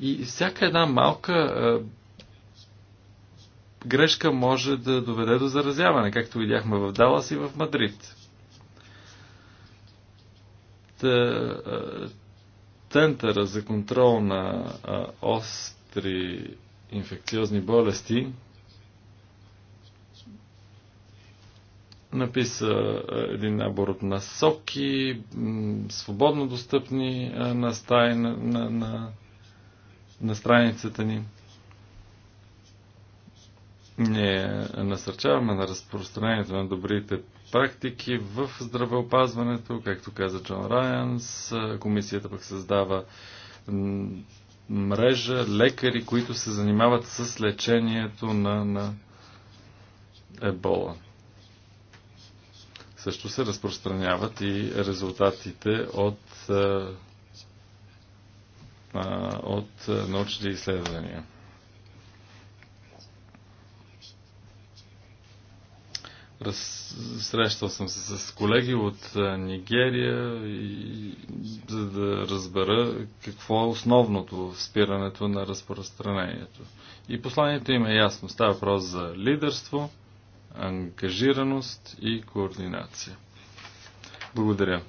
И всяка една малка е, грешка може да доведе до заразяване, както видяхме в Далас и в Мадрид. Центъра за контрол на остри инфекциозни болести написа един набор от насоки, свободно достъпни на, стай, на, на, на, на страницата ни. Ние насърчаваме на разпространението на добрите практики в здравеопазването, както каза Джон Райанс. Комисията пък създава мрежа лекари, които се занимават с лечението на, на ебола. Също се разпространяват и резултатите от, от научните изследвания. Раз... Срещал съм се с колеги от Нигерия, и... за да разбера какво е основното в спирането на разпространението. И посланието им е ясно. Става въпрос за лидерство, ангажираност и координация. Благодаря.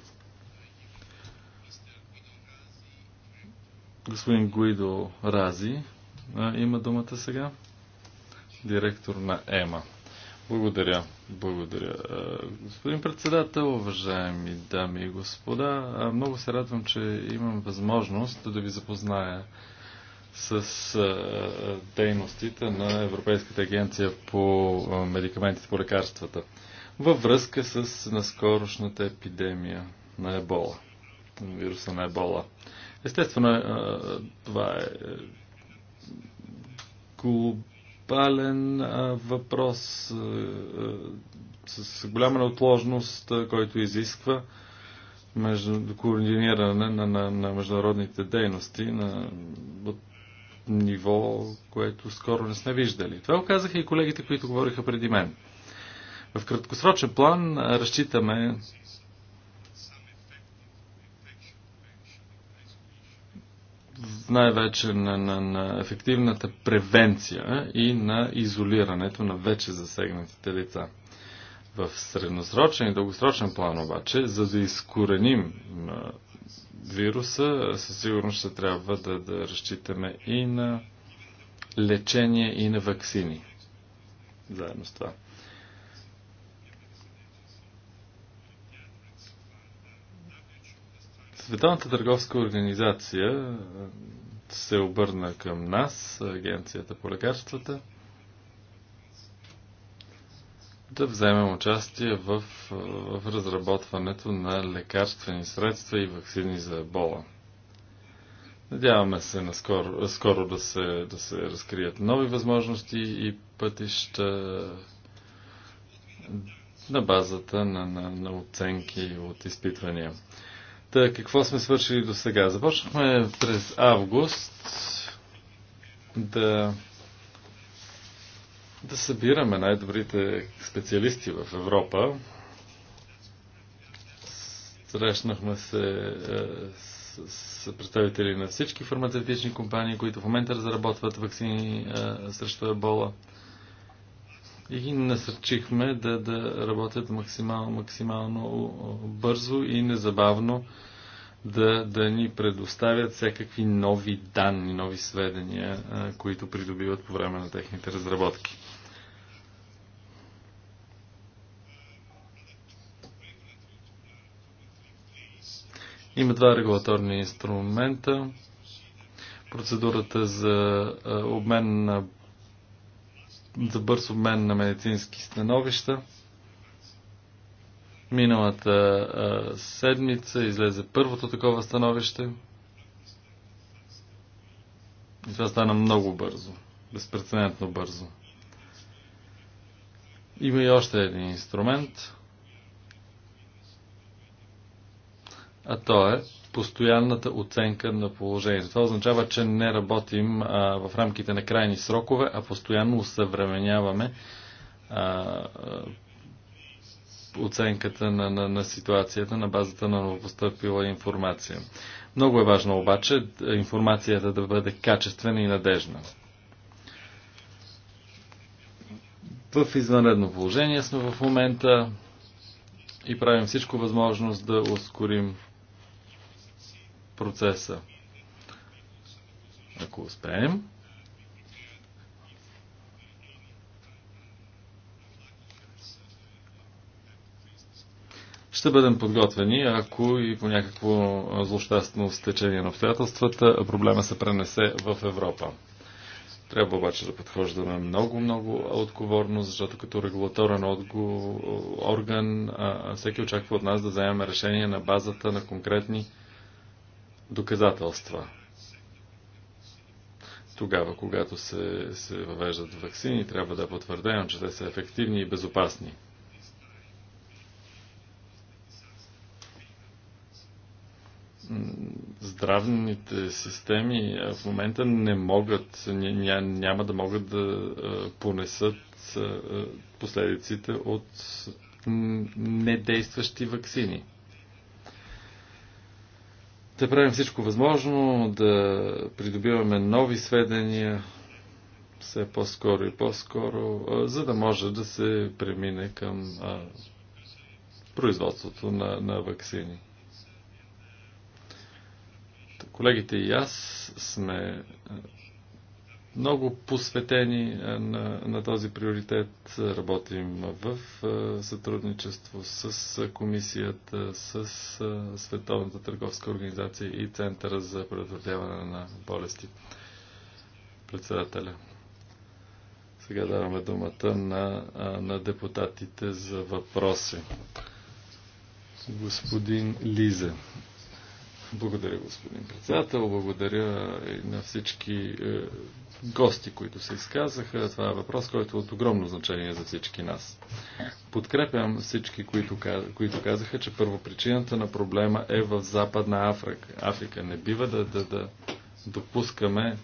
Господин Гуидо Рази има думата сега, директор на ЕМА. Благодаря. Благодаря. Господин председател, уважаеми дами и господа, много се радвам, че имам възможност да ви запозная с дейностите на Европейската агенция по медикаментите по лекарствата във връзка с наскорошната епидемия на ебола, вируса на ебола. Естествено, това е, е актуален а, въпрос а, а, с голяма неотложност, а, който изисква между, координиране на, на, на международните дейности на от ниво, което скоро не сме виждали. Това оказаха и колегите, които говориха преди мен. В краткосрочен план разчитаме най-вече на, на, на ефективната превенция и на изолирането на вече засегнатите лица. В средносрочен и дългосрочен план обаче, за да изкореним вируса, със сигурност ще трябва да, да разчитаме и на лечение, и на вакцини. Заедно с това. Световната търговска организация е, се обърна към нас, Агенцията по лекарствата, да вземем участие в, е, в разработването на лекарствени средства и вакцини за ебола. Надяваме се наскоро, скоро да се, да се разкрият нови възможности и пътища на базата на, на, на оценки от изпитвания. Та, какво сме свършили до сега? Започнахме през август да, да събираме най-добрите специалисти в Европа. Срещнахме се е, с, с представители на всички фармацевтични компании, които в момента разработват вакцини е, срещу ебола и ги насърчихме да, да работят максимално, максимално бързо и незабавно да, да ни предоставят всякакви нови данни, нови сведения, които придобиват по време на техните разработки. Има два регулаторни инструмента. Процедурата за обмен на за бърз обмен на медицински становища. Миналата седмица излезе първото такова становище. И това стана много бързо, безпредседентно бързо. Има и още един инструмент – а то е постоянната оценка на положението. Това означава, че не работим а, в рамките на крайни срокове, а постоянно усъвременяваме а, оценката на, на, на ситуацията на базата на новопостъпила информация. Много е важно обаче е, информацията да бъде качествена и надежна. В извънредно положение сме в момента и правим всичко възможност да ускорим процеса. Ако успеем, ще бъдем подготвени, ако и по някакво злощастно стечение на обстоятелствата проблема се пренесе в Европа. Трябва обаче да подхождаме много-много отговорно, защото като регулаторен орган всеки очаква от нас да вземем решение на базата на конкретни доказателства. Тогава, когато се, се въвеждат вакцини, трябва да е потвърдено, че те са ефективни и безопасни. здравните системи в момента не могат, ня, няма да могат да понесат последиците от недействащи вакцини да правим всичко възможно, да придобиваме нови сведения, все по-скоро и по-скоро, за да може да се премине към а, производството на, на вакцини. Колегите и аз сме много посветени на, на този приоритет. Работим в сътрудничество с комисията, с Световната търговска организация и Центъра за предотвратяване на болести. Председателя. Сега даваме думата на, на депутатите за въпроси. Господин Лиза. Благодаря, господин председател. Благодаря и на всички е, гости, които се изказаха. Това е въпрос, който е от огромно значение за всички нас. Подкрепям всички, които, които казаха, че първопричината на проблема е в Западна Африка. Африка не бива да, да, да допускаме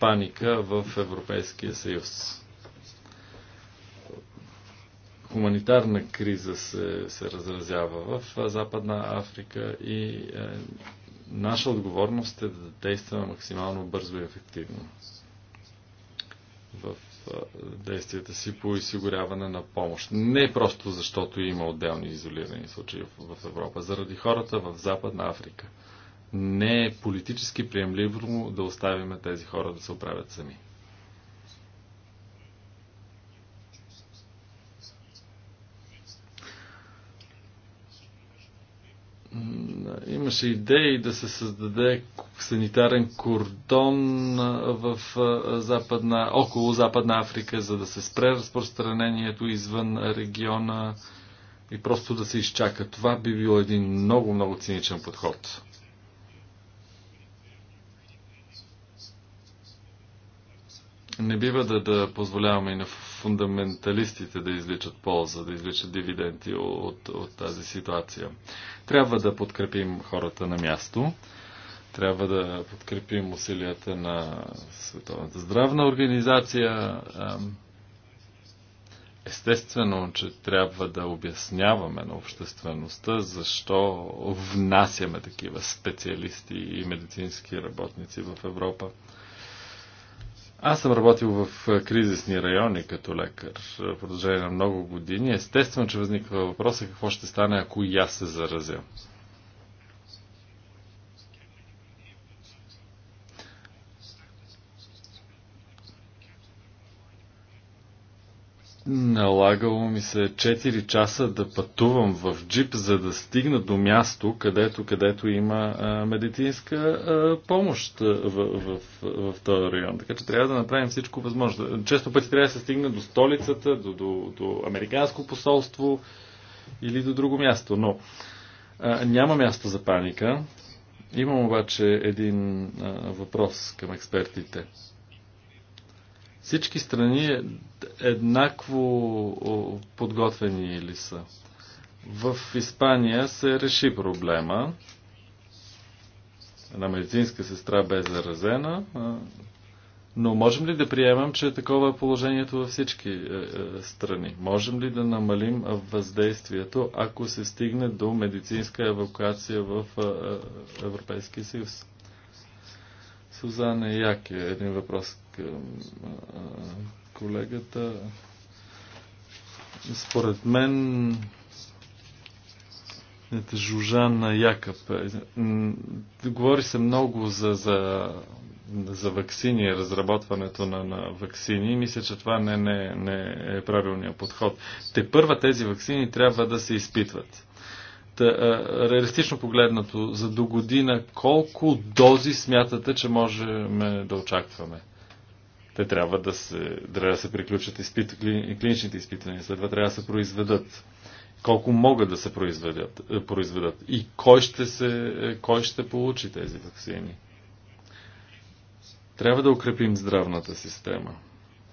паника в Европейския съюз. Хуманитарна криза се, се разразява в Западна Африка и е, Наша отговорност е да действаме максимално бързо и ефективно в действията си по изсигуряване на помощ. Не просто защото има отделни изолирани случаи в Европа, заради хората в Западна Африка. Не е политически приемливо да оставим тези хора да се оправят сами. Имаше идеи да се създаде санитарен кордон в западна, около Западна Африка, за да се спре разпространението извън региона и просто да се изчака. Това би било един много, много циничен подход. Не бива да, да позволяваме и на фундаменталистите да изличат полза, да изличат дивиденти от, от тази ситуация. Трябва да подкрепим хората на място, трябва да подкрепим усилията на Световната здравна организация. Естествено, че трябва да обясняваме на обществеността защо внасяме такива специалисти и медицински работници в Европа. Аз съм работил в кризисни райони като лекар в продължение на много години. Естествено, че възниква въпроса какво ще стане, ако и аз се заразя. Налагало ми се 4 часа да пътувам в джип, за да стигна до място, където, където има а, медицинска а, помощ в, в, в, в този район. Така че трябва да направим всичко възможно. Често пъти трябва да се стигна до столицата, до, до, до Американско посолство или до друго място. Но а, няма място за паника. Имам обаче един а, въпрос към експертите. Всички страни е еднакво подготвени ли са? В Испания се реши проблема. Една медицинска сестра бе заразена, но можем ли да приемам, че такова е положението във всички е, е, страни? Можем ли да намалим въздействието, ако се стигне до медицинска евакуация в Европейския съюз? Сузана Як е един въпрос към колегата. Според мен Жужана Якъп. Е, говори се много за, за, за вакцини, разработването на, на вакцини. Мисля, че това не, не, не е правилният подход. Те първа тези вакцини трябва да се изпитват. Та, реалистично погледнато, за до година колко дози смятате, че можем да очакваме? Те трябва да се, трябва да се приключат изпит, клиничните изпитания, след това трябва да се произведат. Колко могат да се произведат, е, произведат и кой ще, се, е, кой ще получи тези вакцини. Трябва да укрепим здравната система.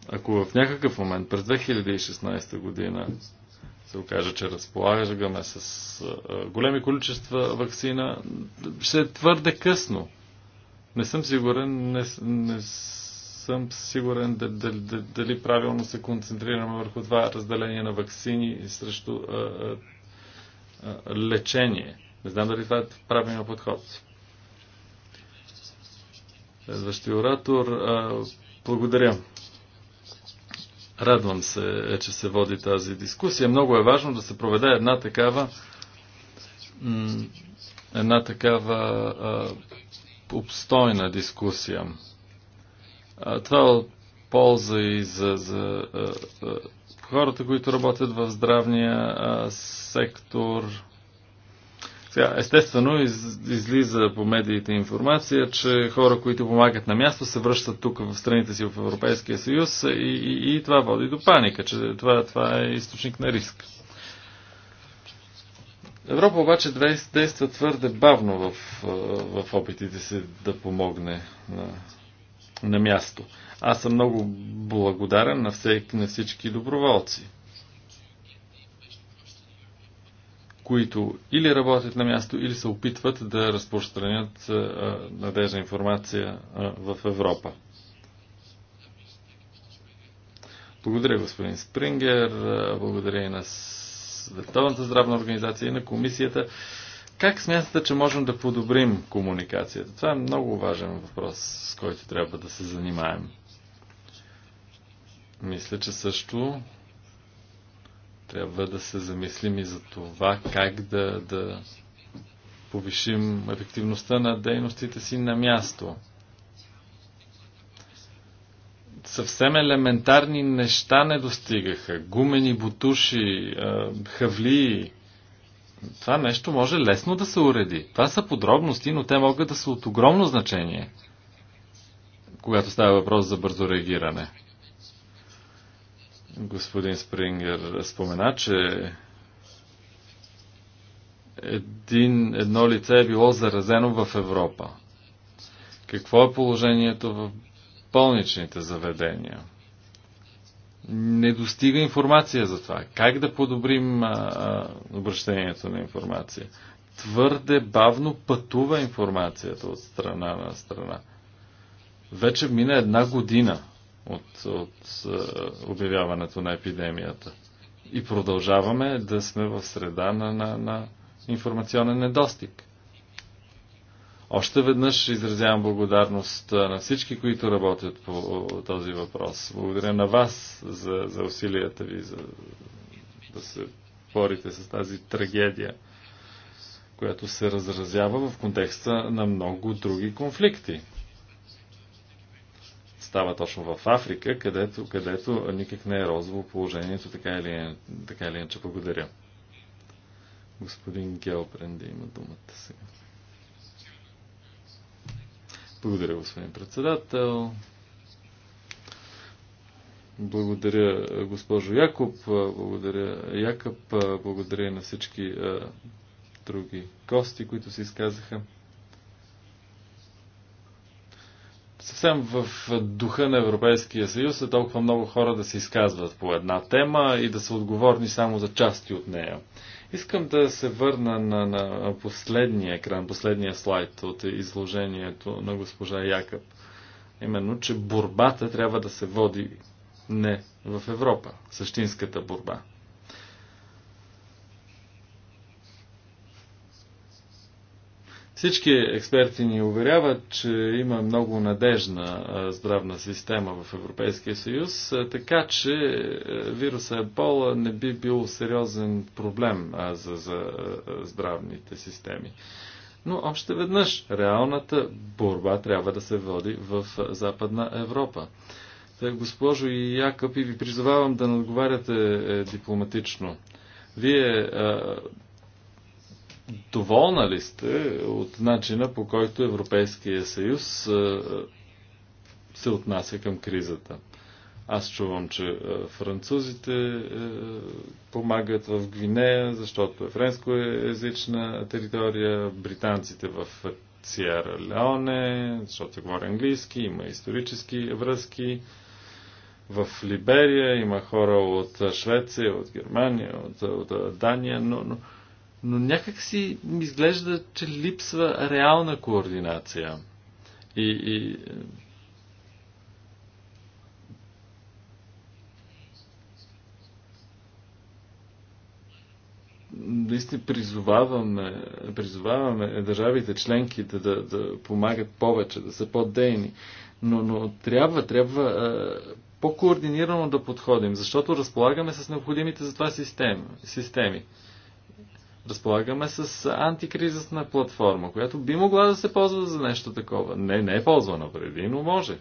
Ако в някакъв момент през 2016 година се окаже, че разполагаме с е, големи количества вакцина, ще е твърде късно. Не съм сигурен, не, не съм сигурен дали правилно се концентрираме върху това разделение на вакцини срещу лечение. Не знам дали това е правилният подход. Следващия оратор. Благодаря. Радвам се, е, че се води тази дискусия. Много е важно да се проведе една такава една такава обстойна дискусия. Това е полза и за, за хората, които работят в здравния сектор. естествено, из, излиза по медиите информация, че хора, които помагат на място, се връщат тук в страните си в Европейския съюз и, и, и това води до паника, че това, това е източник на риск. Европа обаче действа твърде бавно в, в опитите си да помогне на на място. Аз съм много благодарен на, всеки, на всички доброволци, които или работят на място, или се опитват да разпространят надежна информация в Европа. Благодаря, господин Спрингер. Благодаря и на Световната здравна организация и на комисията. Как смятате, че можем да подобрим комуникацията? Това е много важен въпрос, с който трябва да се занимаем. Мисля, че също трябва да се замислим и за това как да, да повишим ефективността на дейностите си на място. Съвсем елементарни неща не достигаха. Гумени бутуши, хавлии това нещо може лесно да се уреди. Това са подробности, но те могат да са от огромно значение, когато става въпрос за бързо реагиране. Господин Спрингер спомена, че един, едно лице е било заразено в Европа. Какво е положението в болничните заведения? не достига информация за това. Как да подобрим а, а, обращението на информация? Твърде бавно пътува информацията от страна на страна. Вече мина една година от, от а, обявяването на епидемията. И продължаваме да сме в среда на, на, на информационен недостиг. Още веднъж изразявам благодарност на всички, които работят по този въпрос. Благодаря на вас за, за усилията ви за да се борите с тази трагедия, която се разразява в контекста на много други конфликти. Става точно в Африка, където, където никак не е розово положението, така или, е, иначе. Е, благодаря. Господин Гелпренди има думата сега. Благодаря, господин председател. Благодаря, госпожо Якоб. Благодаря, Якоб. Благодаря на всички а, други гости, които се изказаха. Съвсем в духа на Европейския съюз е толкова много хора да се изказват по една тема и да са отговорни само за части от нея. Искам да се върна на, на последния екран, последния слайд от изложението на госпожа Якъб. Именно, че борбата трябва да се води не в Европа, същинската борба. Всички експерти ни уверяват, че има много надежна здравна система в Европейския съюз, така че вируса Ебола не би бил сериозен проблем за, за здравните системи. Но още веднъж, реалната борба трябва да се води в Западна Европа. Тъй, госпожо и Якъп, и ви призовавам да не отговаряте е, дипломатично. Вие доволна ли сте от начина по който Европейския съюз се отнася към кризата? Аз чувам, че французите помагат в Гвинея, защото е френско езична територия, британците в Сиера Леоне, защото говори английски, има исторически връзки. В Либерия има хора от Швеция, от Германия, от, от Дания, но, но но някак си ми изглежда, че липсва реална координация. И, и наистина призоваваме, призоваваме държавите членки да, да, да помагат повече, да са по-дейни. Но, но трябва, трябва е, по-координирано да подходим, защото разполагаме с необходимите за това системи. системи разполагаме с антикризисна платформа, която би могла да се ползва за нещо такова. Не, не е ползвана преди, но може.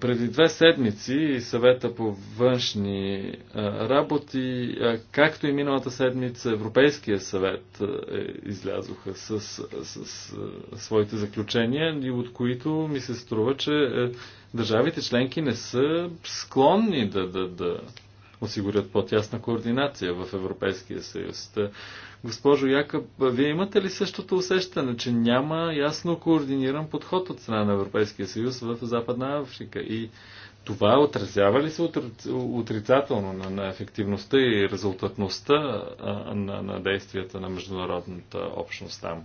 Преди две седмици съвета по външни работи, както и миналата седмица Европейския съвет е, излязоха с, с, с своите заключения, и от които ми се струва, че държавите членки не са склонни да, да, да осигурят по-тясна координация в Европейския съюз. Госпожо Якъб, вие имате ли същото усещане, че няма ясно координиран подход от страна на Европейския съюз в Западна Африка? И това отразява ли се отрицателно на, на ефективността и резултатността на, на действията на международната общност там?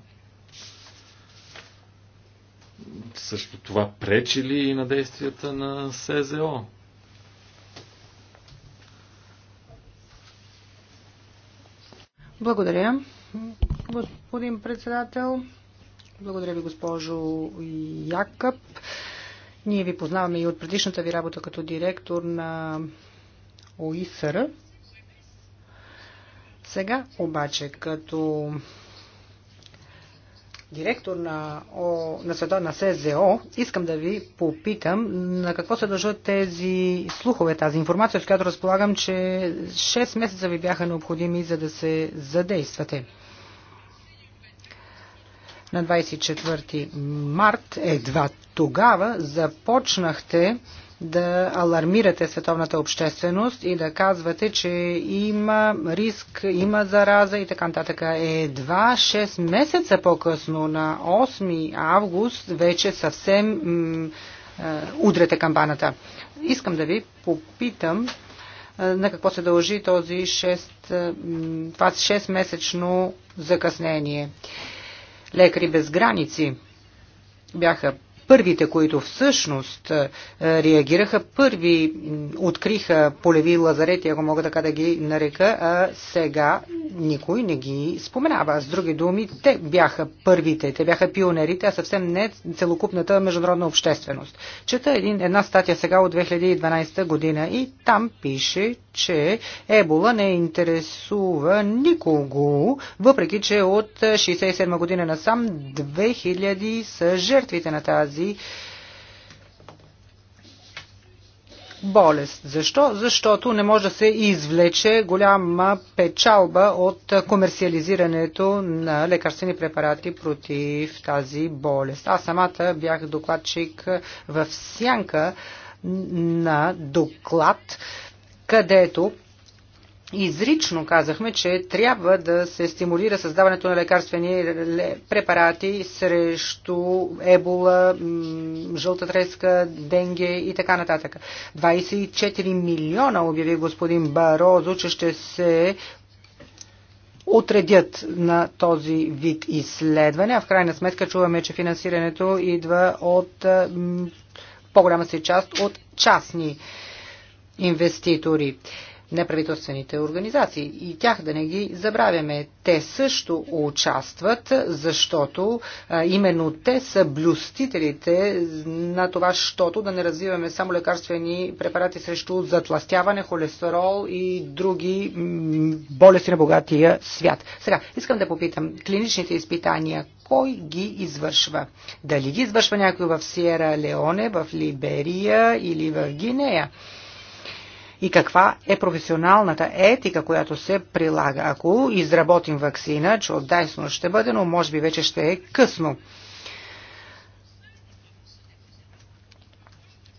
Също това пречи ли и на действията на СЗО? Благодаря, господин председател. Благодаря ви, госпожо Якъп. Ние ви познаваме и от предишната ви работа като директор на ОИСР. Сега обаче, като директор на, О, на на СЗО, искам да ви попитам на какво се дължат тези слухове, тази информация, с която разполагам, че 6 месеца ви бяха необходими, за да се задействате. На 24 март, едва тогава, започнахте да алармирате световната общественост и да казвате, че има риск, има зараза и така нататък. Едва 6 месеца по-късно, на 8 август, вече съвсем удрете камбаната. Искам да ви попитам на какво се дължи този 6, това 6-месечно закъснение. Лекари без граници бяха първите, които всъщност е, реагираха, първи откриха полеви лазарети, ако мога така да ги нарека, а сега никой не ги споменава. С други думи, те бяха първите, те бяха пионерите, а съвсем не целокупната международна общественост. Чета един, една статия сега от 2012 година и там пише, че Ебола не интересува никого, въпреки че от 1967 година насам 2000 са жертвите на тази болест. Защо? Защото не може да се извлече голяма печалба от комерциализирането на лекарствени препарати против тази болест. Аз самата бях докладчик в сянка на доклад където изрично казахме, че трябва да се стимулира създаването на лекарствени препарати срещу ебола, жълта треска, денге и така нататък. 24 милиона обяви господин Барозо, че ще се отредят на този вид изследване, а в крайна сметка чуваме, че финансирането идва от по-голяма си част от частни инвеститори неправителствените организации. И тях да не ги забравяме. Те също участват, защото а, именно те са блюстителите на това, щото да не развиваме само лекарствени препарати срещу затластяване, холестерол и други болести на богатия свят. Сега, искам да попитам, клиничните изпитания, кой ги извършва? Дали ги извършва някой в Сиера Леоне, в Либерия или в Гинея? и каква е професионалната етика, която се прилага. Ако изработим вакцина, че отдайсно ще бъде, но може би вече ще е късно.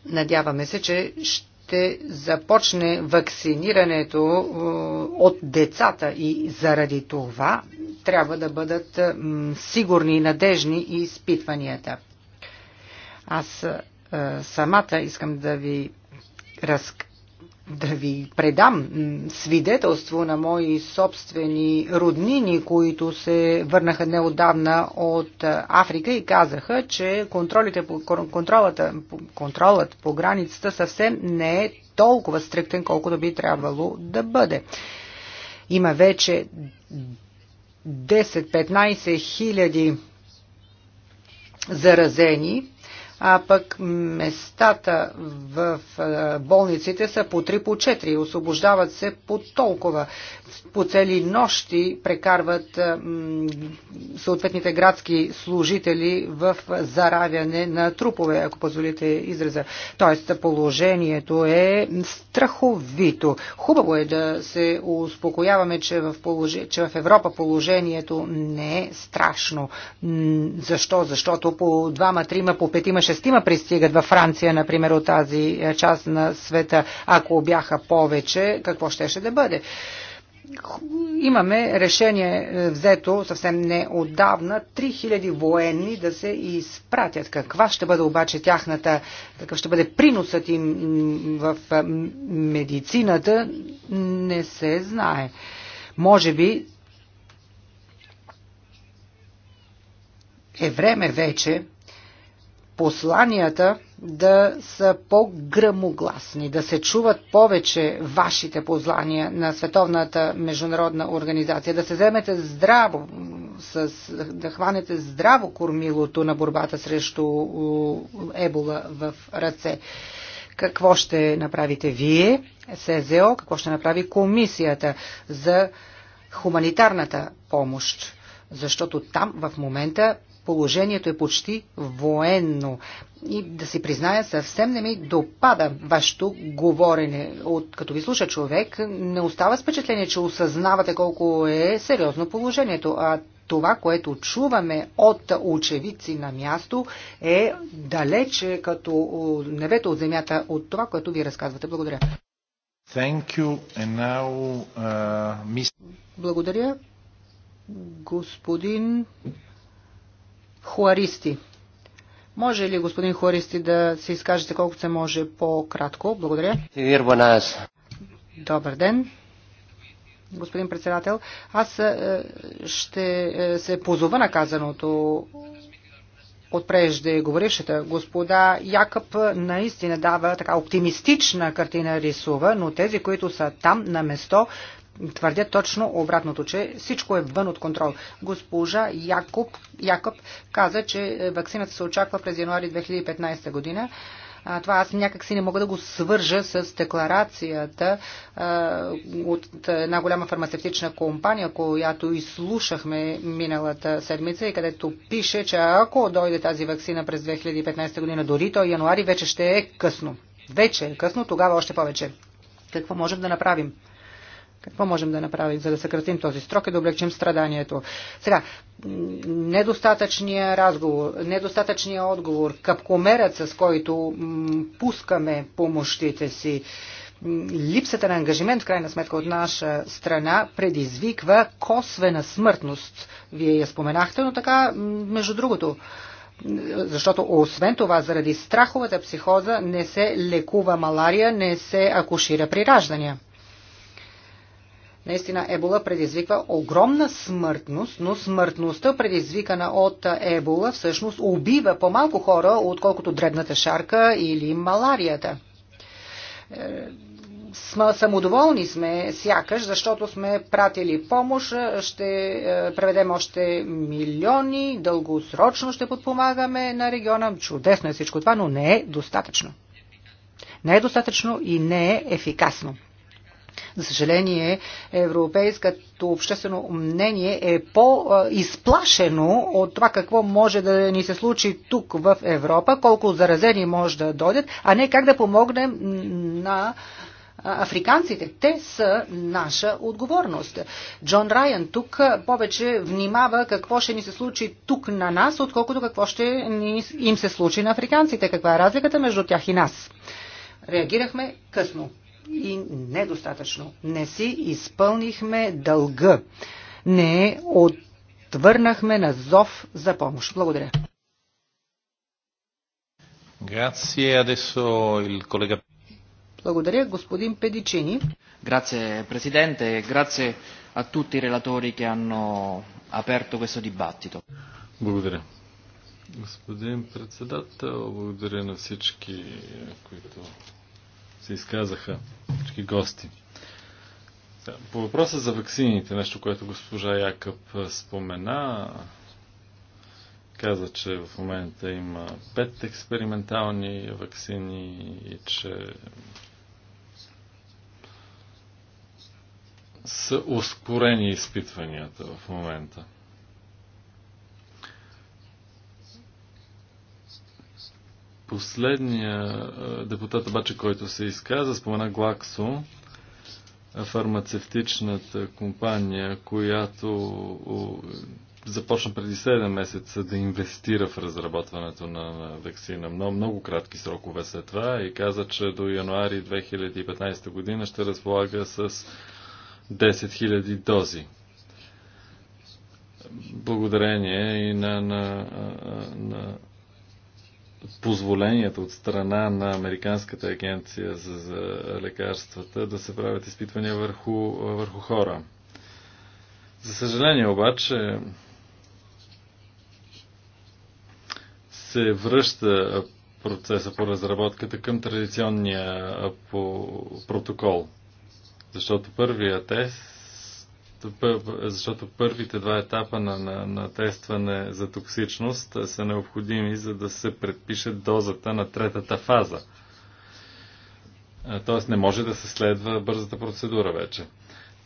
Надяваме се, че ще започне вакцинирането е, от децата и заради това трябва да бъдат е, сигурни и надежни и изпитванията. Аз е, самата искам да ви разкажа да ви предам свидетелство на мои собствени роднини, които се върнаха неодавна от Африка и казаха, че контролите по, контролата, контролът по границата съвсем не е толкова стриктен, колкото би трябвало да бъде. Има вече 10-15 хиляди заразени а пък местата в болниците са по 3 по 4, освобождават се по толкова. По цели нощи прекарват съответните градски служители в заравяне на трупове, ако позволите израза. Тоест положението е страховито. Хубаво е да се успокояваме, че в, положи... че в Европа положението не е страшно. Защо? Защото по двама, трима, по петима, шестима пристигат във Франция, например, от тази е, част на света. Ако бяха повече, какво щеше да бъде? имаме решение е, взето съвсем не отдавна 3000 военни да се изпратят. Каква ще бъде обаче тяхната, какъв ще бъде приносът им в е, медицината, не се знае. Може би е време вече посланията да са по-гръмогласни, да се чуват повече вашите послания на Световната международна организация, да се вземете здраво, с, да хванете здраво кормилото на борбата срещу ебола в ръце. Какво ще направите вие, СЗО, какво ще направи комисията за хуманитарната помощ? Защото там в момента положението е почти военно. И да си призная, съвсем не ми допада вашето говорене. От, като ви слуша човек, не остава впечатление, че осъзнавате колко е сериозно положението. А това, което чуваме от очевидци на място, е далече като небето от земята от това, което ви разказвате. Благодаря. Thank you. And now, uh, Благодаря, господин Хуаристи. Може ли, господин Хуаристи, да се изкажете колкото се може по-кратко? Благодаря. Добър ден. Господин председател, аз е, ще е, се позова на казаното от говорившата. господа Якъб наистина дава така оптимистична картина рисува, но тези, които са там на место, твърдят точно обратното, че всичко е вън от контрол. Госпожа Якуб, Якуб каза, че е, вакцината се очаква през януари 2015 година. А, това аз някак си не мога да го свържа с декларацията а, от е, една голяма фармацевтична компания, която изслушахме миналата седмица и където пише, че ако дойде тази вакцина през 2015 година, дори то януари, вече ще е късно. Вече е късно, тогава още повече. Какво можем да направим? Какво можем да направим, за да съкратим този строк и да облегчим страданието? Сега, недостатъчният разговор, недостатъчният отговор, капкомерът, с който пускаме помощите си, липсата на ангажимент, в крайна сметка, от наша страна предизвиква косвена смъртност. Вие я споменахте, но така, между другото, защото освен това, заради страховата психоза не се лекува малария, не се акушира при раждания. Наистина ебола предизвиква огромна смъртност, но смъртността предизвикана от ебола всъщност убива по-малко хора, отколкото дребната шарка или маларията е, самодоволни сме, сякаш, защото сме пратили помощ, ще е, преведем още милиони, дългосрочно ще подпомагаме на региона. Чудесно е всичко това, но не е достатъчно. Не е достатъчно и не е ефикасно. За съжаление, европейското обществено мнение е по-изплашено от това какво може да ни се случи тук в Европа, колко заразени може да дойдат, а не как да помогнем на африканците. Те са наша отговорност. Джон Райан тук повече внимава какво ще ни се случи тук на нас, отколкото какво ще ни, им се случи на африканците. Каква е разликата между тях и нас? Реагирахме късно и недостатъчно. Не си изпълнихме дълга. Не отвърнахме на зов за помощ. Благодаря. Благодаря, господин Педичини. Grazie Presidente, grazie a tutti i relatori che hanno aperto questo dibattito. Благодаря. Господин председател, благодаря на всички, които се изказаха всички гости. По въпроса за ваксините, нещо, което госпожа Якъб спомена, каза, че в момента има пет експериментални вакцини и че са ускорени изпитванията в момента. Последния депутат обаче, който се изказа, спомена Глаксо, фармацевтичната компания, която започна преди 7 месеца да инвестира в разработването на, вакцина. Много, много кратки срокове след това и каза, че до януари 2015 година ще разполага с 10 000 дози. Благодарение и на, на, на, на позволението от страна на Американската агенция за, за лекарствата да се правят изпитвания върху, върху хора. За съжаление обаче се връща процеса по разработката към традиционния по протокол. Защото първия тест защото първите два етапа на, на, на тестване за токсичност са необходими, за да се предпише дозата на третата фаза. Тоест не може да се следва бързата процедура вече.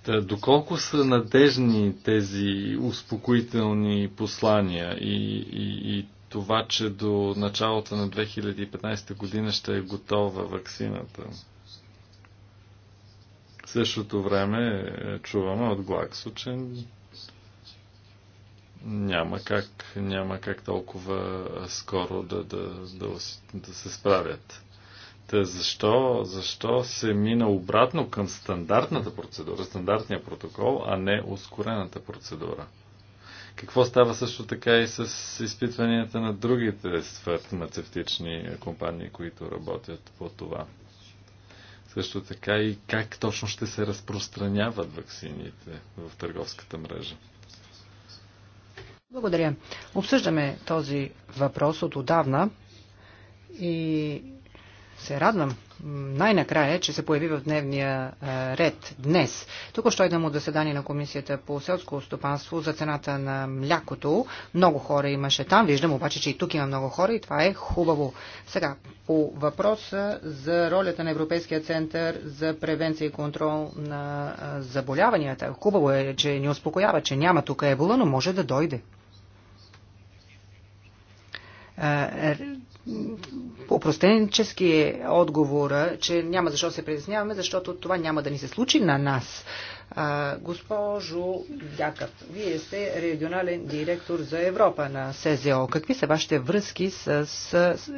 Та, доколко са надежни тези успокоителни послания и, и, и това, че до началото на 2015 година ще е готова вакцината? В същото време е, чуваме от Глаксо, че няма как, няма как толкова скоро да, да, да, да се справят. Та защо, защо се мина обратно към стандартната процедура, стандартния протокол, а не ускорената процедура? Какво става също така и с изпитванията на другите фармацевтични компании, които работят по това? Също така и как точно ще се разпространяват ваксините в търговската мрежа. Благодаря. Обсъждаме този въпрос от отдавна и се радвам, най-накрая, че се появи в дневния ред днес. Тук още идвам от заседание на Комисията по селско стопанство за цената на млякото. Много хора имаше там. Виждам обаче, че и тук има много хора и това е хубаво. Сега, по въпроса за ролята на Европейския център за превенция и контрол на заболяванията. Хубаво е, че ни успокоява, че няма тук ебола, но може да дойде е, Опростенчески е отговора, че няма защо се притесняваме, защото това няма да ни се случи на нас. А, госпожо Дякът, вие сте регионален директор за Европа на СЗО. Какви са вашите връзки с, с, с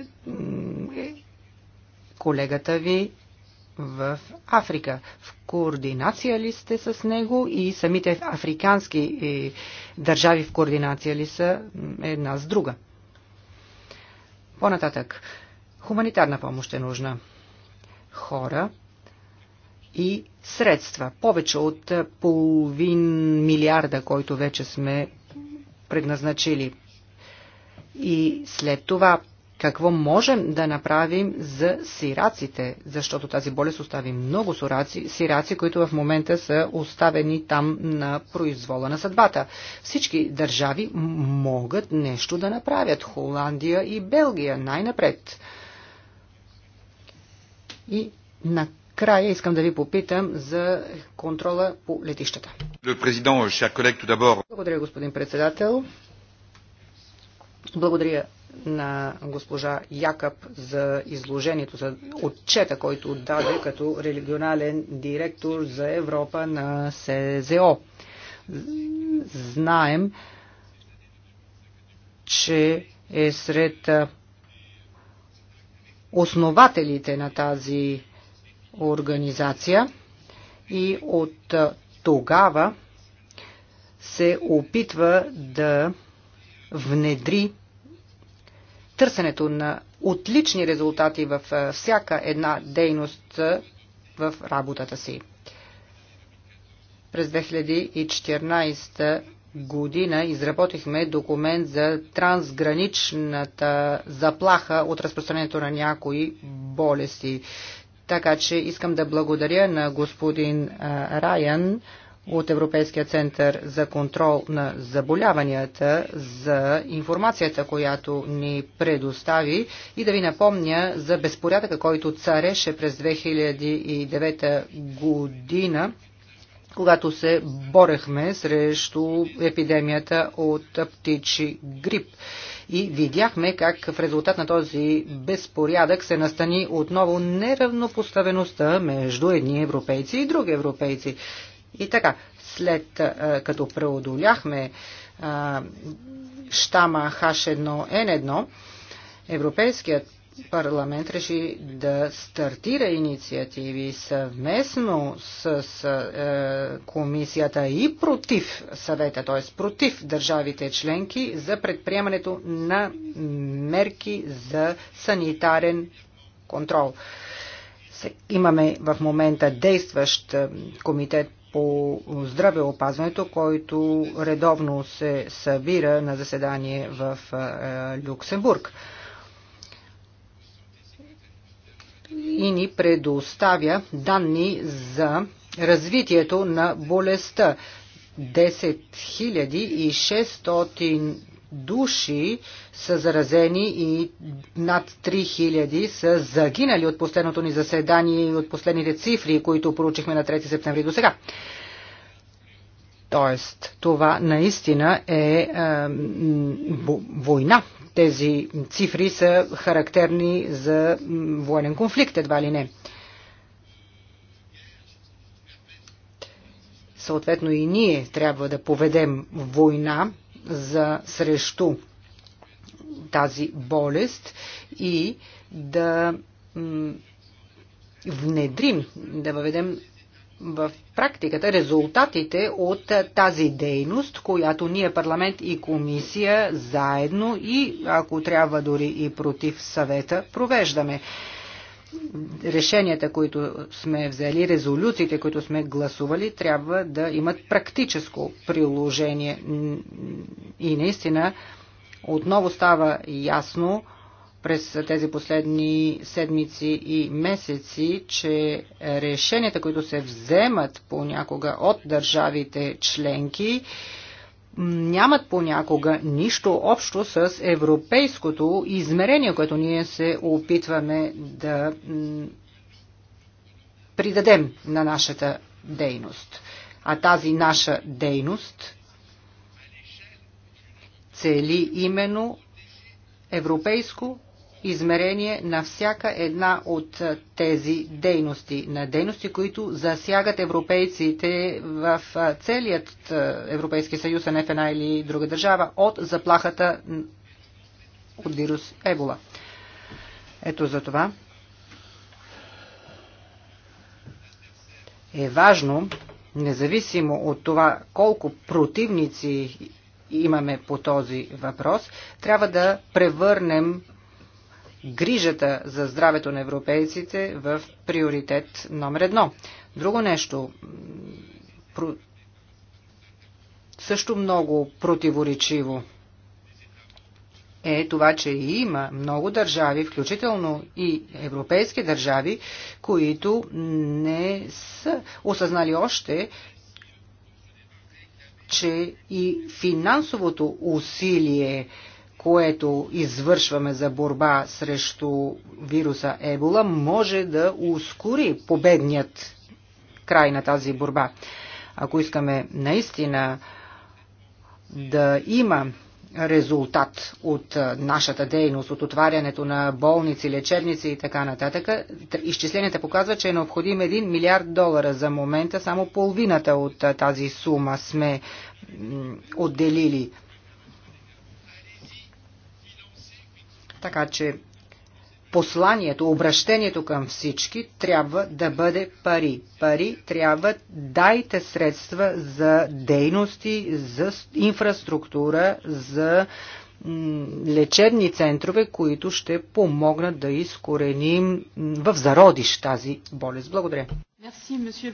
е, колегата ви в Африка. В координация ли сте с него и самите африкански е, държави в координация ли са една с друга? По-нататък, Хуманитарна помощ е нужна. Хора и средства. Повече от половин милиарда, който вече сме предназначили. И след това какво можем да направим за сираците, защото тази болест остави много сираци, сираци, които в момента са оставени там на произвола на съдбата. Всички държави могат нещо да направят. Холандия и Белгия най-напред. И накрая искам да ви попитам за контрола по летищата. Благодаря, господин председател. Благодаря на госпожа Якъб за изложението, за отчета, който даде като религионален директор за Европа на СЗО. Знаем, че е сред основателите на тази организация и от тогава се опитва да внедри търсенето на отлични резултати във всяка една дейност в работата си. През 2014 година изработихме документ за трансграничната заплаха от разпространението на някои болести. Така че искам да благодаря на господин Райан от Европейския център за контрол на заболяванията за информацията, която ни предостави и да ви напомня за безпорядъка, който цареше през 2009 година когато се борехме срещу епидемията от птичи грип. И видяхме как в резултат на този безпорядък се настани отново неравнопоставеността между едни европейци и други европейци. И така, след като преодоляхме щама H1N1, Европейският парламент реши да стартира инициативи съвместно с е, комисията и против съвета, т.е. против държавите членки за предприемането на мерки за санитарен контрол. Имаме в момента действащ е, комитет по здравеопазването, който редовно се събира на заседание в е, Люксембург. и ни предоставя данни за развитието на болестта. 600 души са заразени и над 3000 са загинали от последното ни заседание и от последните цифри, които проучихме на 3 септември до сега. Тоест, това наистина е, война. Тези цифри са характерни за военен конфликт, едва ли не. Съответно и ние трябва да поведем война за срещу тази болест и да внедрим, да въведем в практиката резултатите от тази дейност, която ние парламент и комисия заедно и ако трябва дори и против съвета провеждаме. Решенията, които сме взели, резолюциите, които сме гласували, трябва да имат практическо приложение и наистина отново става ясно, през тези последни седмици и месеци, че решенията, които се вземат понякога от държавите членки, нямат понякога нищо общо с европейското измерение, което ние се опитваме да придадем на нашата дейност. А тази наша дейност цели именно европейско измерение на всяка една от тези дейности, на дейности, които засягат европейците в целият Европейски съюз, а не в една или друга държава, от заплахата от вирус Ебола. Ето за това е важно, независимо от това колко противници имаме по този въпрос, трябва да превърнем грижата за здравето на европейците в приоритет номер едно. Друго нещо, също много противоречиво е това, че има много държави, включително и европейски държави, които не са осъзнали още, че и финансовото усилие което извършваме за борба срещу вируса Ебола, може да ускори победният край на тази борба. Ако искаме наистина да има резултат от нашата дейност, от отварянето на болници, лечебници и така нататък. Изчисленията показват, че е необходим 1 милиард долара. За момента само половината от тази сума сме отделили Така че посланието, обращението към всички трябва да бъде пари. Пари трябва дайте средства за дейности, за инфраструктура, за лечебни центрове, които ще помогнат да изкореним в зародиш тази болест. Благодаря. Merci,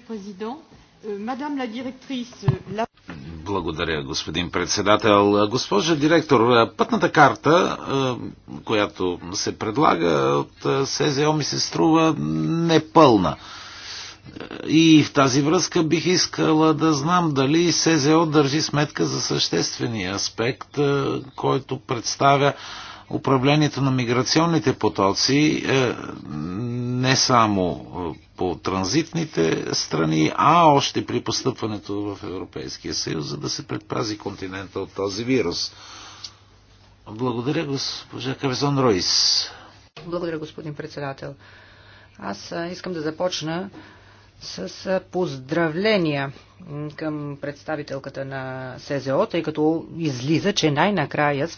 благодаря, господин председател. Госпожа директор, пътната карта, която се предлага от СЗО, ми се струва непълна. И в тази връзка бих искала да знам дали СЗО държи сметка за съществения аспект, който представя управлението на миграционните потоци е, не само е, по транзитните страни, а още при постъпването в Европейския съюз, за да се предпази континента от този вирус. Благодаря, госпожа Кавезон Ройс. Благодаря, господин председател. Аз е, искам да започна с поздравления към представителката на СЗО, тъй като излиза, че най-накрая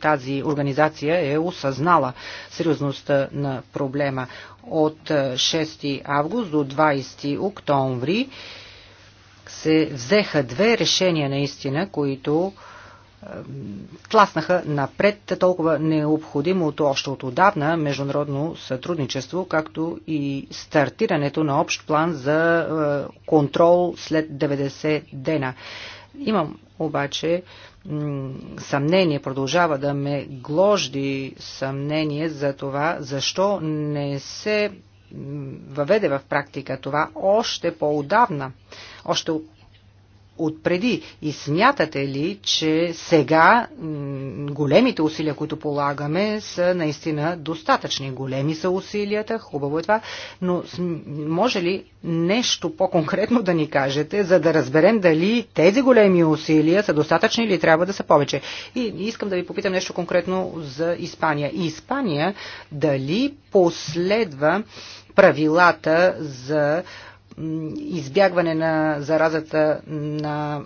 тази организация е осъзнала сериозността на проблема. От 6 август до 20 октомври се взеха две решения наистина, които тласнаха напред толкова необходимото още от отдавна международно сътрудничество, както и стартирането на общ план за е, контрол след 90 дена. Имам обаче съмнение, продължава да ме гложди съмнение за това, защо не се въведе в практика това още по-отдавна, още отпреди? И смятате ли, че сега големите усилия, които полагаме, са наистина достатъчни? Големи са усилията, хубаво е това, но може ли нещо по-конкретно да ни кажете, за да разберем дали тези големи усилия са достатъчни или трябва да са повече? И искам да ви попитам нещо конкретно за Испания. И Испания дали последва правилата за избягване на заразата на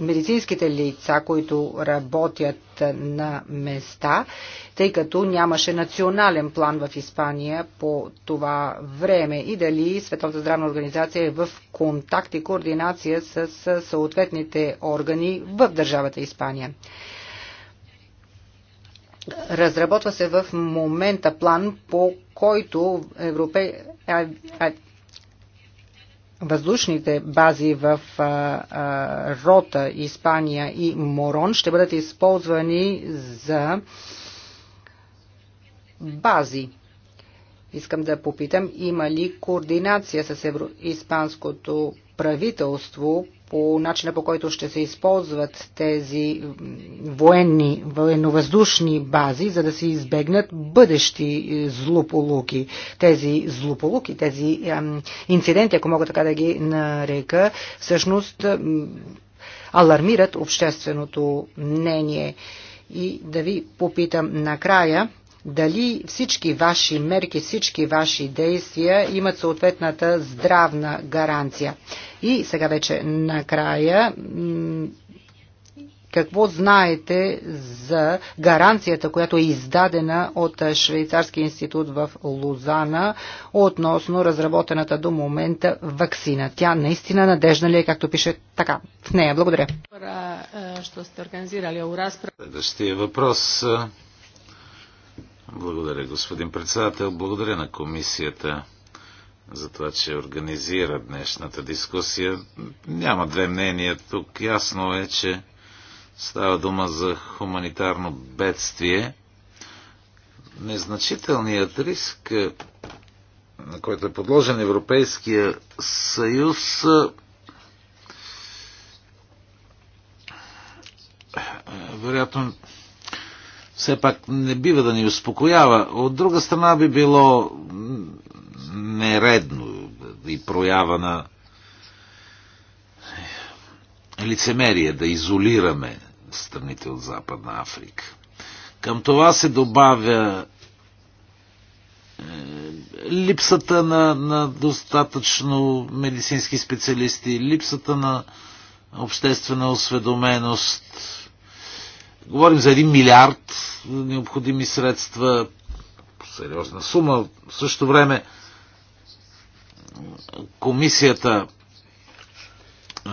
медицинските лица, които работят на места, тъй като нямаше национален план в Испания по това време и дали Световната здравна организация е в контакт и координация с съответните органи в държавата Испания. Разработва се в момента план, по който Европей въздушните бази в а, а, Рота, Испания и Морон ще бъдат използвани за бази. Искам да попитам, има ли координация с евроиспанското правителство по начина по който ще се използват тези военни, военновъздушни бази, за да се избегнат бъдещи е, злополуки. Тези злополуки, тези ам, инциденти, ако мога така да ги нарека, всъщност ам, алармират общественото мнение. И да ви попитам накрая, дали всички ваши мерки, всички ваши действия имат съответната здравна гаранция. И сега вече накрая, какво знаете за гаранцията, която е издадена от Швейцарски институт в Лозана относно разработената до момента вакцина? Тя наистина надежна ли е, както пише така в нея? Благодаря. Е, е, Следващия въпрос е, благодаря, господин председател. Благодаря на комисията за това, че организира днешната дискусия. Няма две мнения тук. Ясно е, че става дума за хуманитарно бедствие. Незначителният риск, е, на който е подложен Европейския съюз, е, вероятно все пак не бива да ни успокоява. От друга страна би било нередно и проява на лицемерие да изолираме страните от Западна Африка. Към това се добавя е, липсата на, на достатъчно медицински специалисти, липсата на обществена осведоменост, Говорим за един милиард необходими средства, сериозна сума. В същото време комисията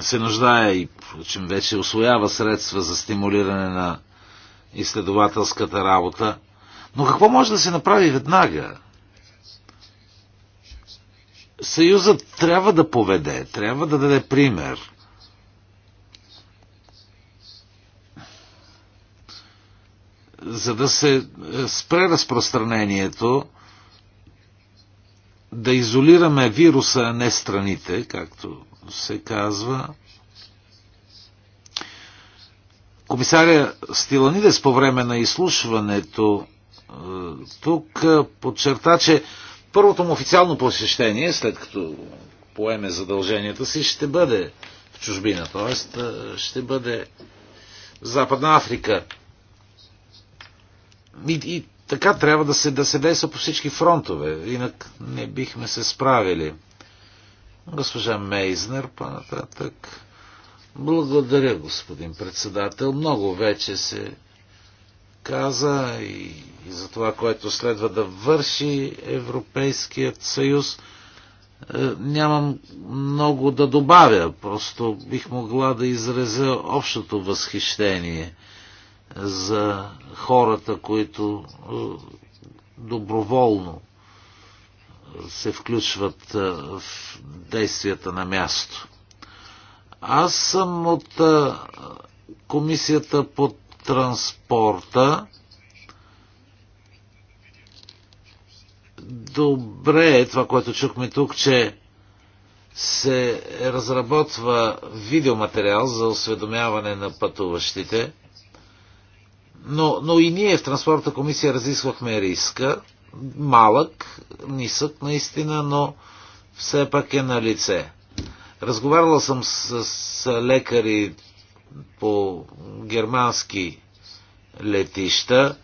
се нуждае и чем вече освоява средства за стимулиране на изследователската работа. Но какво може да се направи веднага? Съюзът трябва да поведе, трябва да даде пример. за да се е, спре разпространението, да изолираме вируса, а не страните, както се казва. Комисаря Стиланидес по време на изслушването е, тук е, подчерта, че първото му официално посещение, след като поеме задълженията си, ще бъде в чужбина, т.е. ще бъде в Западна Африка. И, и така трябва да се, да се действа по всички фронтове, инак не бихме се справили. Госпожа Мейзнер, по-нататък. Благодаря, господин председател. Много вече се каза и, и за това, което следва да върши Европейският съюз. Е, нямам много да добавя, просто бих могла да изразя общото възхищение – за хората, които е, доброволно се включват е, в действията на място. Аз съм от е, комисията по транспорта. Добре е това, което чухме тук, че се разработва видеоматериал за осведомяване на пътуващите – но, но и ние в Транспортната комисия разисквахме риска. Малък, нисък наистина, но все пак е на лице. Разговарвал съм с, с лекари по германски летища.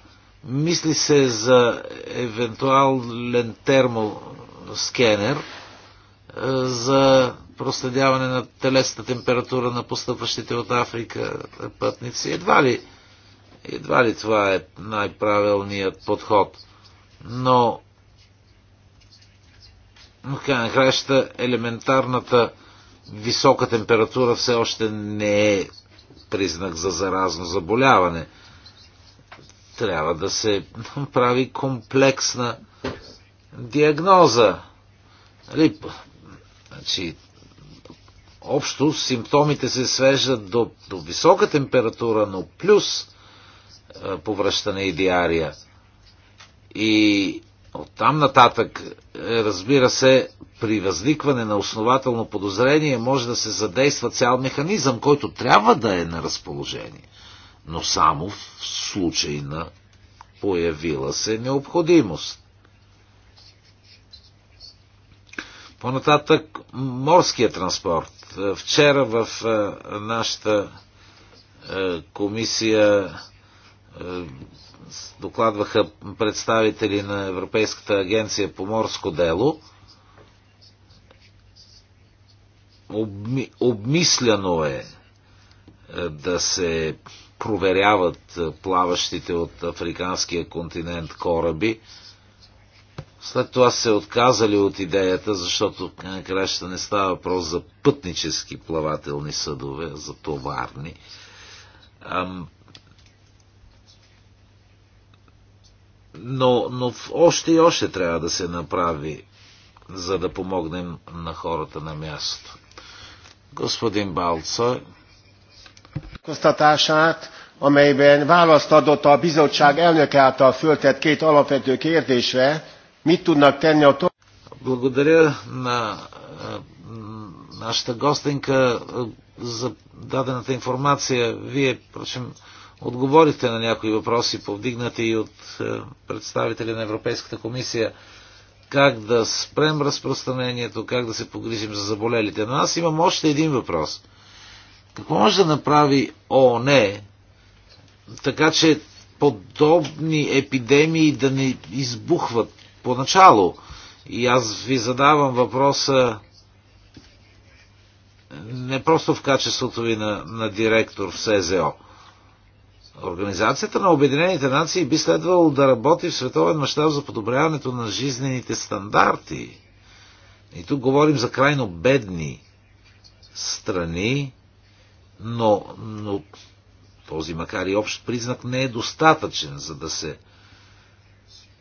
Мисли се за евентуален термоскенер е, за проследяване на телесната температура на постъпващите от Африка пътници. Едва ли едва ли това е най-правилният подход. Но, но на краща, елементарната висока температура все още не е признак за заразно заболяване. Трябва да се прави комплексна диагноза. Нали, значи, общо симптомите се свеждат до, до висока температура, но плюс повръщане и диария. И оттам нататък, е, разбира се, при възникване на основателно подозрение може да се задейства цял механизъм, който трябва да е на разположение, но само в случай на появила се необходимост. Понататък морския транспорт. Е, вчера в е, нашата комисия е, докладваха представители на Европейската агенция по морско дело, обми, обмисляно е, е да се проверяват плаващите от африканския континент кораби. След това се отказали от идеята, защото накрая не става въпрос за пътнически плавателни съдове, за товарни. Но, но още и още трябва да се направи, за да помогнем на хората на място. Господин Балца. Konstatását, amelyben választ adott a bizottság elnöke által föltett két alapvető kérdésre, mit tudnak tenni a Благодаря на нашата гостенка за дадената информация. Вие, прочим, отговорихте на някои въпроси, повдигнати и от е, представители на Европейската комисия, как да спрем разпространението, как да се погрижим за заболелите. Но аз имам още един въпрос. Какво може да направи ООН, така че подобни епидемии да не избухват поначало? И аз ви задавам въпроса е, не просто в качеството ви на, на директор в СЗО. Организацията на Обединените нации би следвало да работи в световен мащаб за подобряването на жизнените стандарти. И тук говорим за крайно бедни страни, но, но този макар и общ признак не е достатъчен, за да се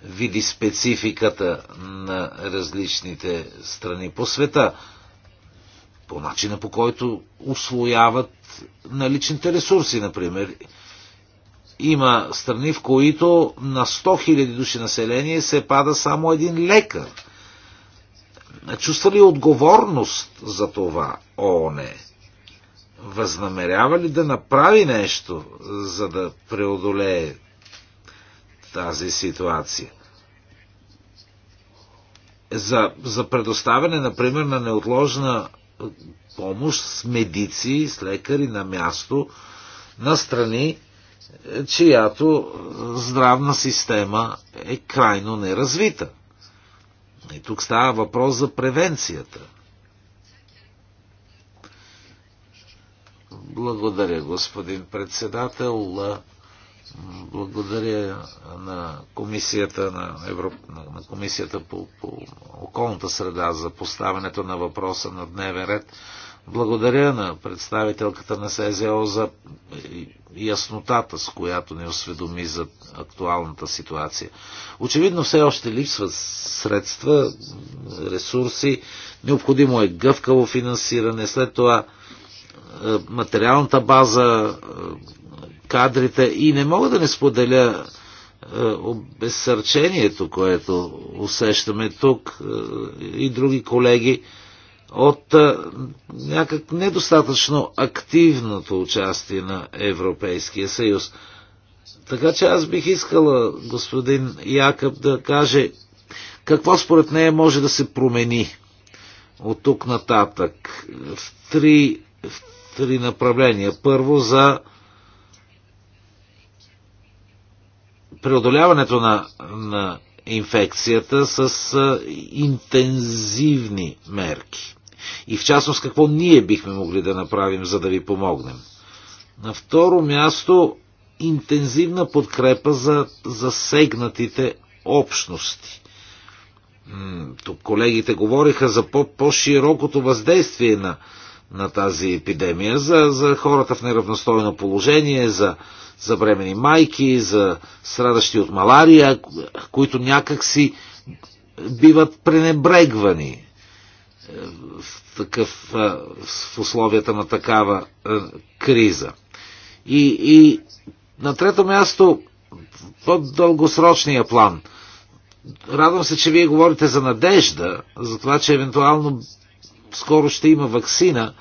види спецификата на различните страни по света, по начина по който освояват наличните ресурси, например, има страни, в които на 100 000 души население се пада само един лекар. Чувства ли отговорност за това ООН? Възнамерява ли да направи нещо, за да преодолее тази ситуация? За, за предоставяне, например, на неотложна помощ с медици, с лекари на място на страни, чиято здравна система е крайно неразвита. И тук става въпрос за превенцията. Благодаря, господин председател. Благодаря на комисията, на, Европ... на комисията по, по околната среда за поставянето на въпроса на дневен ред. Благодаря на представителката на СЗО за яснотата, с която ни осведоми за актуалната ситуация. Очевидно все още липсват средства, ресурси, необходимо е гъвкаво финансиране, след това е, материалната база, е, кадрите и не мога да не споделя е, обезсърчението, което усещаме тук и други колеги от някак недостатъчно активното участие на Европейския съюз. Така че аз бих искала господин Якъб да каже какво според нея може да се промени от тук нататък в три, в три направления. Първо за преодоляването на, на инфекцията с интензивни мерки и в частност какво ние бихме могли да направим, за да ви помогнем. На второ място, интензивна подкрепа за засегнатите общности. Тук колегите говориха за по-широкото -по въздействие на, на тази епидемия, за, за хората в неравностойно положение, за, за бремени майки, за страдащи от малария, които някакси биват пренебрегвани в, такъв, в условията на такава криза. И, и на трето място, по-дългосрочния план. Радвам се, че вие говорите за надежда, за това, че евентуално скоро ще има вакцина,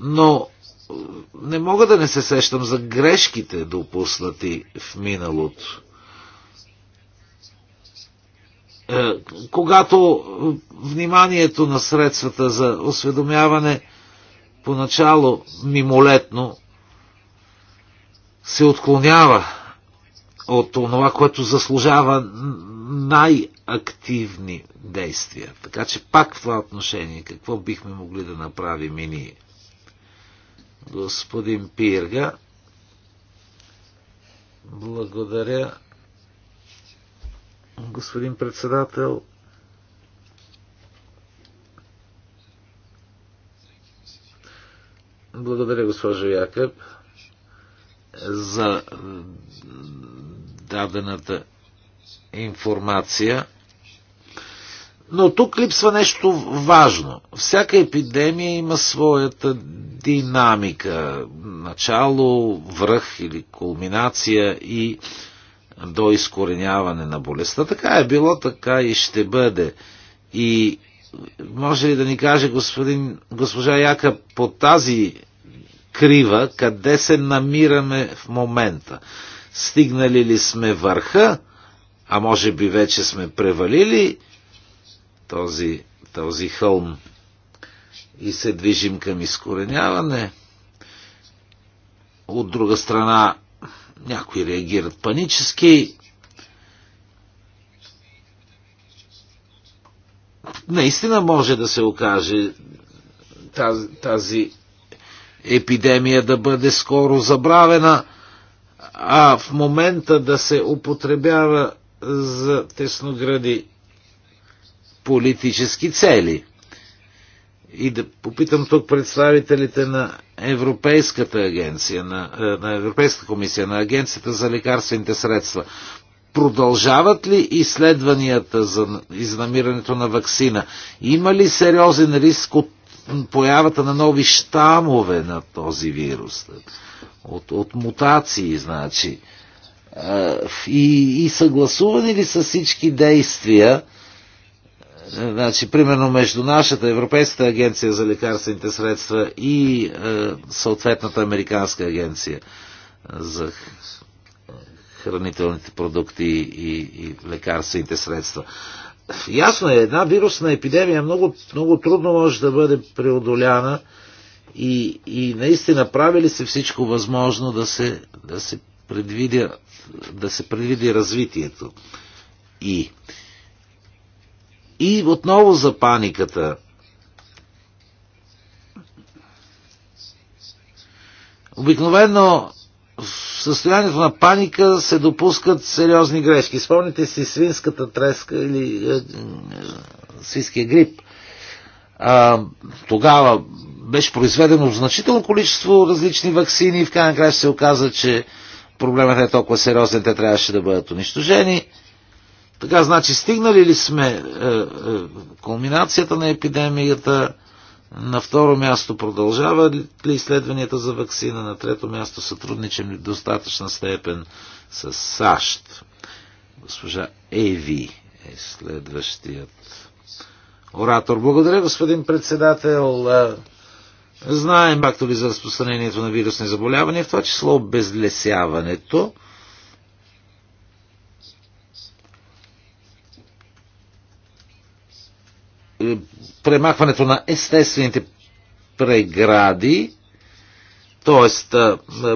но не мога да не се сещам за грешките допуснати в миналото. Е, когато е, вниманието на средствата за осведомяване поначало мимолетно се отклонява от това, което заслужава най-активни действия. Така че пак в това отношение, какво бихме могли да направим и ние? Господин Пирга, благодаря господин председател. Благодаря, госпожо Якъб, за дадената информация. Но тук липсва нещо важно. Всяка епидемия има своята динамика. Начало, връх или кулминация и до изкореняване на болестта. Така е било, така и ще бъде. И може ли да ни каже господин, госпожа Яка по тази крива, къде се намираме в момента? Стигнали ли сме върха, а може би вече сме превалили този, този хълм и се движим към изкореняване? От друга страна, някои реагират панически. Наистина може да се окаже тази, тази епидемия да бъде скоро забравена, а в момента да се употребява за тесногради политически цели – и да попитам тук представителите на Европейската агенция, на, е, на Европейската комисия, на Агенцията за лекарствените средства. Продължават ли изследванията за, изнамирането намирането на вакцина? Има ли сериозен риск от появата на нови щамове на този вирус? От, от мутации, значи. Е, и, и съгласувани ли са всички действия? Значи, примерно между нашата Европейската агенция за лекарствените средства и е, съответната Американска агенция за хранителните продукти и, и лекарствените средства. Ясно е, една вирусна епидемия много, много трудно може да бъде преодоляна и, и наистина правили се всичко възможно да се, да се, предвидя, да се предвиди развитието. И и отново за паниката. Обикновено в състоянието на паника се допускат сериозни грешки. Спомните си свинската треска или е, е, свинския грип. А, тогава беше произведено значително количество различни вакцини и в крайна края се оказа, че проблемът е толкова сериозен, те трябваше да бъдат унищожени. Така, значи, стигнали ли сме е, е, кулминацията на епидемията? На второ място продължава ли изследванията за вакцина? На трето място сътрудничим ли в достатъчна степен с САЩ? Госпожа Еви е следващият оратор. Благодаря, господин председател. Е, знаем, както ли за разпространението на вирусни заболявания, в това число обезлесяването. Е, премахването на естествените прегради, т.е.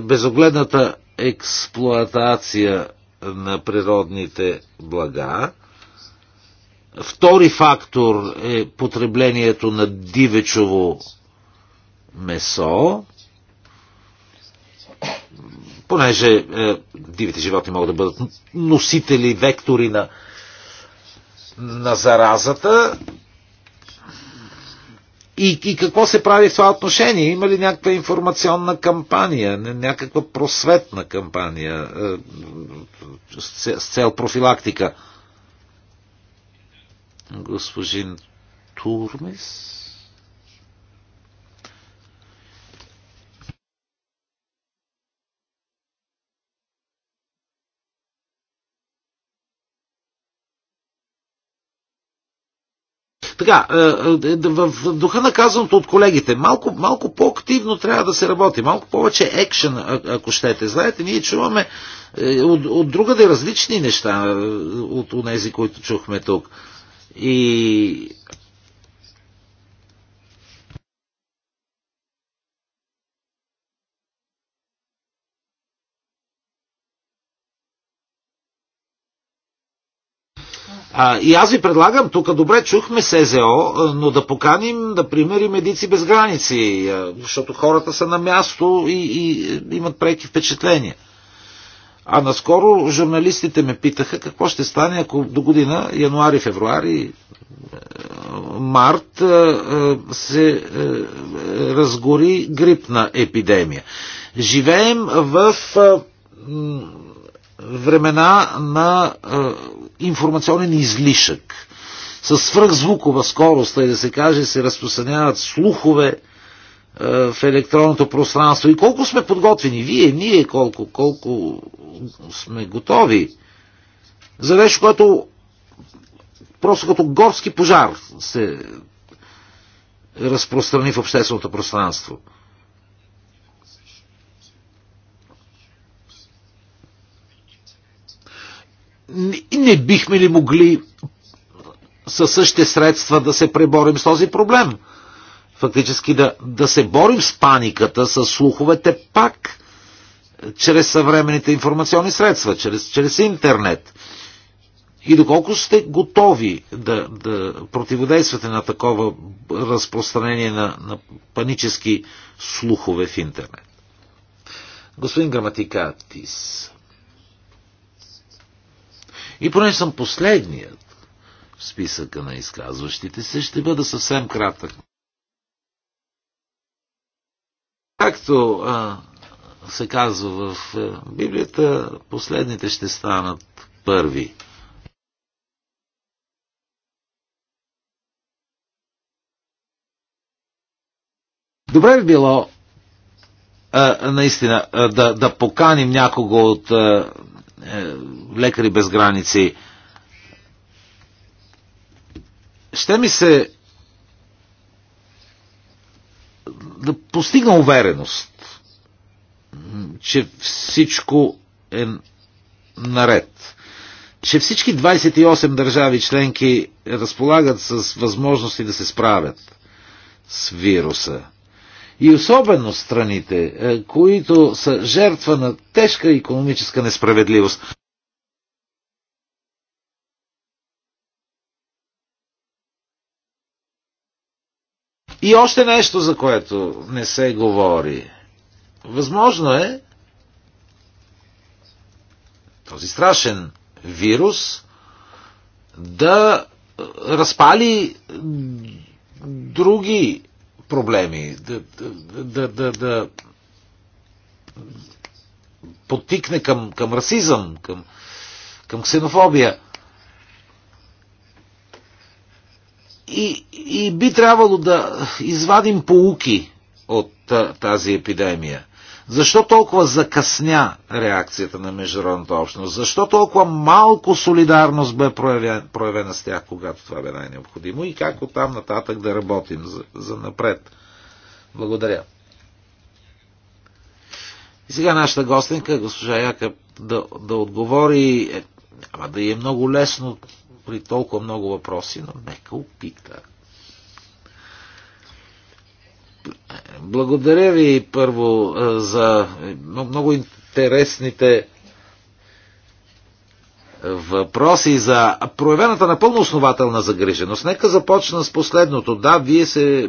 безогледната експлоатация на природните блага. Втори фактор е потреблението на дивечово месо, понеже е, дивите животни могат да бъдат носители, вектори на, на заразата, и, и какво се прави в това отношение? Има ли някаква информационна кампания, някаква просветна кампания е, с, цел профилактика? Госпожин Турмис? Така, е, е, в духа на казаното от колегите, малко, малко по-активно трябва да се работи, малко повече екшен, ако щете. Знаете, ние чуваме е, от, от другаде различни неща от тези, които чухме тук. И А, и аз ви предлагам, тук добре чухме СЗО, но да поканим, да и медици без граници, защото хората са на място и, и имат преки впечатления. А наскоро журналистите ме питаха какво ще стане, ако до година, януари, февруари, март се разгори грипна епидемия. Живеем в времена на информационен излишък. С свръхзвукова скорост, и да се каже, се разпространяват слухове е, в електронното пространство. И колко сме подготвени, вие, ние, колко, колко сме готови за нещо, което просто като горски пожар се разпространи в общественото пространство. не бихме ли могли със същите средства да се преборим с този проблем? Фактически да, да се борим с паниката, с слуховете пак чрез съвременните информационни средства, чрез, чрез интернет. И доколко сте готови да, да противодействате на такова разпространение на, на панически слухове в интернет? Господин Граматикатис. И понеже съм последният в списъка на изказващите се, ще бъда съвсем кратък. Както а, се казва в Библията, последните ще станат първи. Добре би било а, наистина а, да, да поканим някого от а, е, лекари без граници. Ще ми се да постигна увереност, че всичко е наред. Че всички 28 държави членки разполагат с възможности да се справят с вируса и особено страните, е, които са жертва на тежка економическа несправедливост. И още нещо, за което не се говори. Възможно е този страшен вирус да разпали други проблеми, да, да, да, да подтикне към, към расизъм, към, към ксенофобия. И, и би трябвало да извадим поуки от тази епидемия. Защо толкова закъсня реакцията на международната общност? Защо толкова малко солидарност бе проявена, проявена с тях, когато това бе най-необходимо? И как оттам нататък да работим за, за напред? Благодаря. И сега нашата гостенка, госпожа Яка, да, да отговори, ама е, да е много лесно при толкова много въпроси, но нека опита. Благодаря ви първо за много интересните въпроси за проявената напълно основателна загриженост. Нека започна с последното. Да, вие се е,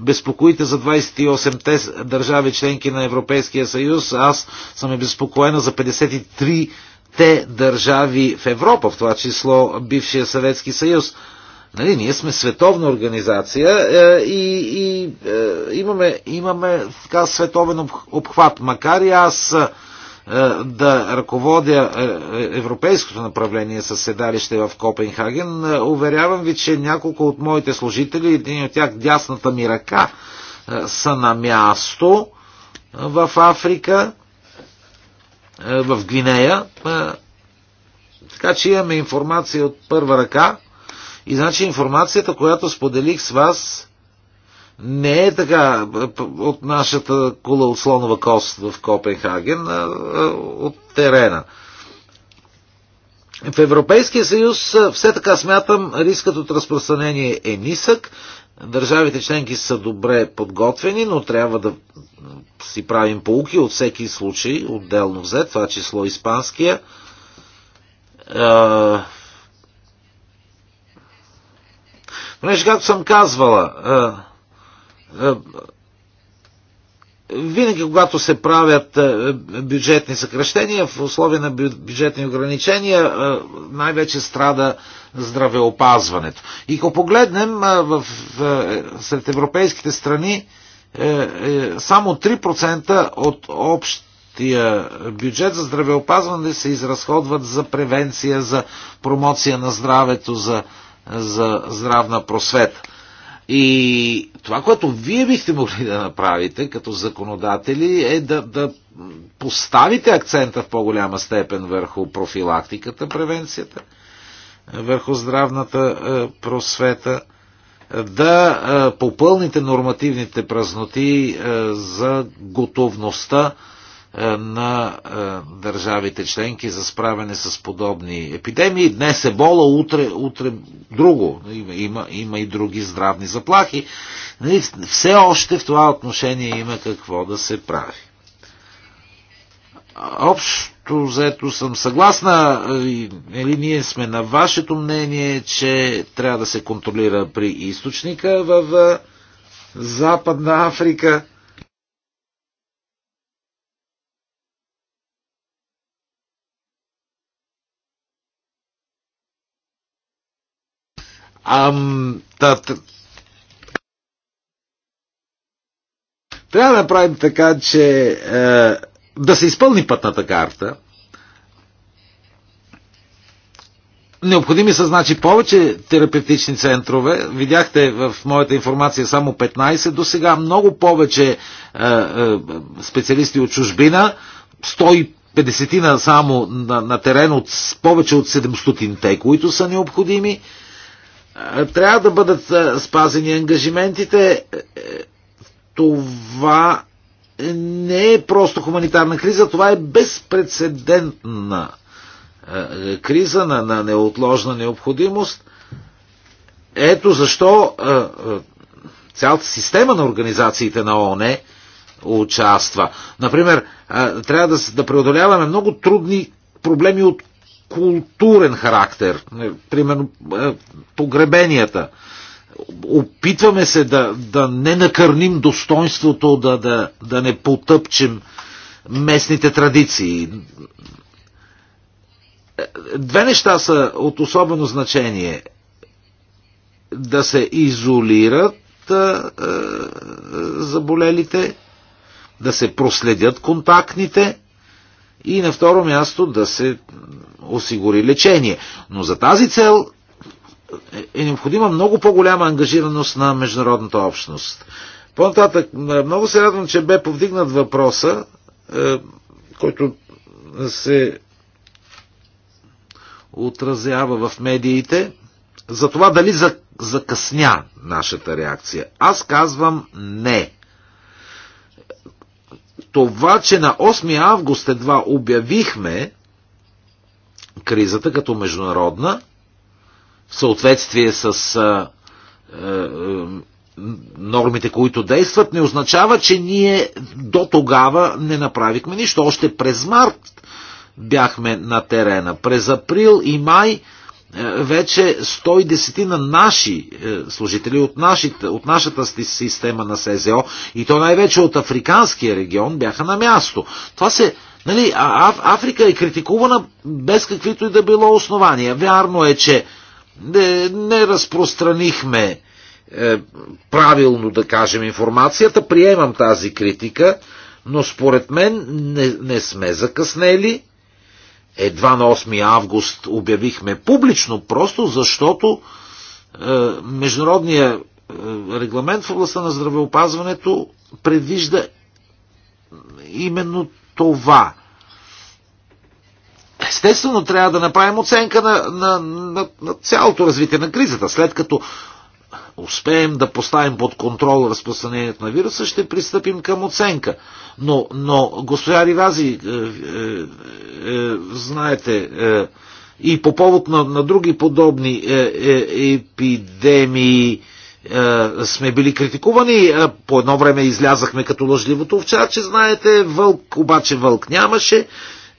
безпокоите за 28-те държави членки на Европейския съюз. Аз съм е безпокоена за 53-те държави в Европа, в това число бившия Съветски съюз. Нали, ние сме световна организация е, и, и е, имаме, имаме така световен обхват. Макар и аз е, да ръководя е, е, европейското направление със седалище в Копенхаген, е, уверявам ви, че няколко от моите служители, един от тях дясната ми ръка, е, са на място е, в Африка, е, в Гвинея. Е, така че имаме информация от първа ръка и значи информацията, която споделих с вас, не е така от нашата кула от слонова кост в Копенхаген, а от терена. В Европейския съюз все така смятам, рискът от разпространение е нисък. Държавите членки са добре подготвени, но трябва да си правим полуки от всеки случай, отделно взет, това число испанския. Понеже, както съм казвала, е, е, винаги, когато се правят е, бюджетни съкрещения в условия на бюджетни ограничения, най-вече страда здравеопазването. И ако погледнем в, сред европейските страни, само 3% от общия бюджет за здравеопазване се изразходват за превенция, за промоция на здравето, за за здравна просвета. И това, което вие бихте могли да направите като законодатели е да, да поставите акцента в по-голяма степен върху профилактиката, превенцията, върху здравната е, просвета, да е, попълните нормативните празноти е, за готовността е, на е, държавите членки за справяне с подобни епидемии. Днес е бола, утре, утре друго. Има, има, има и други здравни заплахи. Нали, все още в това отношение има какво да се прави. Общо взето съм съгласна, или е, нали, ние сме на вашето мнение, че трябва да се контролира при източника в Западна Африка. Ам, та, трябва да направим така, че е, да се изпълни пътната карта. Необходими са, значи, повече терапевтични центрове. Видяхте в моята информация само 15. До сега много повече е, е, специалисти от чужбина. 150 на само на, на терен от повече от 700-те, които са необходими. Е, трябва да бъдат спазени ангажиментите. Е, това не е просто хуманитарна криза, това е безпредседентна е, криза на, на неотложна необходимост. Ето защо е, цялата система на организациите на ООН участва. Например, трябва да, да преодоляваме много трудни проблеми от културен характер, примерно е, погребенията. Опитваме се да, да не накърним достоинството, да, да, да не потъпчем местните традиции. Две неща са от особено значение. Да се изолират а, е, а, е, заболелите, да се проследят контактните и на второ място да се осигури лечение. Но за тази цел е, е необходима много по-голяма ангажираност на международната общност. По-нататък, много се радвам, че бе повдигнат въпроса, е, който се отразява в медиите, за това дали закъсня нашата реакция. Аз казвам не. Това, че на 8 август едва обявихме кризата като международна, в съответствие с а, е, нормите, които действат, не означава, че ние до тогава не направихме нищо. Още през март бяхме на терена. През април и май вече 110 на наши е, служители от, нашите, от нашата система на СЗО и то най-вече от африканския регион бяха на място. Това се Нали, Аф, Африка е критикувана без каквито и да било основания. Вярно е, че не, не разпространихме е, правилно, да кажем, информацията. Приемам тази критика, но според мен не, не сме закъснели. Едва на 8 август обявихме публично, просто защото е, Международният е, регламент в областта на здравеопазването предвижда именно това. Естествено, трябва да направим оценка на, на, на, на цялото развитие на кризата. След като успеем да поставим под контрол разпространението на вируса, ще пристъпим към оценка. Но, но госпожа Ривази, е, е, е, знаете, е, и по повод на, на други подобни е, е, епидемии, е, сме били критикувани. Е, по едно време излязахме като лъжливото че знаете, вълк, обаче вълк нямаше.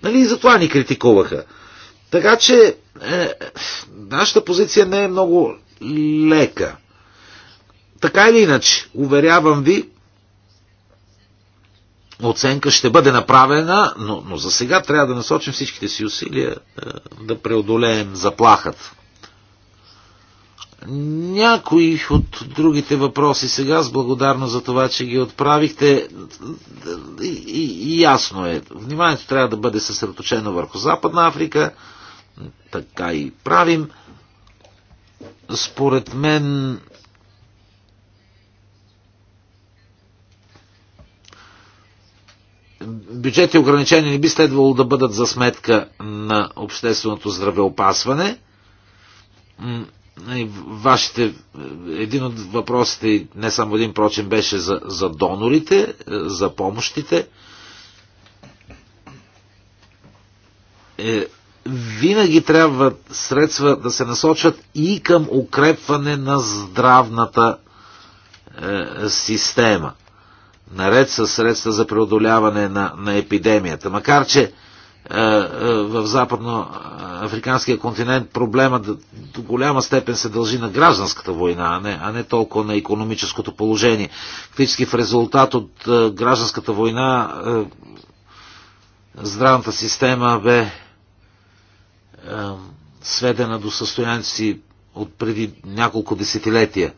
Нали, и затова ни критикуваха. Така че е, нашата позиция не е много лека. Така или иначе, уверявам ви, оценка ще бъде направена, но, но за сега трябва да насочим всичките си усилия е, да преодолеем заплахата. Някои от другите въпроси сега, с благодарност за това, че ги отправихте, и, и, и ясно е. Вниманието трябва да бъде съсредоточено върху Западна Африка, така и правим. Според мен бюджети ограничени не би следвало да бъдат за сметка на общественото здравеопасване Вашите, един от въпросите, не само един, прочен, беше за, за донорите, за помощите. Е, винаги трябва средства да се насочат и към укрепване на здравната е, система, наред с средства за преодоляване на, на епидемията. Макар, че е, е, в западноафриканския континент проблема до голяма степен се дължи на гражданската война, а не, а не толкова на економическото положение. Фактически в резултат от е, гражданската война здравната система бе сведена до състоянието си от преди няколко десетилетия.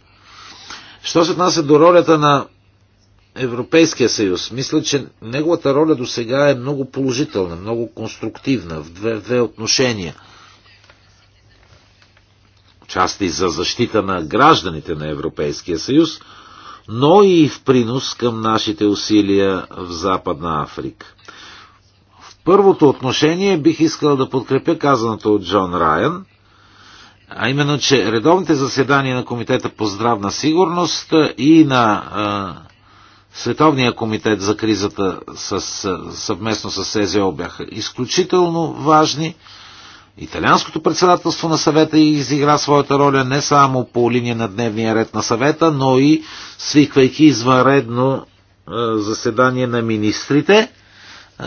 Що се отнася до ролята на Европейския съюз. Мисля, че неговата роля до сега е много положителна, много конструктивна в две, две отношения. Части за защита на гражданите на Европейския съюз, но и в принос към нашите усилия в Западна Африка. В първото отношение бих искал да подкрепя казаното от Джон Райан – а именно, че редовните заседания на Комитета по здравна сигурност и на Световния комитет за кризата с, съвместно с СЗО бяха изключително важни. Италианското председателство на съвета изигра своята роля не само по линия на дневния ред на съвета, но и свиквайки извънредно заседание на министрите,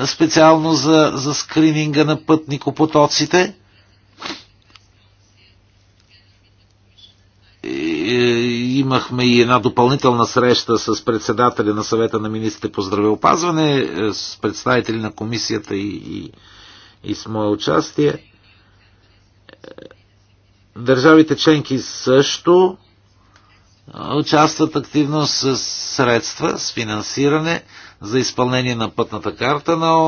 специално за, за скрининга на пътникопотоците. Е, имахме и една допълнителна среща с председателя на съвета на министрите по здравеопазване, е, с представители на комисията и, и, и с мое участие. Е, държавите членки също участват активно с средства, с финансиране за изпълнение на пътната карта на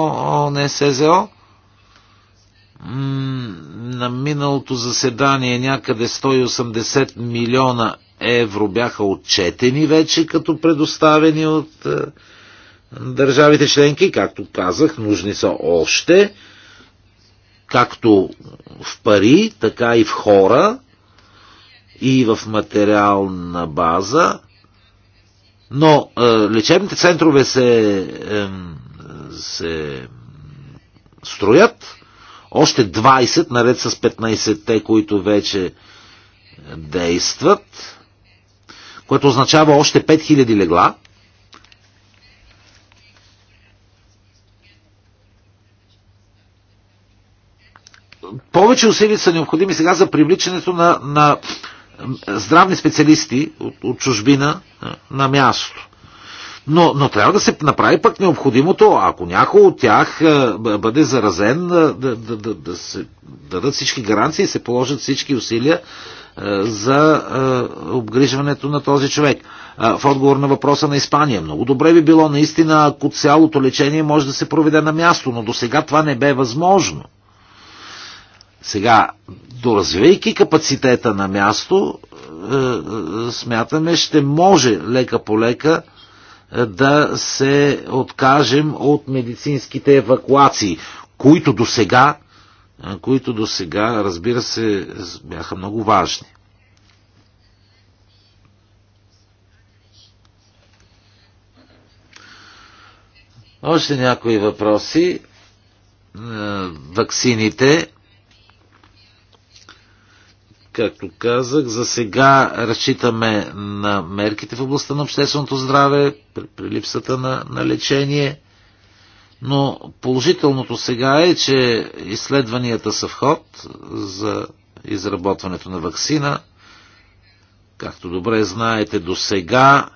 ОНСЗО на миналото заседание някъде 180 милиона евро бяха отчетени вече като предоставени от е, държавите членки. Както казах, нужни са още, както в пари, така и в хора и в материална база. Но е, лечебните центрове се, е, се строят, още 20, наред с 15-те, които вече действат, което означава още 5000 легла. Повече усилия са необходими сега за привличането на, на здравни специалисти от, от чужбина на място. Но, но трябва да се направи пък необходимото, ако някой от тях е, бъде заразен, е, да, да, да, да се дадат всички гаранции и се положат всички усилия е, за обгрижването на този човек. В отговор на въпроса на Испания, много добре би било наистина, ако цялото лечение може да се проведе на място, но до сега това не бе възможно. Сега, доразвивайки капацитета на място, смятаме, ще може лека по лека да се откажем от медицинските евакуации, които до сега, които до сега, разбира се, бяха много важни. Още някои въпроси. Ваксините Както казах, за сега разчитаме на мерките в областта на общественото здраве, при, при липсата на, на лечение, но положителното сега е, че изследванията са в ход за изработването на вакцина. Както добре знаете, до сега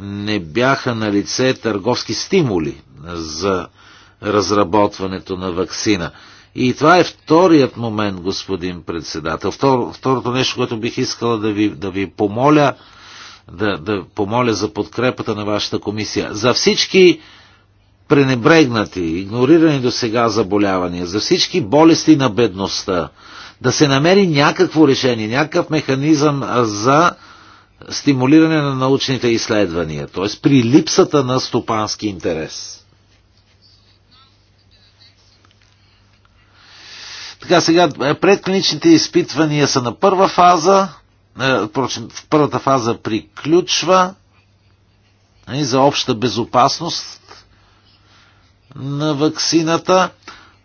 не бяха на лице търговски стимули за разработването на вакцина. И това е вторият момент, господин председател. Втор, второто нещо, което бих искала да ви, да ви помоля, да, да помоля за подкрепата на вашата комисия. За всички пренебрегнати, игнорирани до сега заболявания, за всички болести на бедността, да се намери някакво решение, някакъв механизъм за стимулиране на научните изследвания, т.е. при липсата на стопански интерес. Така сега, е, предклиничните изпитвания са на първа фаза, е, впрочем, в първата фаза приключва е, и за обща безопасност на вакцината.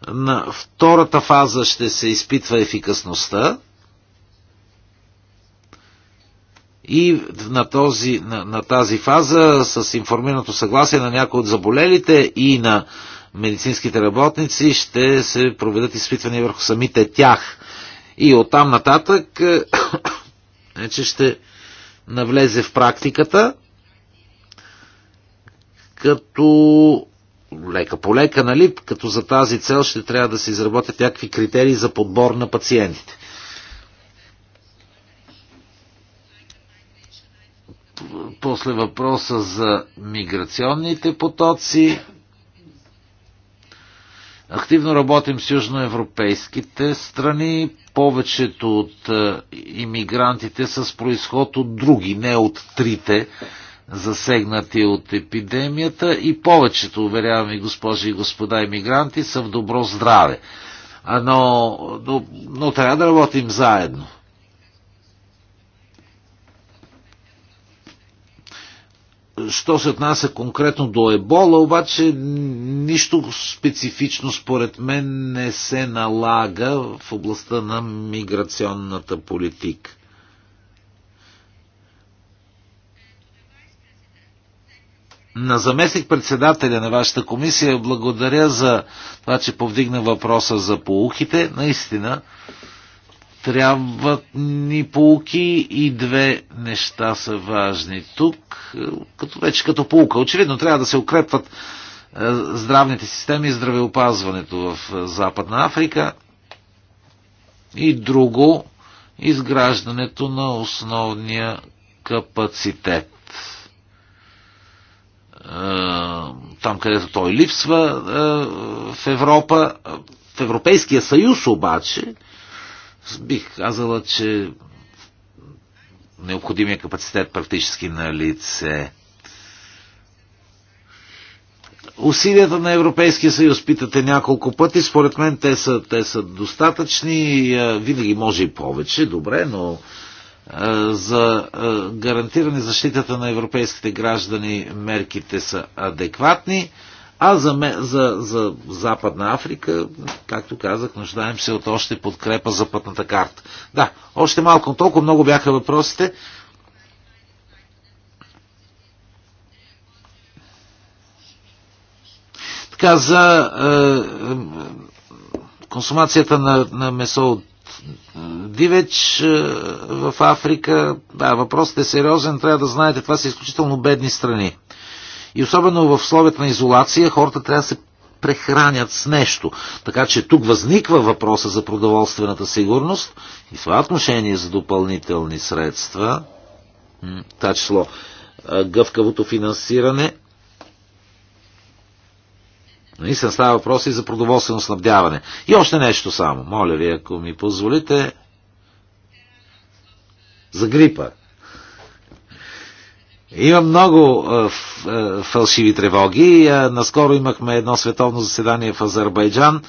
На втората фаза ще се изпитва ефикасността. И на, този, на, на тази фаза с информираното съгласие на някои от заболелите и на медицинските работници, ще се проведат изпитвания върху самите тях. И оттам нататък че значи ще навлезе в практиката, като лека по лека, нали, като за тази цел ще трябва да се изработят някакви критерии за подбор на пациентите. После въпроса за миграционните потоци, Активно работим с южноевропейските страни. Повечето от е, иммигрантите с происход от други, не от трите засегнати от епидемията и повечето, уверявам ви, госпожи и господа иммигранти, са в добро здраве. Но, но, но трябва да работим заедно. Що се отнася конкретно до ебола, обаче нищо специфично според мен не се налага в областта на миграционната политика. На заместник председателя на вашата комисия благодаря за това, че повдигна въпроса за полуките. Наистина, Трябват ни полки и две неща са важни тук, е, като вече като полка. Очевидно трябва да се укрепват е, здравните системи и здравеопазването в е, Западна Африка. И друго, изграждането на основния капацитет. Там, където той липсва в Европа, в Европейския съюз обаче, бих казала, че необходимия капацитет практически на лице. Усилията на Европейския съюз питате няколко пъти. Според мен те са, те са достатъчни. Е, винаги може и повече, добре, но е, за е, гарантиране защитата на европейските граждани мерките са адекватни. А за, за, за Западна Африка, както казах, нуждаем се от още подкрепа за пътната карта. Да, още малко, толкова много бяха въпросите. Така, за е, е, консумацията на, на месо от е, дивеч е, в Африка, да, въпросът е сериозен, трябва да знаете, това са изключително бедни страни. И особено в словията на изолация хората трябва да се прехранят с нещо. Така че тук възниква въпроса за продоволствената сигурност и това отношение за допълнителни средства, това число гъвкавото финансиране, Наистина става въпрос и за продоволствено снабдяване. И още нещо само, моля ви, ако ми позволите, за грипа. Има много фалшиви тревоги. Наскоро имахме едно световно заседание в Азербайджан.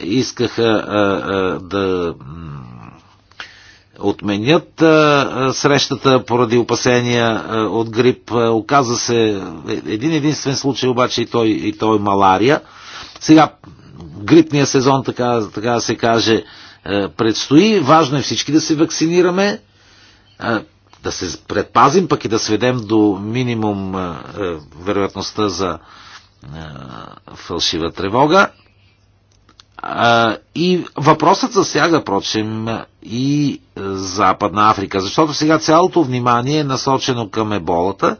Искаха да отменят срещата поради опасения от грип. Оказа се е, един единствен случай, обаче и той, и той е малария. Сега грипния сезон, така, така да се каже, предстои. Важно е всички да се вакцинираме да се предпазим, пък и да сведем до минимум е, е, вероятността за е, фалшива тревога. И въпросът засяга, прочим, и Западна Африка, защото сега цялото внимание е насочено към еболата.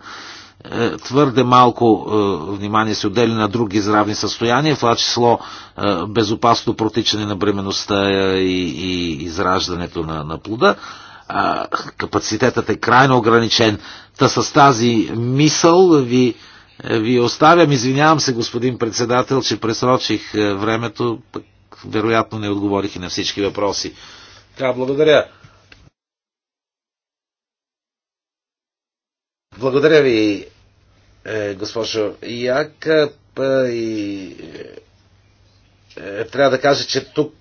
Твърде малко внимание се отделя на други здравни състояния, в това число безопасно протичане на бременността и, и израждането на, на плода капацитетът е крайно ограничен. Та с тази мисъл ви, ви оставям. Извинявам се, господин председател, че пресрочих е, времето, пък вероятно не отговорих и на всички въпроси. Така, благодаря. Благодаря ви, е, госпожо Якъп. Е, и трябва да кажа, че тук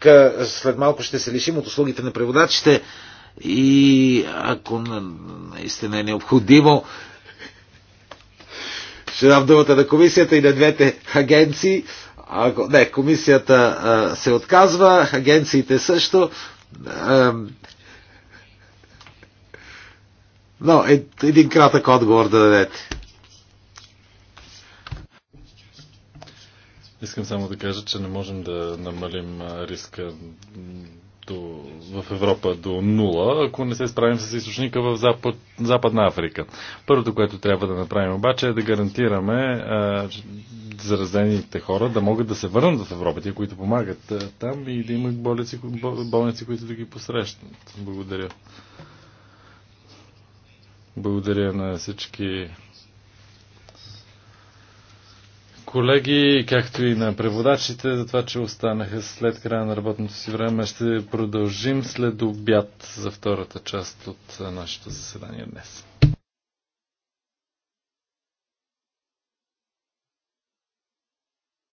след малко ще се лишим от услугите на преводачите и ако наистина е необходимо, ще дам думата на комисията и на двете агенции. Ако, не, комисията а, се отказва, агенциите също. А, но е, един кратък отговор да дадете. Искам само да кажа, че не можем да намалим риска до, в Европа до нула, ако не се справим с източника в Запад, Западна Африка. Първото, което трябва да направим обаче е да гарантираме а, заразените хора да могат да се върнат в Европа, тия, които помагат а, там и да имат болници, болници, които да ги посрещнат. Благодаря. Благодаря на всички колеги, както и на преводачите, за това, че останаха след края на работното си време. Ще продължим след обяд за втората част от нашето заседание днес.